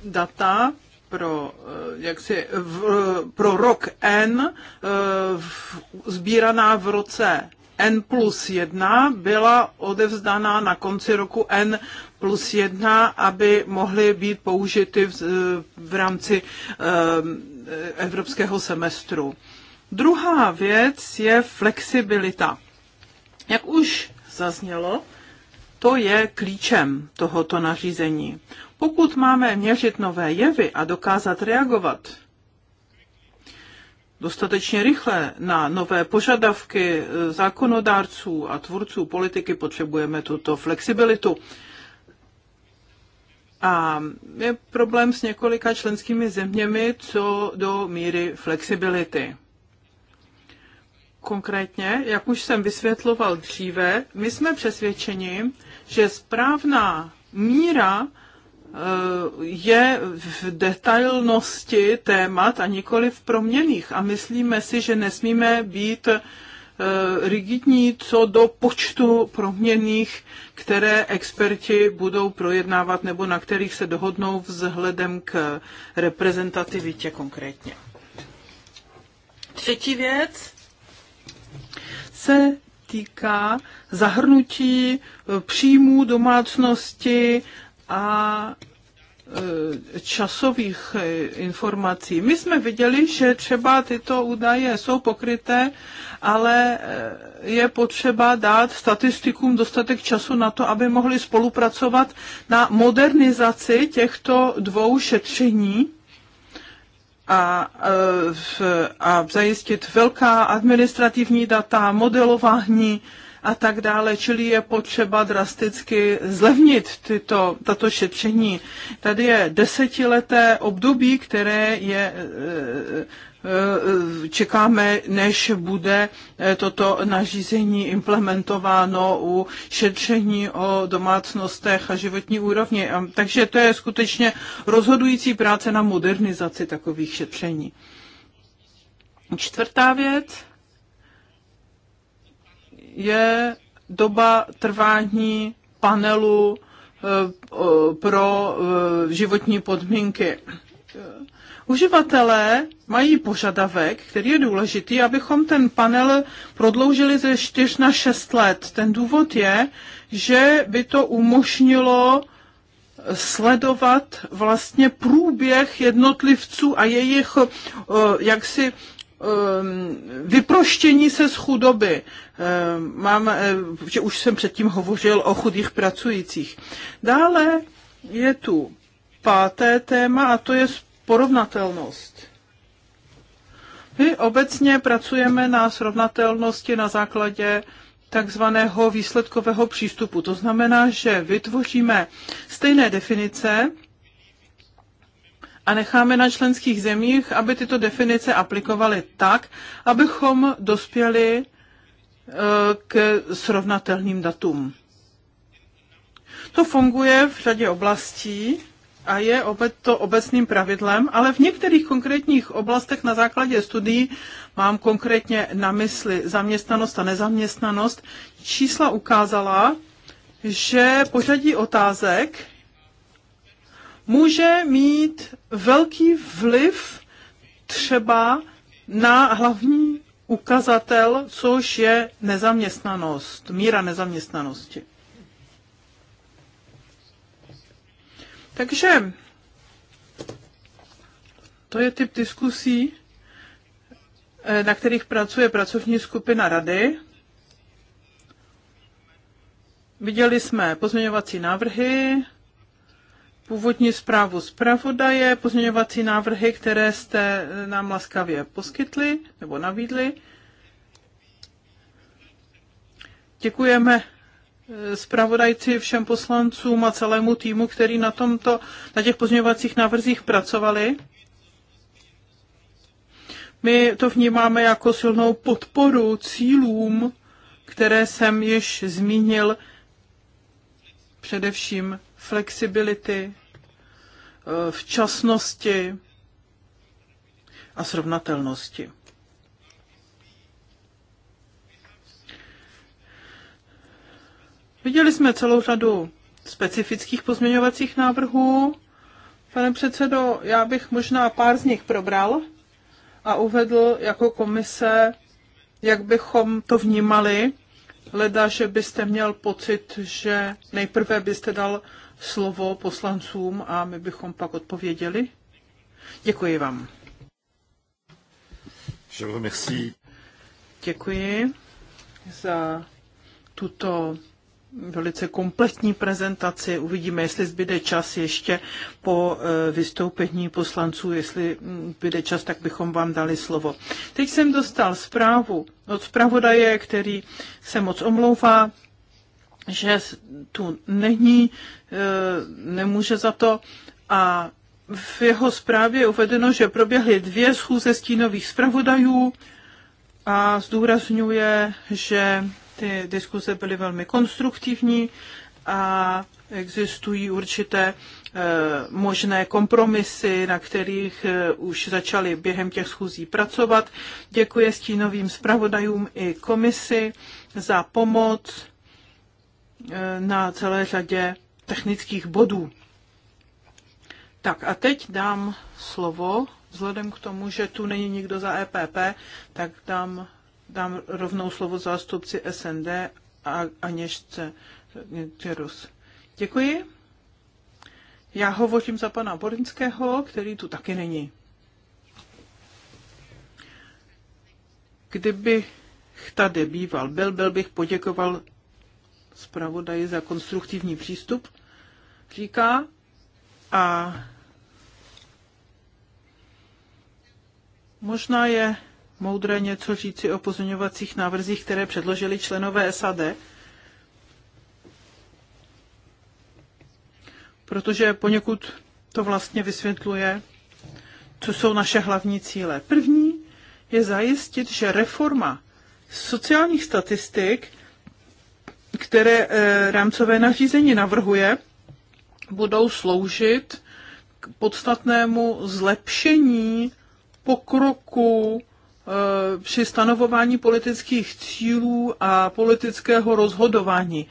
data pro, jak si, v, pro rok N v, sbíraná v roce N plus 1 byla odevzdaná na konci roku N plus 1, aby mohly být použity v, v rámci ehm, evropského semestru. Druhá věc je flexibilita. Jak už zaznělo, to je klíčem tohoto nařízení. Pokud máme měřit nové jevy a dokázat reagovat, dostatečně rychle na nové požadavky eh, zákonodárců a tvůrců politiky, potřebujeme tuto flexibilitu. A je problém s několika členskými zeměmi co do míry flexibility. Konkrétně, jak už jsem vysvětloval dříve, my jsme přesvědčeni, že správná míra je v detailnosti témat a nikoli v proměných. A myslíme si, že nesmíme být eh, rigidní co do počtu proměných, které experti budou projednávat nebo na kterých se dohodnou vzhledem k reprezentativitě konkrétně. Třetí věc se týká zahrnutí eh, příjmů domácnosti a e, časových e, informací. My jsme viděli, že třeba tyto údaje jsou pokryté, ale e, je potřeba dát statistikům dostatek času na to, aby mohli spolupracovat na modernizaci těchto dvou šetření a, a zajistit velká administrativní data, modelování, a tak dále, čili je potřeba drasticky zlevnit tyto, tato šetření. Tady je desetileté období, které je e, e, čekáme, než bude e, toto nařízení implementováno u šetření o domácnostech a životní úrovni. Takže to je skutečně rozhodující práce na modernizaci takových šetření. Čtvrtá věc je doba trvání panelu eh, pro eh, životní podmínky. Uživatelé mají požadavek, který je důležitý, abychom ten panel prodloužili ze 4 na 6 let. Ten důvod je, že by to umožnilo sledovat vlastně průběh jednotlivců a jejich eh, jaksi Ehm, vyproštění se z chudoby. Ehm, mám, eh, že už jsem předtím hovořil o chudých pracujících. Dále je tu páté téma a to je porovnatelnost. My obecně pracujeme na srovnatelnosti na základě takzvaného výsledkového přístupu. To znamená, že vytvoříme stejné definice a necháme na členských zemích, aby tyto definice aplikovaly tak, abychom dospěli e, k srovnatelným datům. To funguje v řadě oblastí a je to obecným pravidlem, ale v některých konkrétních oblastech na základě studií mám konkrétně na mysli zaměstnanost a nezaměstnanost. Čísla ukázala, že pořadí otázek může mít velký vliv třeba na hlavní ukazatel, což je nezaměstnanost, míra nezaměstnanosti. Takže to je typ diskusí, eh, na kterých pracuje pracovní skupina rady. Viděli jsme pozměňovací návrhy, původní zprávu zpravodaje, pozměňovací návrhy, které jste eh, nám laskavě poskytli nebo navídli. Děkujeme eh, zpravodajci, všem poslancům a celému týmu, který na, tomto, na těch pozměňovacích návrzích pracovali. My to vnímáme jako silnou podporu cílům, které jsem již zmínil, především flexibility, eh, včasnosti a srovnatelnosti. Viděli jsme celou řadu specifických pozměňovacích návrhů. Pane předsedo, já bych možná pár z nich probral a uvedl jako komise, jak bychom to vnímali, leda, že byste měl pocit, že nejprve byste dal slovo poslancům a my bychom pak odpověděli. Děkuji vám. Je vous Děkuji za tuto velice kompletní prezentaci. Uvidíme, jestli zbyde čas ještě po eh, vystoupení poslanců. Jestli mm, zbyde čas, tak bychom vám dali slovo. Teď jsem dostal zprávu od zpravodaje, který se moc omlouvá, že tu není, e, nemůže za to a v jeho zprávě je uvedeno, že proběhly dvě schůze stínových zpravodajů a zdůrazňuje, že ty diskuze byly velmi konstruktivní a existují určité e, možné kompromisy, na kterých e, už začali během těch schůzí pracovat. Děkuji stínovým zpravodajům i komisi za pomoc E, na celé řadě technických bodů. Tak a teď dám slovo, vzhledem k tomu, že tu není nikdo za EPP, tak dám, dám rovnou slovo zástupci SND a Aněžce Jerus. Děkuji. Já hovořím za pana Borinského, který tu taky není. Kdyby tady býval byl, byl bych poděkoval zpravodaji za konstruktivní přístup, říká. A možná je moudré něco říci o pozměňovacích návrzích, které předložili členové SAD, protože poněkud to vlastně vysvětluje, co jsou naše hlavní cíle. První je zajistit, že reforma sociálních statistik které eh, rámcové nařízení navrhuje, budou sloužit k podstatnému zlepšení pokroku eh, při stanovování politických cílů a politického rozhodování,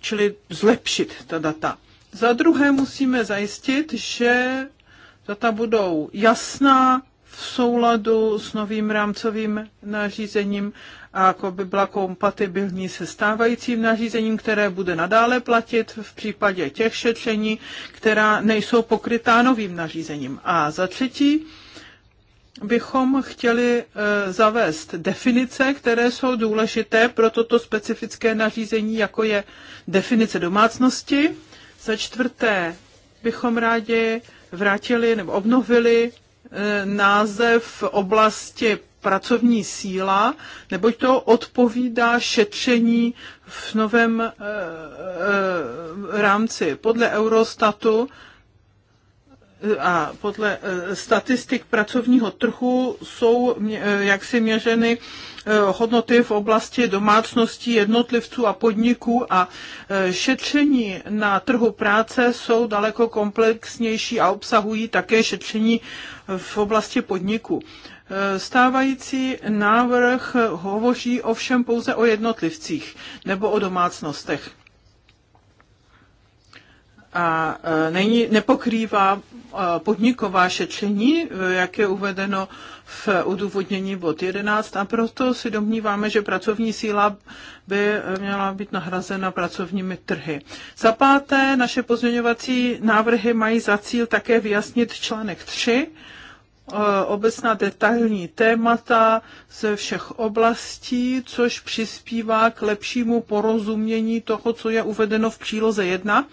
čili zlepšit ta data. Za druhé musíme zajistit, že data budou jasná, v souladu s novým rámcovým nařízením a jako by byla kompatibilní se stávajícím nařízením, které bude nadále platit v případě těch šetření, která nejsou pokrytá novým nařízením. A za třetí, bychom chtěli e, zavést definice, které jsou důležité pro toto specifické nařízení, jako je definice domácnosti. Za čtvrté bychom rádi vrátili nebo obnovili Eh, název oblasti pracovní síla, neboť to odpovídá šetření v novém eh, eh, rámci. Podle Eurostatu a podle eh, statistik pracovního trhu jsou eh, jaksi měřeny eh, hodnoty v oblasti domácností, jednotlivců a podniků a šetření na trhu práce jsou daleko komplexnější a obsahují také šetření v oblasti podniků. Stávající návrh hovoří ovšem pouze o jednotlivcích nebo o domácnostech a e, není, nepokrývá e, podniková šetření, e, jak je uvedeno v odůvodnění bod 11 a proto si domníváme, že pracovní síla by měla být nahrazena pracovními trhy. Za páté, naše pozměňovací návrhy mají za cíl také vyjasnit článek 3, obecná detailní témata ze všech oblastí, což přispívá k lepšímu porozumění toho, co je uvedeno v příloze 1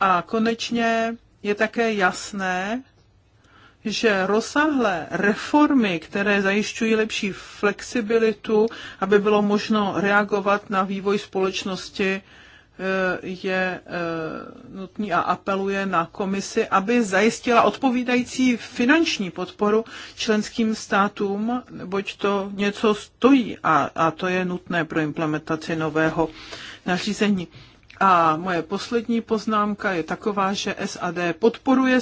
a konečně je také jasné, že rozsáhlé reformy, které zajišťují lepší flexibilitu, aby bylo možno reagovat na vývoj společnosti, eh, je eh, nutný a apeluje na komisi, aby zajistila odpovídající finanční podporu členským státům, neboť to něco stojí a, a to je nutné pro implementaci nového nařízení. A moje poslední poznámka je taková, že SAD podporuje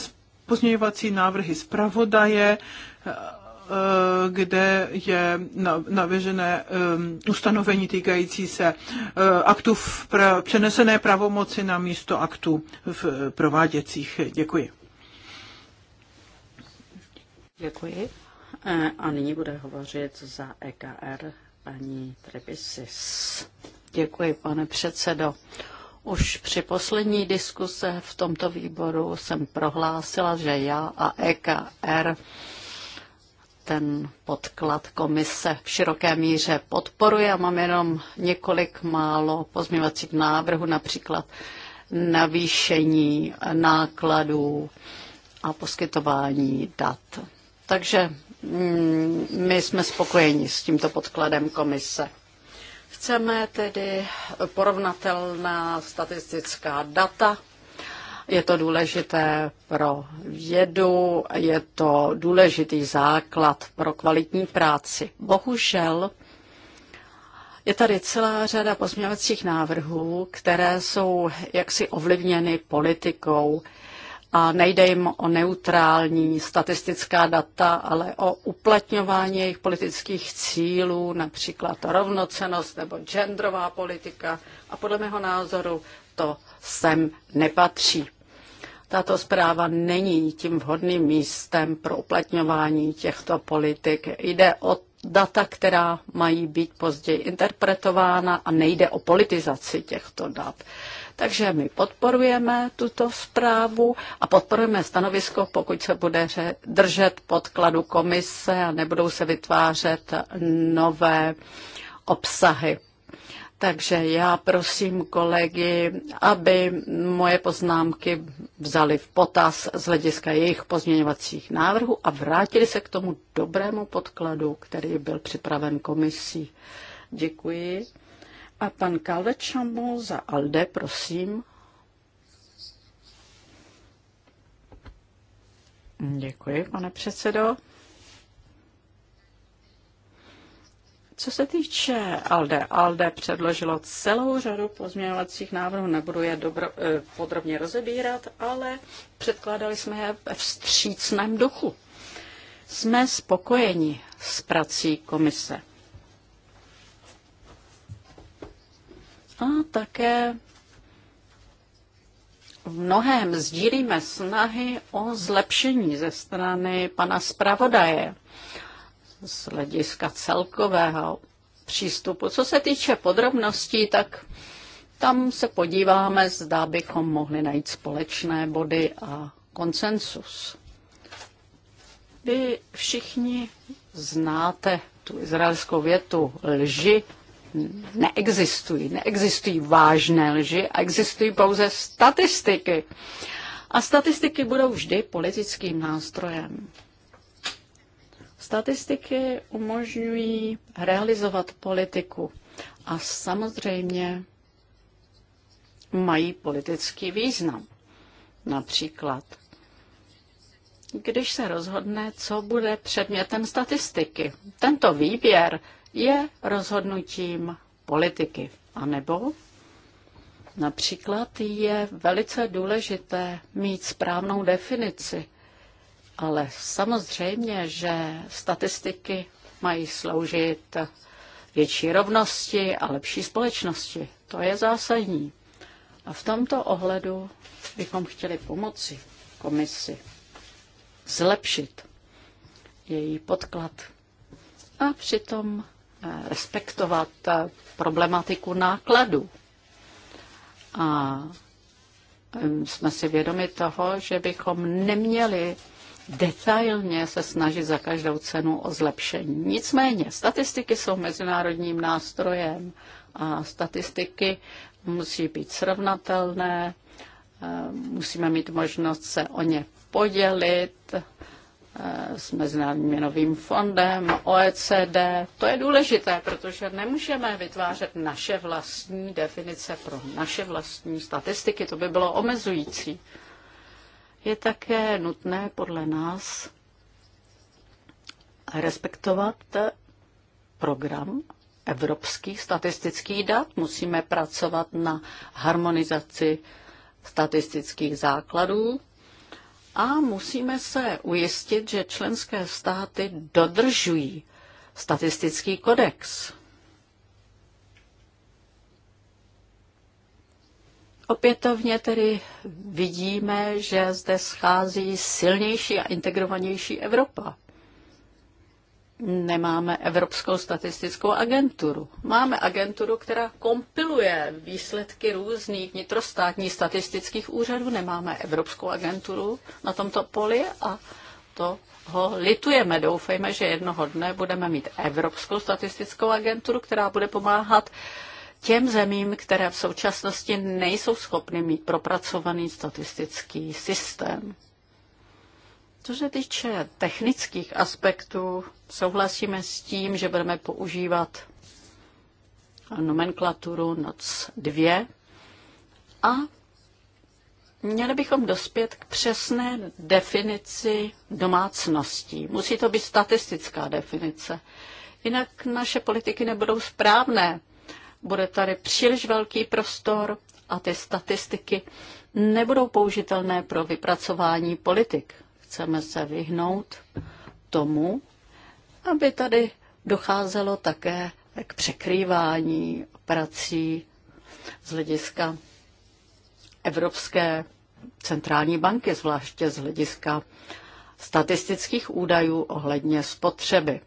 pozměňovací návrhy zpravodaje, eh, kde je navěžené ehm, ustanovení týkající se eh, aktů v přenesené pravomoci na místo aktů v eh, prováděcích. Děkuji. Děkuji. A nyní bude hovořit za EKR paní Trebisis. Děkuji, pane předsedo. Už při poslední diskuse v tomto výboru jsem prohlásila, že já a EKR ten podklad komise v široké míře podporuje a mám jenom několik málo pozměňovacích návrhů, například navýšení nákladů a poskytování dat. Takže mm, my jsme spokojeni s tímto podkladem komise. Chceme tedy porovnatelná statistická data. Je to důležité pro vědu, je to důležitý základ pro kvalitní práci. Bohužel je tady celá řada pozměňovacích návrhů, které jsou jaksi ovlivněny politikou a nejde jim o neutrální statistická data, ale o uplatňování jejich politických cílů, například rovnocenost nebo genderová politika a podle mého názoru to sem nepatří. Tato zpráva není tím vhodným místem pro uplatňování těchto politik. Jde o data, která mají být později interpretována a nejde o politizaci těchto dat. Takže my podporujeme tuto zprávu a podporujeme stanovisko, pokud se bude držet podkladu komise a nebudou se vytvářet nové obsahy. Takže já prosím kolegy, aby moje poznámky vzali v potaz z hlediska jejich pozměňovacích návrhů a vrátili se k tomu dobrému podkladu, který byl připraven komisí. Děkuji. A pan Kalvečamo za Alde, prosím. Děkuji, pane předsedo. Co se týče ALDE, ALDE předložilo celou řadu pozměňovacích návrhů, nebudu je dobro, eh, podrobně rozebírat, ale předkládali jsme je ve vstřícném duchu. Jsme spokojeni s prací komise. A také v mnohem sdílíme snahy o zlepšení ze strany pana zpravodaje z hlediska celkového přístupu. Co se týče podrobností, tak tam se podíváme, zda bychom mohli najít společné body a konsensus. Vy všichni znáte tu izraelskou větu lži neexistují. Neexistují vážné lži a existují pouze statistiky. A statistiky budou vždy politickým nástrojem. Statistiky umožňují realizovat politiku a samozřejmě mají politický význam. Například, když se rozhodne, co bude předmětem statistiky. Tento výběr je rozhodnutím politiky. A nebo například je velice důležité mít správnou definici, ale samozřejmě, že statistiky mají sloužit větší rovnosti a lepší společnosti. To je zásadní. A v tomto ohledu bychom chtěli pomoci komisi zlepšit její podklad a přitom Eh, respektovat eh, problematiku nákladu. A jsme si vědomi toho, že bychom neměli detailně se snažit za každou cenu o zlepšení. Nicméně, statistiky jsou mezinárodním nástrojem a statistiky musí být srovnatelné, eh, musíme mít možnost se o ně podělit Eh, s Mezinárodním měnovým fondem, OECD. To je důležité, protože nemůžeme vytvářet naše vlastní definice pro naše vlastní statistiky. To by bylo omezující. Je také nutné podle nás respektovat program evropských statistických dat. Musíme pracovat na harmonizaci statistických základů a musíme se ujistit, že členské státy dodržují statistický kodex. Opětovně tedy vidíme, že zde schází silnější a integrovanější Evropa nemáme Evropskou statistickou agenturu. Máme agenturu, která kompiluje výsledky různých vnitrostátních statistických úřadů. Nemáme Evropskou agenturu na tomto poli a to ho litujeme. Doufejme, že jednoho dne budeme mít Evropskou statistickou agenturu, která bude pomáhat těm zemím, které v současnosti nejsou schopny mít propracovaný statistický systém. Co se týče technických aspektů Souhlasíme s tím, že budeme používat nomenklaturu NOC 2 a měli bychom dospět k přesné definici domácností. Musí to být statistická definice. Jinak naše politiky nebudou správné. Bude tady příliš velký prostor a ty statistiky nebudou použitelné pro vypracování politik. Chceme se vyhnout tomu, aby tady docházelo také k překrývání prací z hlediska Evropské centrální banky, zvláště z hlediska statistických údajů ohledně spotřeby.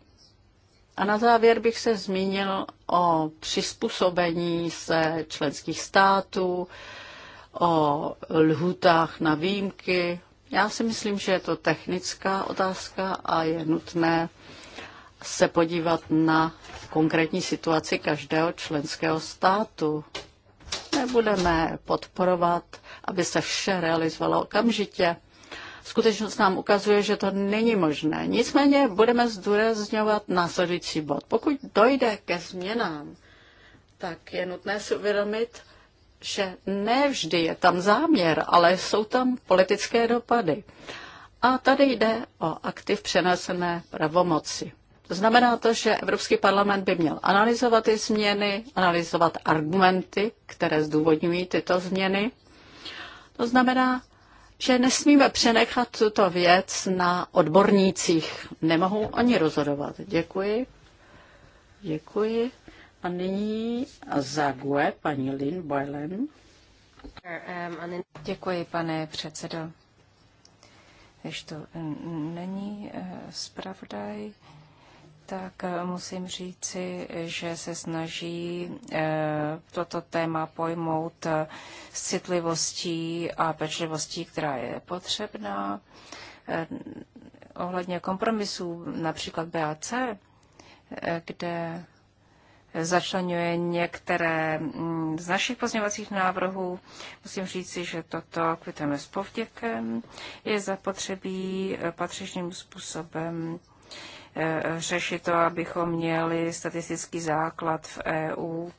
A na závěr bych se zmínil o přizpůsobení se členských států, o lhutách na výjimky. Já si myslím, že je to technická otázka a je nutné se podívat na konkrétní situaci každého členského státu. Nebudeme podporovat, aby se vše realizovalo okamžitě. Skutečnost nám ukazuje, že to není možné. Nicméně budeme zdůrazňovat následující bod. Pokud dojde ke změnám, tak je nutné si uvědomit, že ne vždy je tam záměr, ale jsou tam politické dopady. A tady jde o aktiv přenesené pravomoci. Znamená to, že Evropský parlament by měl analyzovat ty změny, analyzovat argumenty, které zdůvodňují tyto změny. To znamená, že nesmíme přenechat tuto věc na odbornících. Nemohou oni rozhodovat. Děkuji. Děkuji. A nyní za GUE paní Lynn Boylan. Děkuji, pane předsedo. Ještě to není eh, zpravodaj, tak eh, musím říci, že se snaží eh, toto téma pojmout eh, s citlivostí a pečlivostí, která je potřebná. Ohledně kompromisů, například BAC, kde začlenuje některé mm, z našich pozměvacích návrhů. Musím říci, že toto kvitujeme s povděkem. Je zapotřebí patřičným způsobem Eh, řešit to, abychom měli statistický základ v EU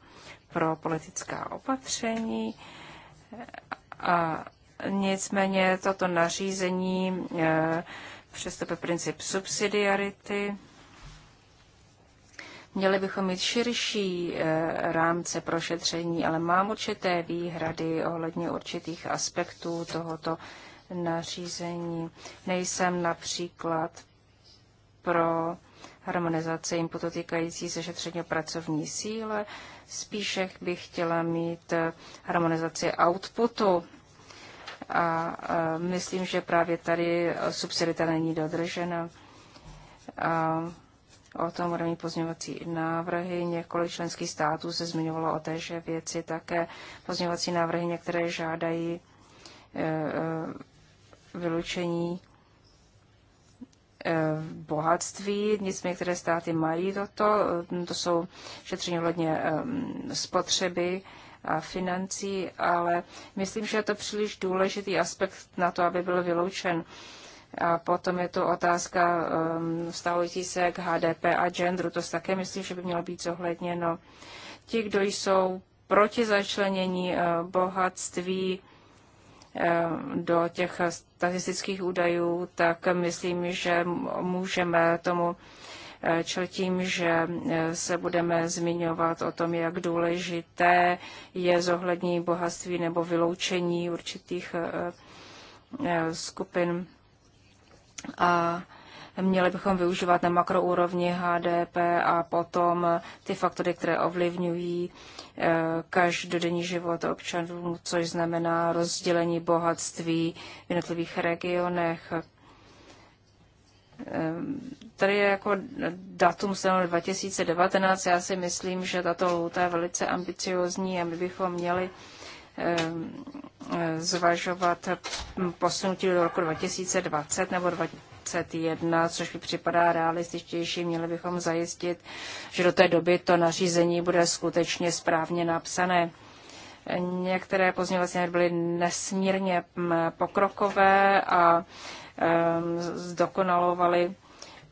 pro politická opatření. A nicméně toto nařízení eh, přestoupí princip subsidiarity. Měli bychom mít širší eh, rámce pro šetření, ale mám určité výhrady ohledně určitých aspektů tohoto nařízení. Nejsem například pro harmonizaci inputu týkající se šetření pracovní síle. Spíše bych chtěla mít eh, harmonizaci outputu. A eh, myslím, že právě tady eh, subsidita není dodržena. A o tom budeme mít pozměňovací návrhy. Několik členských států se zmiňovalo o téže věci také. Pozměňovací návrhy některé žádají vylučení Eh, bohatství, Nicméně, které státy mají toto, eh, to jsou šetření hodně eh, spotřeby a financí, ale myslím, že je to příliš důležitý aspekt na to, aby byl vyloučen. A potom je to otázka vztahující se k HDP a genderu. To také myslím, že by mělo být zohledněno. Ti, kdo jsou proti začlenění bohatství do těch statistických údajů, tak myslím, že můžeme tomu eh, čel tím, že eh, se budeme zmiňovat o tom, jak důležité je zohlednění bohatství nebo vyloučení určitých eh, skupin. A Měli bychom využívat na makroúrovni HDP a potom ty faktory, které ovlivňují eh, každodenní život občanů, což znamená rozdělení bohatství v jednotlivých regionech. Eh, tady je jako datum stanoveno jako 2019. Já si myslím, že tato lhůta je velice ambiciozní a my bychom měli eh, zvažovat posunutí do roku 2020 nebo 2020 2021, což mi připadá realističtější. Měli bychom zajistit, že do té doby to nařízení bude skutečně správně napsané. Některé pozměňovací návrhy byly nesmírně mm, pokrokové a zdokonalovaly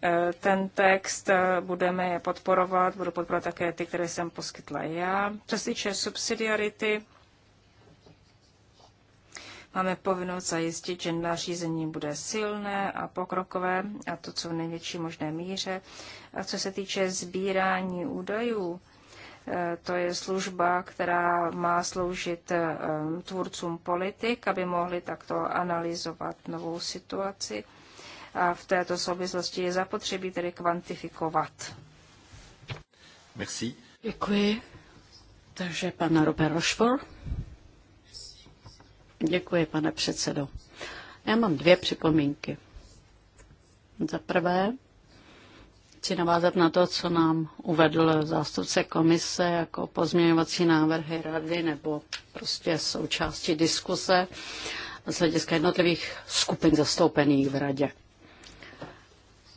eh, ten text, budeme je podporovat, budu podporovat také ty, které jsem poskytla já. Co se týče subsidiarity, Máme povinnost zajistit, že nařízení bude silné a pokrokové a to co v největší možné míře. A co se týče sbírání údajů, eh, to je služba, která má sloužit eh, tvůrcům politik, aby mohli takto analyzovat novou situaci. A v této souvislosti je zapotřebí tedy kvantifikovat. Merci. Děkuji. Takže pan Robert Rochefort. Děkuji, pane předsedo. Já mám dvě připomínky. Za prvé, chci navázat na to, co nám uvedl zástupce komise jako pozměňovací návrhy rady nebo prostě součástí diskuse z hlediska jednotlivých skupin zastoupených v radě.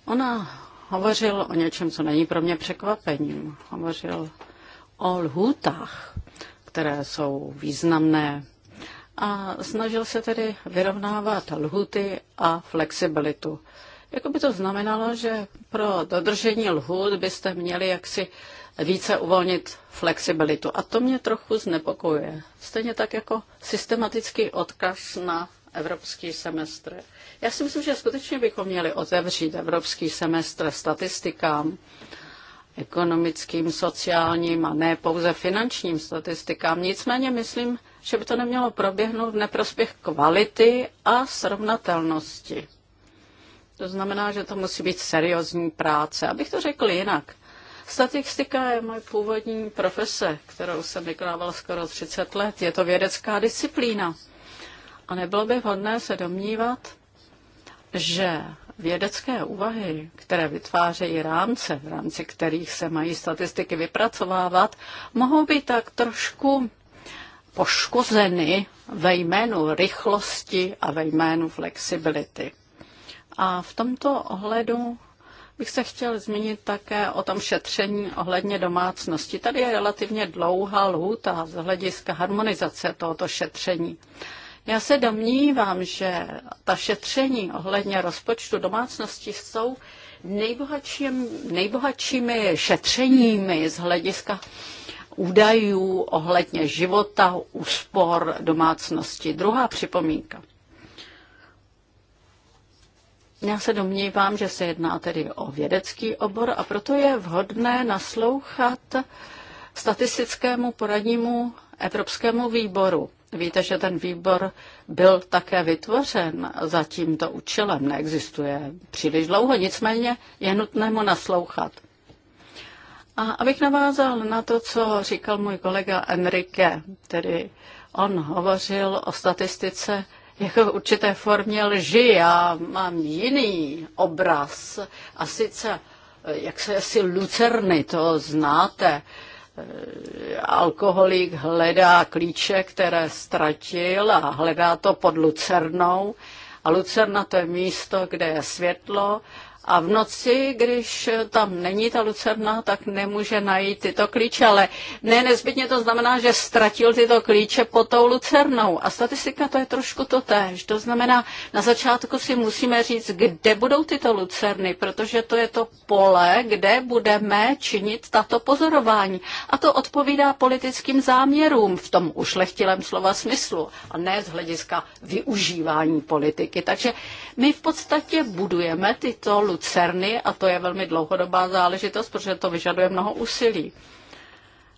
Ona hovořil o něčem, co není pro mě překvapením. Hovořil o lhůtách, které jsou významné a snažil se tedy vyrovnávat lhuty a flexibilitu. Jako by to znamenalo, že pro dodržení lhůt byste měli jaksi více uvolnit flexibilitu. A to mě trochu znepokojuje. Stejně tak jako systematický odkaz na evropský semestr. Já si myslím, že skutečně bychom měli otevřít evropský semestr statistikám, ekonomickým, sociálním a ne pouze finančním statistikám. Nicméně myslím, že by to nemělo proběhnout v neprospěch kvality a srovnatelnosti. To znamená, že to musí být seriózní práce. Abych to řekl jinak, statistika je moje původní profese, kterou jsem vykonávala skoro 30 let. Je to vědecká disciplína. A nebylo by vhodné se domnívat, že vědecké úvahy, které vytvářejí rámce, v rámci kterých se mají statistiky vypracovávat, mohou být tak trošku poškozeny ve jménu rychlosti a ve jménu flexibility. A v tomto ohledu bych se chtěl zmínit také o tom šetření ohledně domácnosti. Tady je relativně dlouhá lhůta z hlediska harmonizace tohoto šetření. Já se domnívám, že ta šetření ohledně rozpočtu domácnosti jsou nejbohatšími, nejbohatšími šetřeními z hlediska údajů ohledně života, úspor domácnosti. Druhá připomínka. Já se domnívám, že se jedná tedy o vědecký obor a proto je vhodné naslouchat statistickému poradnímu Evropskému výboru. Víte, že ten výbor byl také vytvořen za tímto účelem, neexistuje příliš dlouho, nicméně je nutné mu naslouchat. A abych navázal na to, co říkal můj kolega Enrique, tedy on hovořil o statistice jako určité formě lži. Já mám jiný obraz. A sice, jak se asi lucerny, to znáte, alkoholik hledá klíče, které ztratil a hledá to pod lucernou. A lucerna to je místo, kde je světlo a v noci, když tam není ta lucerna, tak nemůže najít tyto klíče, ale ne nezbytně to znamená, že ztratil tyto klíče pod tou lucernou. A statistika to je trošku to též. To znamená, na začátku si musíme říct, kde budou tyto lucerny, protože to je to pole, kde budeme činit tato pozorování. A to odpovídá politickým záměrům v tom ušlechtilém slova smyslu a ne z hlediska využívání politiky. Takže my v podstatě budujeme tyto lucerny a to je velmi dlouhodobá záležitost, protože to vyžaduje mnoho úsilí.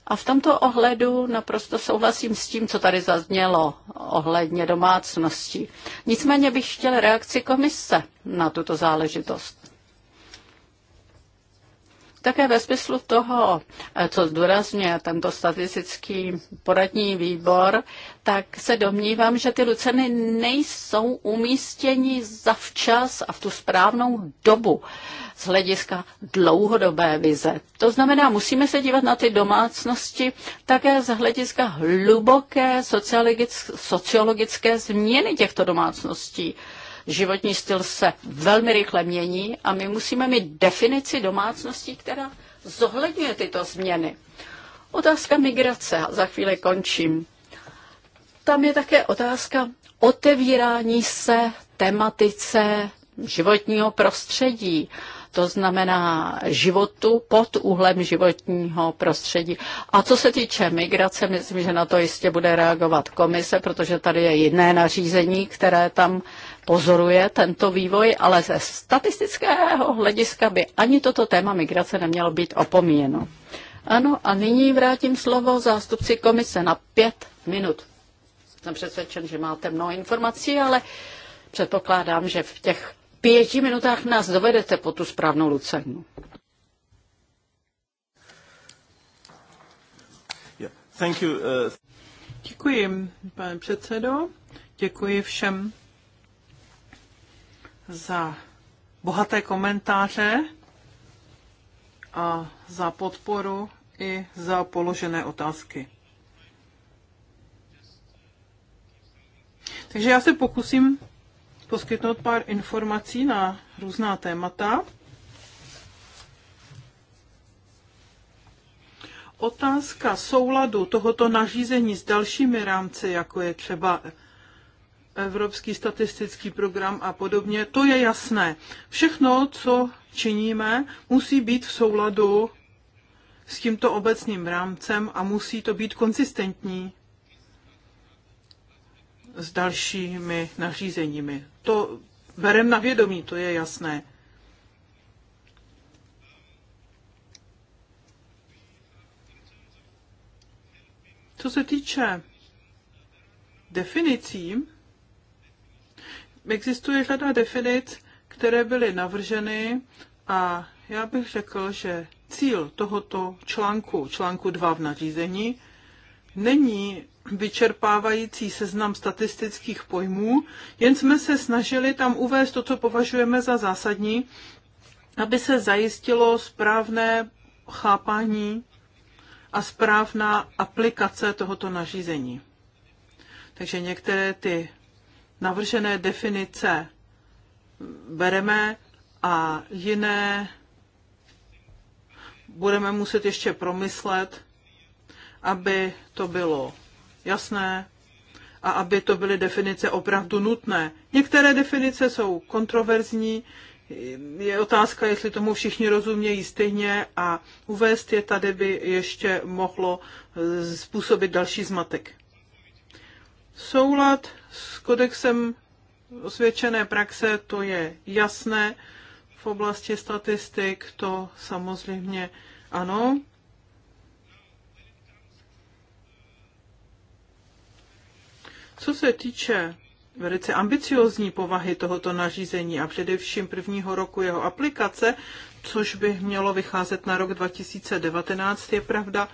A v tomto ohledu naprosto souhlasím s tím, co tady zaznělo ohledně domácností. Nicméně bych chtěl reakci komise na tuto záležitost. Také ve smyslu toho, eh, co zdůrazňuje tento statistický poradní výbor, tak se domnívám, že ty luceny nejsou umístěni zavčas a v tu správnou dobu z hlediska dlouhodobé vize. To znamená, musíme se dívat na ty domácnosti také z hlediska hluboké sociologické změny těchto domácností životní styl se velmi rychle mění a my musíme mít definici domácností, která zohledňuje tyto změny. Otázka migrace, za chvíli končím. Tam je také otázka otevírání se tematice životního prostředí, to znamená životu pod úhlem životního prostředí. A co se týče migrace, myslím, že na to jistě bude reagovat komise, protože tady je jiné nařízení, které tam pozoruje tento vývoj, ale ze statistického hlediska by ani toto téma migrace nemělo být opomíjeno. Ano, a nyní vrátím slovo zástupci komise na pět minut. Jsem přesvědčen, že máte mnoho informací, ale předpokládám, že v těch pěti minutách nás dovedete po tu správnou lucernu. Uh, Děkuji, pane předsedo. Děkuji všem za bohaté komentáře a za podporu i za položené otázky. Takže já se pokusím poskytnout pár informací na různá témata. Otázka souladu tohoto nařízení s dalšími rámci, jako je třeba Evropský statistický program a podobně, to je jasné. Všechno, co činíme, musí být v souladu s tímto obecným rámcem a musí to být konsistentní s dalšími nařízeními. To bereme na vědomí, to je jasné. Co se týče definicí, Existuje řada definic, které byly navrženy a já bych řekl, že cíl tohoto článku, článku 2 v nařízení, není vyčerpávající seznam statistických pojmů, jen jsme se snažili tam uvést to, co považujeme za zásadní, aby se zajistilo správné chápání a správná aplikace tohoto nařízení. Takže některé ty navržené definice bereme a jiné budeme muset ještě promyslet, aby to bylo jasné a aby to byly definice opravdu nutné. Některé definice jsou kontroverzní, je otázka, jestli tomu všichni rozumějí stejně a uvést je tady by ještě mohlo způsobit další zmatek. Soulad s kodexem osvědčené praxe, to je jasné. V oblasti statistik to samozřejmě ano. Co se týče velice ambiciozní povahy tohoto nařízení a především prvního roku jeho aplikace, což by mělo vycházet na rok 2019, je pravda,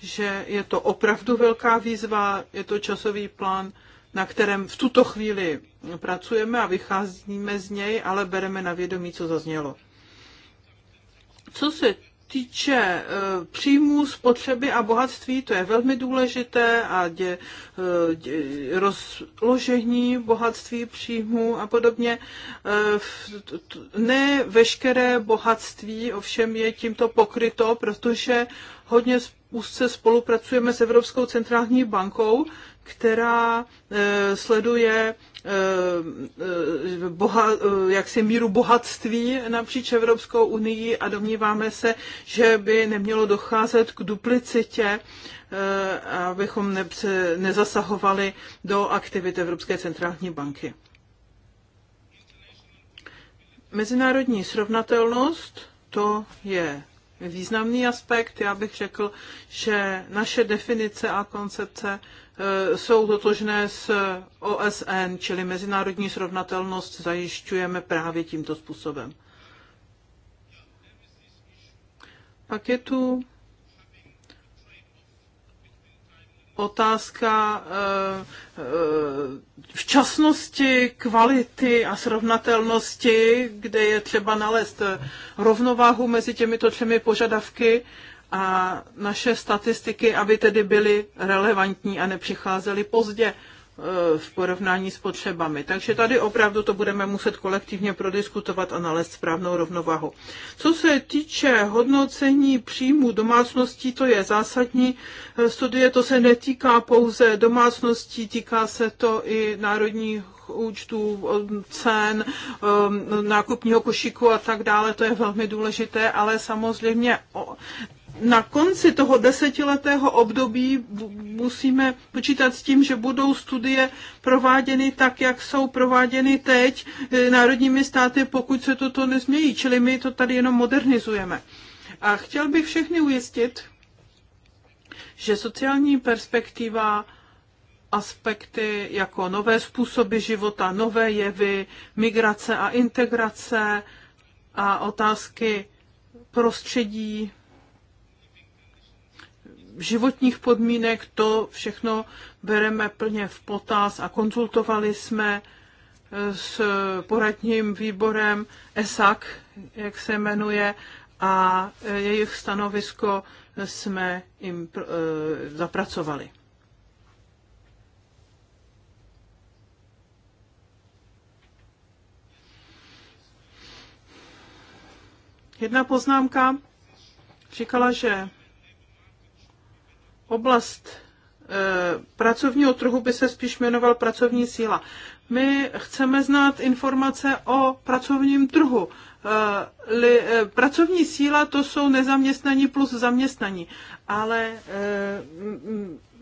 že je to opravdu velká výzva, je to časový plán, na kterém v tuto chvíli pracujeme a vycházíme z něj, ale bereme na vědomí, co zaznělo. Co se týče e, příjmů, spotřeby a bohatství, to je velmi důležité a dě, e, dě, rozložení bohatství, příjmů a podobně. E, ne veškeré bohatství ovšem je tímto pokryto, protože hodně úzce spolupracujeme s Evropskou centrální bankou, která eh, sleduje eh, eh, boha, si míru bohatství napříč Evropskou unii a domníváme se, že by nemělo docházet k duplicitě, abychom nezasahovali do aktivit Evropské centrální banky. Mezinárodní srovnatelnost, to je významný aspekt. Já bych řekl, že naše definice a koncepce e, jsou totožné s OSN, čili mezinárodní srovnatelnost zajišťujeme právě tímto způsobem. Pak je tu otázka eh, eh, včasnosti, kvality a srovnatelnosti, kde je třeba nalézt rovnováhu mezi těmito třemi požadavky a naše statistiky, aby tedy byly relevantní a nepřicházely pozdě. Eh, v porovnání s potřebami. Takže tady opravdu to budeme muset kolektivně prodiskutovat a nalézt správnou rovnovahu. Co se týče hodnocení příjmu domácností, to je zásadní eh, studie, to se netýká pouze domácností, týká se to i národních účtů, cen, eh, nákupního košíku a tak dále, to je velmi důležité, ale samozřejmě na konci toho desetiletého období musíme počítat s tím, že budou studie prováděny tak, jak jsou prováděny teď e, národními státy, pokud se toto nezmění. Čili my to tady jenom modernizujeme. A chtěl bych všechny ujistit, že sociální perspektiva aspekty jako nové způsoby života, nové jevy, migrace a integrace a otázky prostředí, životních podmínek, to všechno bereme plně v potaz a konzultovali jsme eh, s poradním výborem ESAC, jak se jmenuje, a eh, jejich stanovisko jsme jim eh, zapracovali. Jedna poznámka říkala, že oblast eh, pracovního trhu by se spíš jmenoval pracovní síla. My chceme znát informace o pracovním trhu. Eh, li, eh, pracovní síla to jsou nezaměstnaní plus zaměstnaní, ale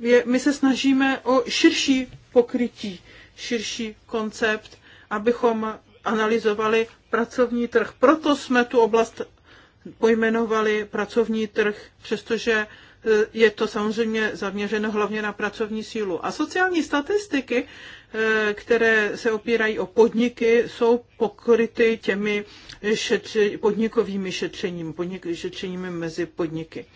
je, my se snažíme o širší pokrytí, širší koncept, abychom analyzovali pracovní trh. Proto jsme tu oblast pojmenovali pracovní trh, přestože Eh, je to samozřejmě zaměřeno hlavně na pracovní sílu. A sociální statistiky, eh, které se opírají o podniky, jsou pokryty těmi šetři, podnikovými šetřeními, podnik, šetřeními mezi podniky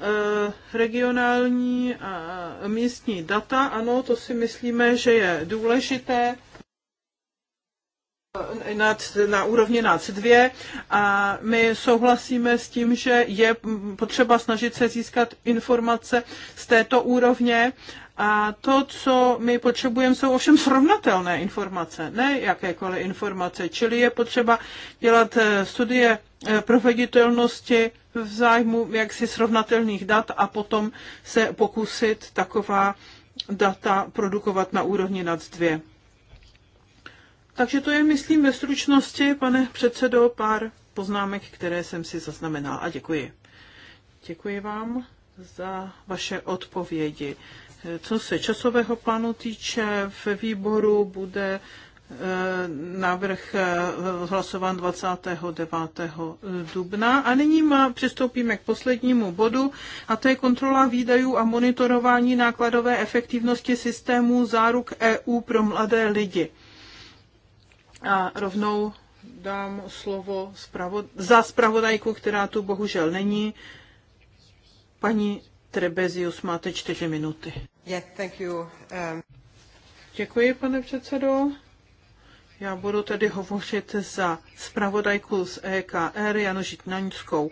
eh, regionální a místní data. Ano, to si myslíme, že je důležité nad, na úrovni nad 2 a my souhlasíme s tím, že je potřeba snažit se získat informace z této úrovně a to, co my potřebujeme, jsou ovšem srovnatelné informace, ne jakékoliv informace. Čili je potřeba dělat eh, studie eh, proveditelnosti v zájmu jaksi srovnatelných dat a potom se pokusit taková data produkovat na úrovni nad 2 takže to je, myslím, ve stručnosti, pane předsedo, pár poznámek, které jsem si zaznamenal a děkuji. Děkuji vám za vaše odpovědi. Co se časového plánu týče, v výboru bude e, návrh e, hlasován 29. dubna. A nyní má, přistoupíme k poslednímu bodu, a to je kontrola výdajů a monitorování nákladové efektivnosti systému záruk EU pro mladé lidi. A rovnou dám slovo za zpravodajku, která tu bohužel není. Paní Trebezius, máte čtyři minuty. Yeah, thank you. Um... Děkuji, pane předsedo. Já budu tedy hovořit za zpravodajku z EKR Janu Žitnaňskou.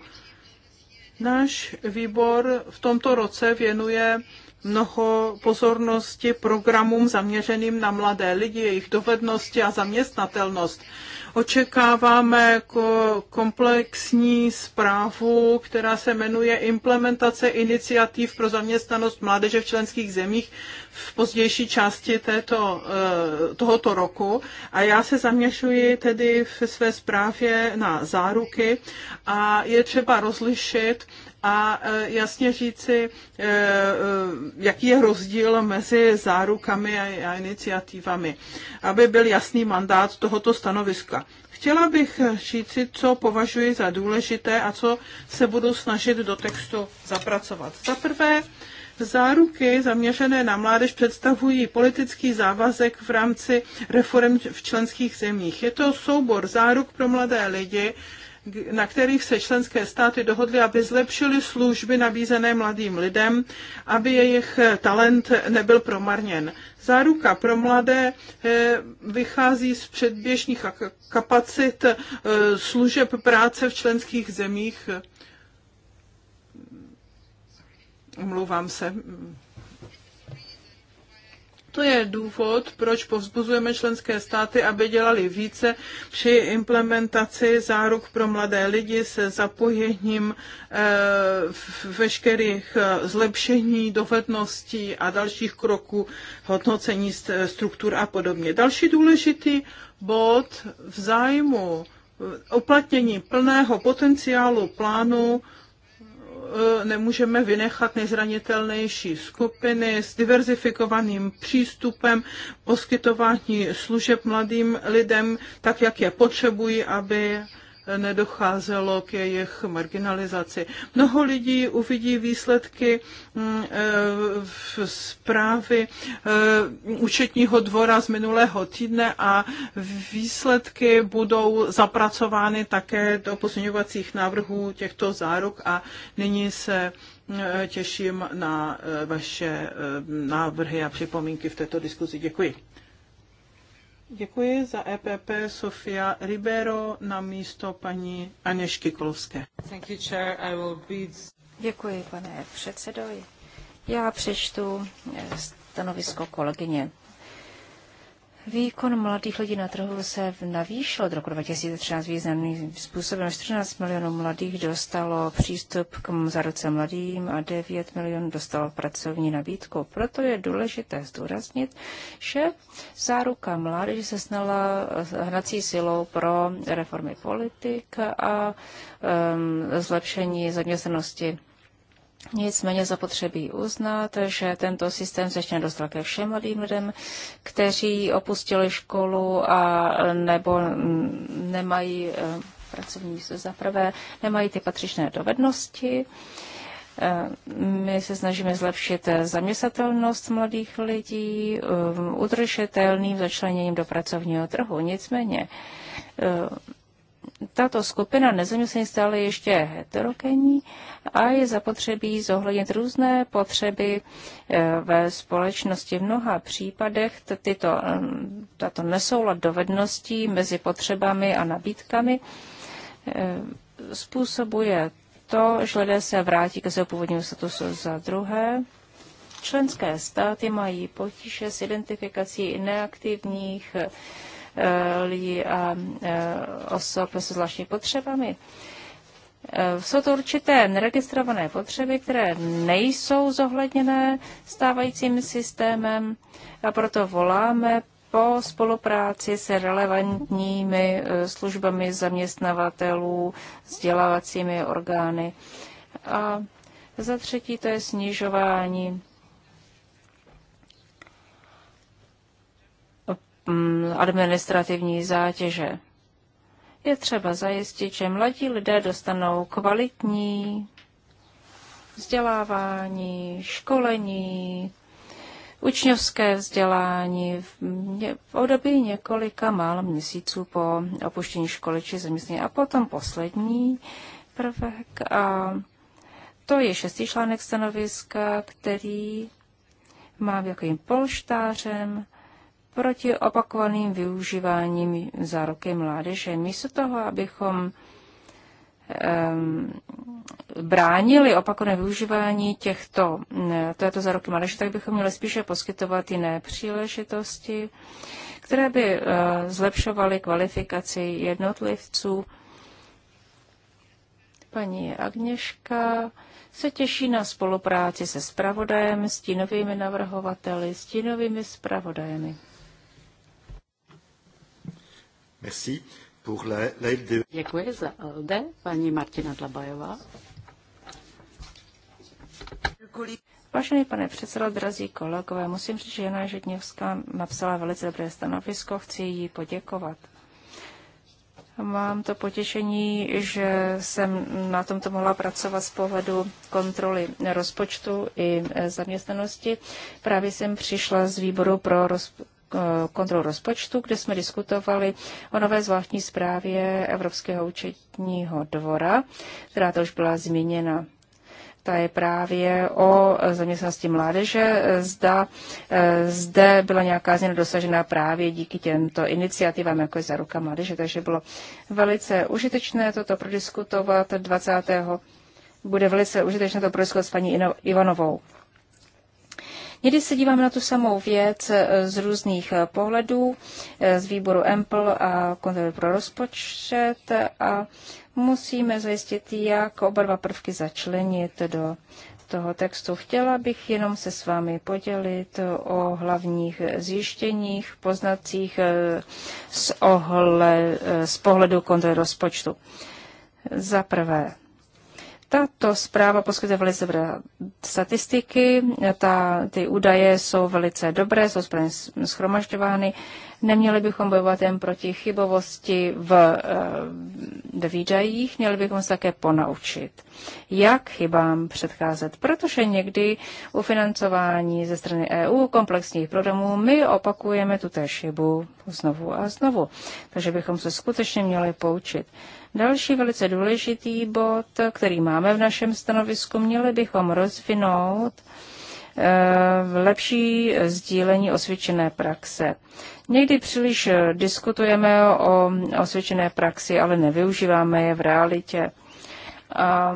Náš výbor v tomto roce věnuje mnoho pozornosti programům zaměřeným na mladé lidi, jejich dovednosti a zaměstnatelnost. Očekáváme jako komplexní zprávu, která se jmenuje Implementace iniciativ pro zaměstnanost mládeže v členských zemích v pozdější části této, eh, tohoto roku. A já se zaměřuji tedy ve své zprávě na záruky a je třeba rozlišit a e, jasně říci, e, e, jaký je rozdíl mezi zárukami a iniciativami, aby byl jasný mandát tohoto stanoviska. Chtěla bych říci, co považuji za důležité a co se budu snažit do textu zapracovat. Za prvé, Záruky zaměřené na mládež představují politický závazek v rámci reform v členských zemích. Je to soubor záruk pro mladé lidi, na kterých se členské státy dohodly, aby zlepšily služby nabízené mladým lidem, aby jejich talent nebyl promarněn. Záruka pro mladé eh, vychází z předběžných kapacit eh, služeb práce v členských zemích. Omlouvám se, to je důvod, proč povzbuzujeme členské státy, aby dělali více při implementaci záruk pro mladé lidi se zapojením eh, veškerých eh, zlepšení, dovedností a dalších kroků, hodnocení struktur a podobně. Další důležitý bod v zájmu eh, uplatnění plného potenciálu plánu E, nemůžeme vynechat nejzranitelnější skupiny s diverzifikovaným přístupem poskytování služeb mladým lidem, tak jak je potřebují, aby nedocházelo k jejich marginalizaci. Mnoho lidí uvidí výsledky mm, eh, v zprávy eh, účetního dvora z minulého týdne a výsledky budou zapracovány také do pozměňovacích návrhů těchto záruk a nyní se eh, těším na vaše návrhy a připomínky v této diskuzi. Děkuji. Děkuji za EPP Sofia Ribeiro na místo paní Aněšky Kolovské. Thank you, chair. I will be... Děkuji, pane předsedovi. Já přečtu eh, stanovisko kolegyně. Výkon mladých lidí na trhu se navýšil od roku 2013 významným způsobem. 14 milionů mladých dostalo přístup k zaruce mladým a 9 milionů dostalo pracovní nabídku. Proto je důležité zdůraznit, že záruka mladých se snala hnací silou pro reformy politik a um, zlepšení zaměstnanosti Nicméně zapotřebí uznat, že tento systém se ještě nedostal ke všem mladým lidem, kteří opustili školu a nebo nemají eh, pracovní místo za prvé, nemají ty patřičné dovednosti. Eh, my se snažíme zlepšit zaměstnatelnost mladých lidí eh, udržitelným začleněním do pracovního trhu. Nicméně tato skupina nezaměstnaných stále ještě heterogenní a je zapotřebí zohlednit různé potřeby eh, ve společnosti. V mnoha případech tyto, mm, tato nesoulad dovedností mezi potřebami a nabídkami eh, způsobuje to, že lidé se vrátí ke svému původnímu statusu za druhé. Členské státy mají potíže s identifikací neaktivních eh, Eh, lidí a eh, osob se zvláštními potřebami. Eh, jsou to určité neregistrované potřeby, které nejsou zohledněné stávajícím systémem a proto voláme po spolupráci se relevantními službami zaměstnavatelů, vzdělávacími orgány. A za třetí to je snižování Mm, administrativní zátěže. Je třeba zajistit, že mladí lidé dostanou kvalitní vzdělávání, školení, učňovské vzdělání v období několika málo měsíců po opuštění školy či zaměstnání. A potom poslední prvek, a to je šestý článek stanoviska, který mám jakým polštářem proti opakovaným využíváním roky mládeže. Místo toho, abychom um, bránili opakované využívání těchto, této roky mládeže, tak bychom měli spíše poskytovat jiné příležitosti, které by uh, zlepšovaly kvalifikaci jednotlivců. Paní Agněška se těší na spolupráci se spravodajem, stínovými navrhovateli, stínovými spravodajemi. Merci. Pour la, la e. Děkuji za LD, paní Martina Dlabajová. Vážený pane předsedo, drazí kolegové, musím říct, že Jana Žitněvská napsala velice dobré stanovisko, chci jí poděkovat. Mám to potěšení, že jsem na tomto mohla pracovat z pohledu kontroly rozpočtu i zaměstnanosti. Právě jsem přišla z výboru pro roz, kontrol rozpočtu, kde jsme diskutovali o nové zvláštní zprávě Evropského účetního dvora, která to už byla zmíněna. Ta je právě o zaměstnanosti mládeže. Zda eh, zde byla nějaká změna dosažená právě díky těmto iniciativám, jako je Zaruka mládeže, takže bylo velice užitečné toto prodiskutovat 20. Bude velice užitečné to prodiskutovat s paní Ivanovou. Někdy se dívám na tu samou věc eh, z různých eh, pohledů, eh, z výboru EMPL a kontroly pro rozpočet a musíme zajistit, jak oba dva prvky začlenit do toho textu. Chtěla bych jenom se s vámi podělit o hlavních zjištěních, poznacích z, ohle, z pohledu kontroly rozpočtu. Za prvé, tato zpráva poskytuje velice dobré statistiky, ta, ty údaje jsou velice dobré, jsou správně schromažďovány. Neměli bychom bojovat jen proti chybovosti v, eh, v výdajích, měli bychom se také ponaučit, jak chybám předcházet, protože někdy u financování ze strany EU komplexních programů my opakujeme tuto chybu znovu a znovu. Takže bychom se skutečně měli poučit. Další velice důležitý bod, který máme v našem stanovisku, měli bychom rozvinout eh, lepší sdílení osvědčené praxe. Někdy příliš diskutujeme o osvědčené praxi, ale nevyužíváme je v realitě. A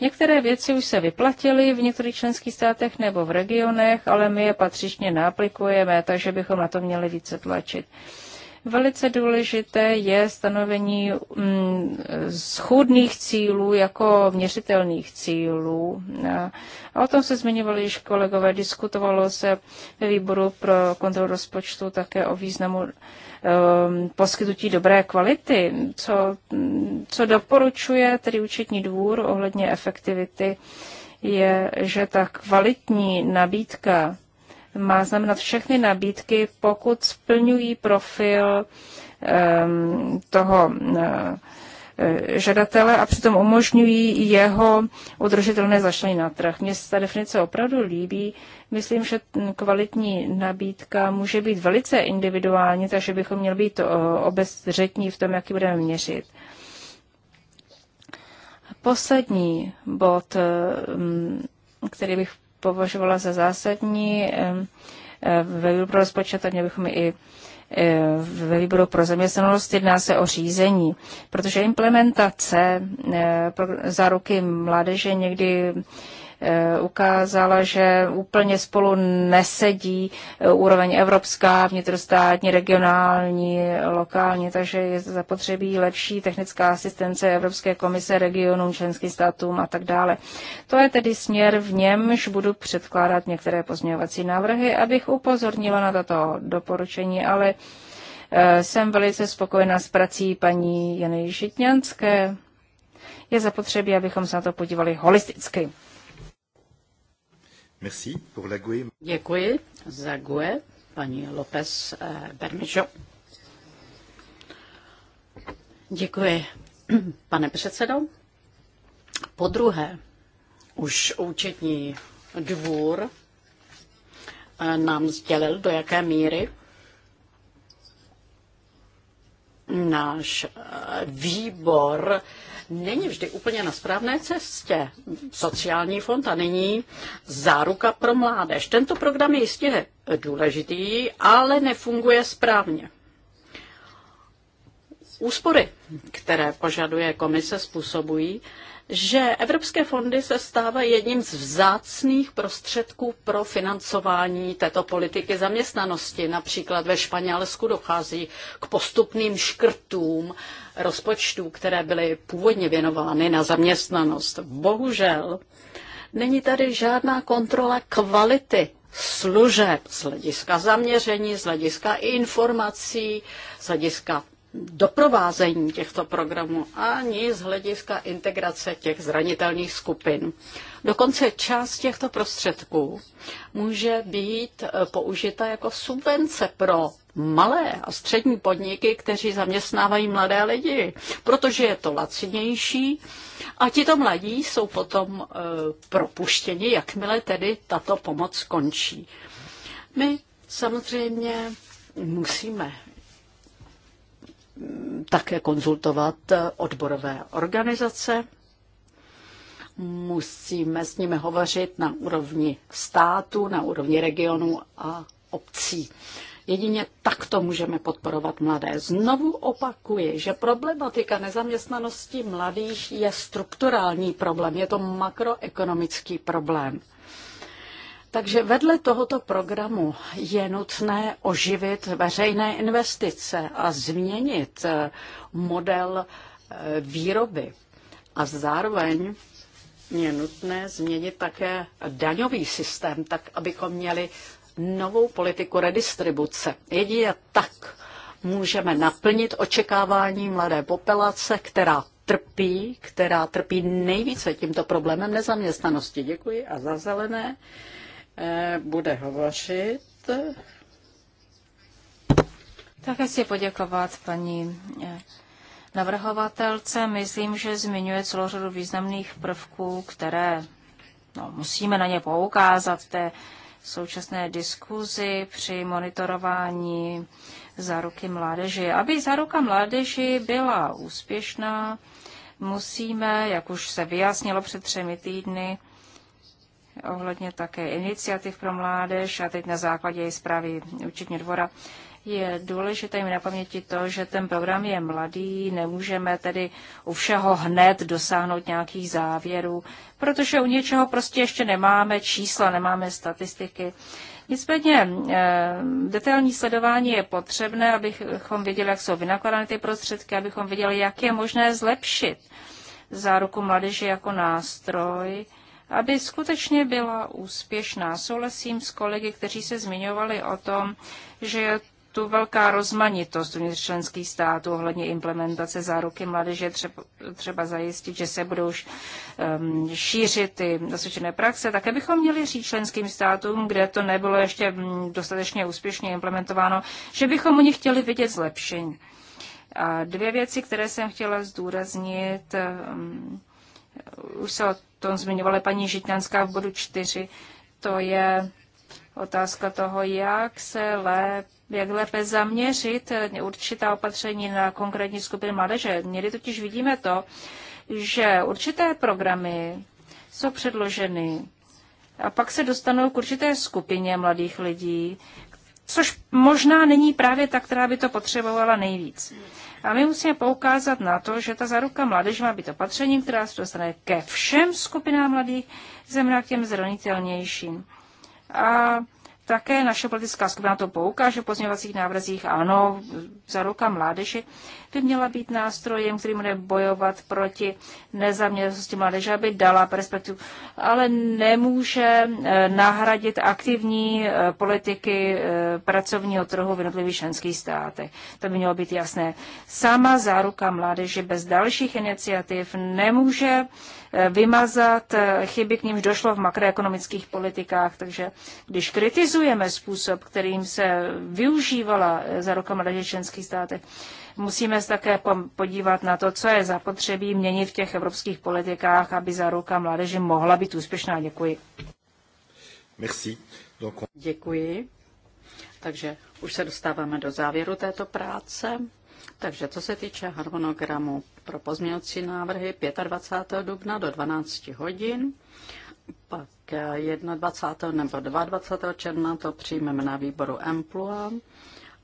Některé věci už se vyplatily v některých členských státech nebo v regionech, ale my je patřičně náplikujeme, takže bychom na to měli více tlačit. Velice důležité je stanovení mm, schůdných cílů jako měřitelných cílů. A o tom se zmiňovali již kolegové. Diskutovalo se ve výboru pro kontrolu rozpočtu také o významu um, poskytnutí dobré kvality, co, co doporučuje tedy účetní dvůr ohledně efektivity, je, že ta kvalitní nabídka má znamenat všechny nabídky, pokud splňují profil ehm, toho eh, žadatele a přitom umožňují jeho udržitelné zašlení na trh. Mně se ta definice opravdu líbí. Myslím, že kvalitní nabídka může být velice individuální, takže bychom měli být eh, obezřetní v tom, jaký budeme měřit. Poslední bod, ehm, který bych považovala za zásadní ve výboru pro rozpočet a měli bychom i ve výboru pro zaměstnanost. Jedná se o řízení, protože implementace záruky mládeže někdy Eh, ukázala, že úplně spolu nesedí eh, úroveň evropská, vnitrostátní, regionální, lokální, takže je zapotřebí lepší technická asistence Evropské komise regionům, členským státům a tak dále. To je tedy směr, v němž budu předkládat některé pozměňovací návrhy, abych upozornila na tato doporučení, ale eh, jsem velice spokojená s prací paní Jany Žitňanské. Je zapotřebí, abychom se na to podívali holisticky. Merci pour la GUE. Děkuji za GUE, paní López eh, Bernižo. Děkuji, pane předsedo. Po druhé, už účetní dvůr eh, nám sdělil, do jaké míry náš eh, výbor není vždy úplně na správné cestě. Sociální fond a nyní záruka pro mládež. Tento program je jistě důležitý, ale nefunguje správně. Úspory, které požaduje komise, způsobují, že evropské fondy se stávají jedním z vzácných prostředků pro financování této politiky zaměstnanosti. Například ve Španělsku dochází k postupným škrtům rozpočtů, které byly původně věnovány na zaměstnanost. Bohužel není tady žádná kontrola kvality služeb z hlediska zaměření, z hlediska informací, z hlediska doprovázení těchto programů, ani z hlediska integrace těch zranitelných skupin. Dokonce část těchto prostředků může být eh, použita jako subvence pro malé a střední podniky, kteří zaměstnávají mladé lidi, protože je to lacinější a tito mladí jsou potom e, propuštěni, jakmile tedy tato pomoc končí. My samozřejmě musíme také konzultovat odborové organizace. Musíme s nimi hovořit na úrovni státu, na úrovni regionu a obcí. Jedině takto můžeme podporovat mladé. Znovu opakuji, že problematika nezaměstnanosti mladých je strukturální problém, je to makroekonomický problém. Takže vedle tohoto programu je nutné oživit veřejné investice a změnit eh, model eh, výroby. A zároveň je nutné změnit také daňový systém, tak abychom měli novou politiku redistribuce. Jedině tak můžeme naplnit očekávání mladé populace, která trpí, která trpí nejvíce tímto problémem nezaměstnanosti. Děkuji a za zelené Eh, bude hovořit. Také chci poděkovat paní eh, navrhovatelce. Myslím, že zmiňuje celou řadu významných prvků, které no, musíme na ně poukázat v té současné diskuzi při monitorování záruky mládeži. Aby záruka mládeži byla úspěšná, musíme, jak už se vyjasnilo před třemi týdny, ohledně také iniciativ pro mládež a teď na základě její zprávy účetně dvora. Je důležité mi na paměti to, že ten program je mladý, nemůžeme tedy u všeho hned dosáhnout nějakých závěrů, protože u něčeho prostě ještě nemáme čísla, nemáme statistiky. Nicméně eh, detailní sledování je potřebné, abychom věděli, jak jsou vynakladány ty prostředky, abychom věděli, jak je možné zlepšit záruku mládeže jako nástroj aby skutečně byla úspěšná. Souhlasím s kolegy, kteří se zmiňovali o tom, že je tu velká rozmanitost uvnitř členských států ohledně implementace záruky mládeže. Třeba, třeba zajistit, že se budou um, šířit ty dosvědčené praxe. Také bychom měli říct členským státům, kde to nebylo ještě mm, dostatečně úspěšně implementováno, že bychom u nich chtěli vidět zlepšení. A dvě věci, které jsem chtěla zdůraznit. Um, už se o tom zmiňovala paní Žitňanská v bodu 4. To je otázka toho, jak se lépe jak lépe zaměřit určitá opatření na konkrétní skupiny mládeže. Někdy totiž vidíme to, že určité programy jsou předloženy a pak se dostanou k určité skupině mladých lidí, což možná není právě ta, která by to potřebovala nejvíc. A my musíme poukázat na to, že ta záruka mládeže má být opatřením, která se dostane ke všem skupinám mladých, zejména k těm zranitelnějším. A také naše politická skupina to poukáže v pozměňovacích návrzích, ano, záruka mládeže by měla být nástrojem, který bude bojovat proti nezaměstnanosti mládeže, aby dala perspektivu, ale nemůže eh, nahradit aktivní eh, politiky eh, pracovního trhu v jednotlivých členských státech. To by mělo být jasné. Sama záruka mládeže bez dalších iniciativ nemůže vymazat chyby, k nímž došlo v makroekonomických politikách. Takže když kritizujeme způsob, kterým se využívala za rokama mládeže v členských státech, Musíme se také podívat na to, co je zapotřebí měnit v těch evropských politikách, aby za ruka mládeže mohla být úspěšná. Děkuji. Merci. Donc... Děkuji. Takže už se dostáváme do závěru této práce. Takže co se týče harmonogramu pro pozměňovací návrhy 25. dubna do 12 hodin, pak 21. nebo 22. června to přijmeme na výboru EMPLUA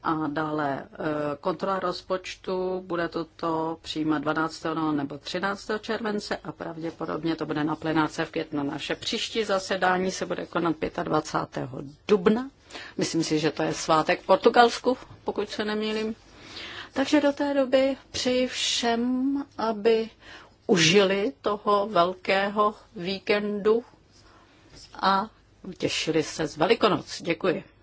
a dále eh, kontrola rozpočtu bude toto přijímat 12. nebo 13. července a pravděpodobně to bude na plenáce v květnu. Naše příští zasedání se bude konat 25. dubna. Myslím si, že to je svátek v Portugalsku, pokud se nemýlím. Takže do té doby přeji všem, aby užili toho velkého víkendu a těšili se z Velikonoc. Děkuji.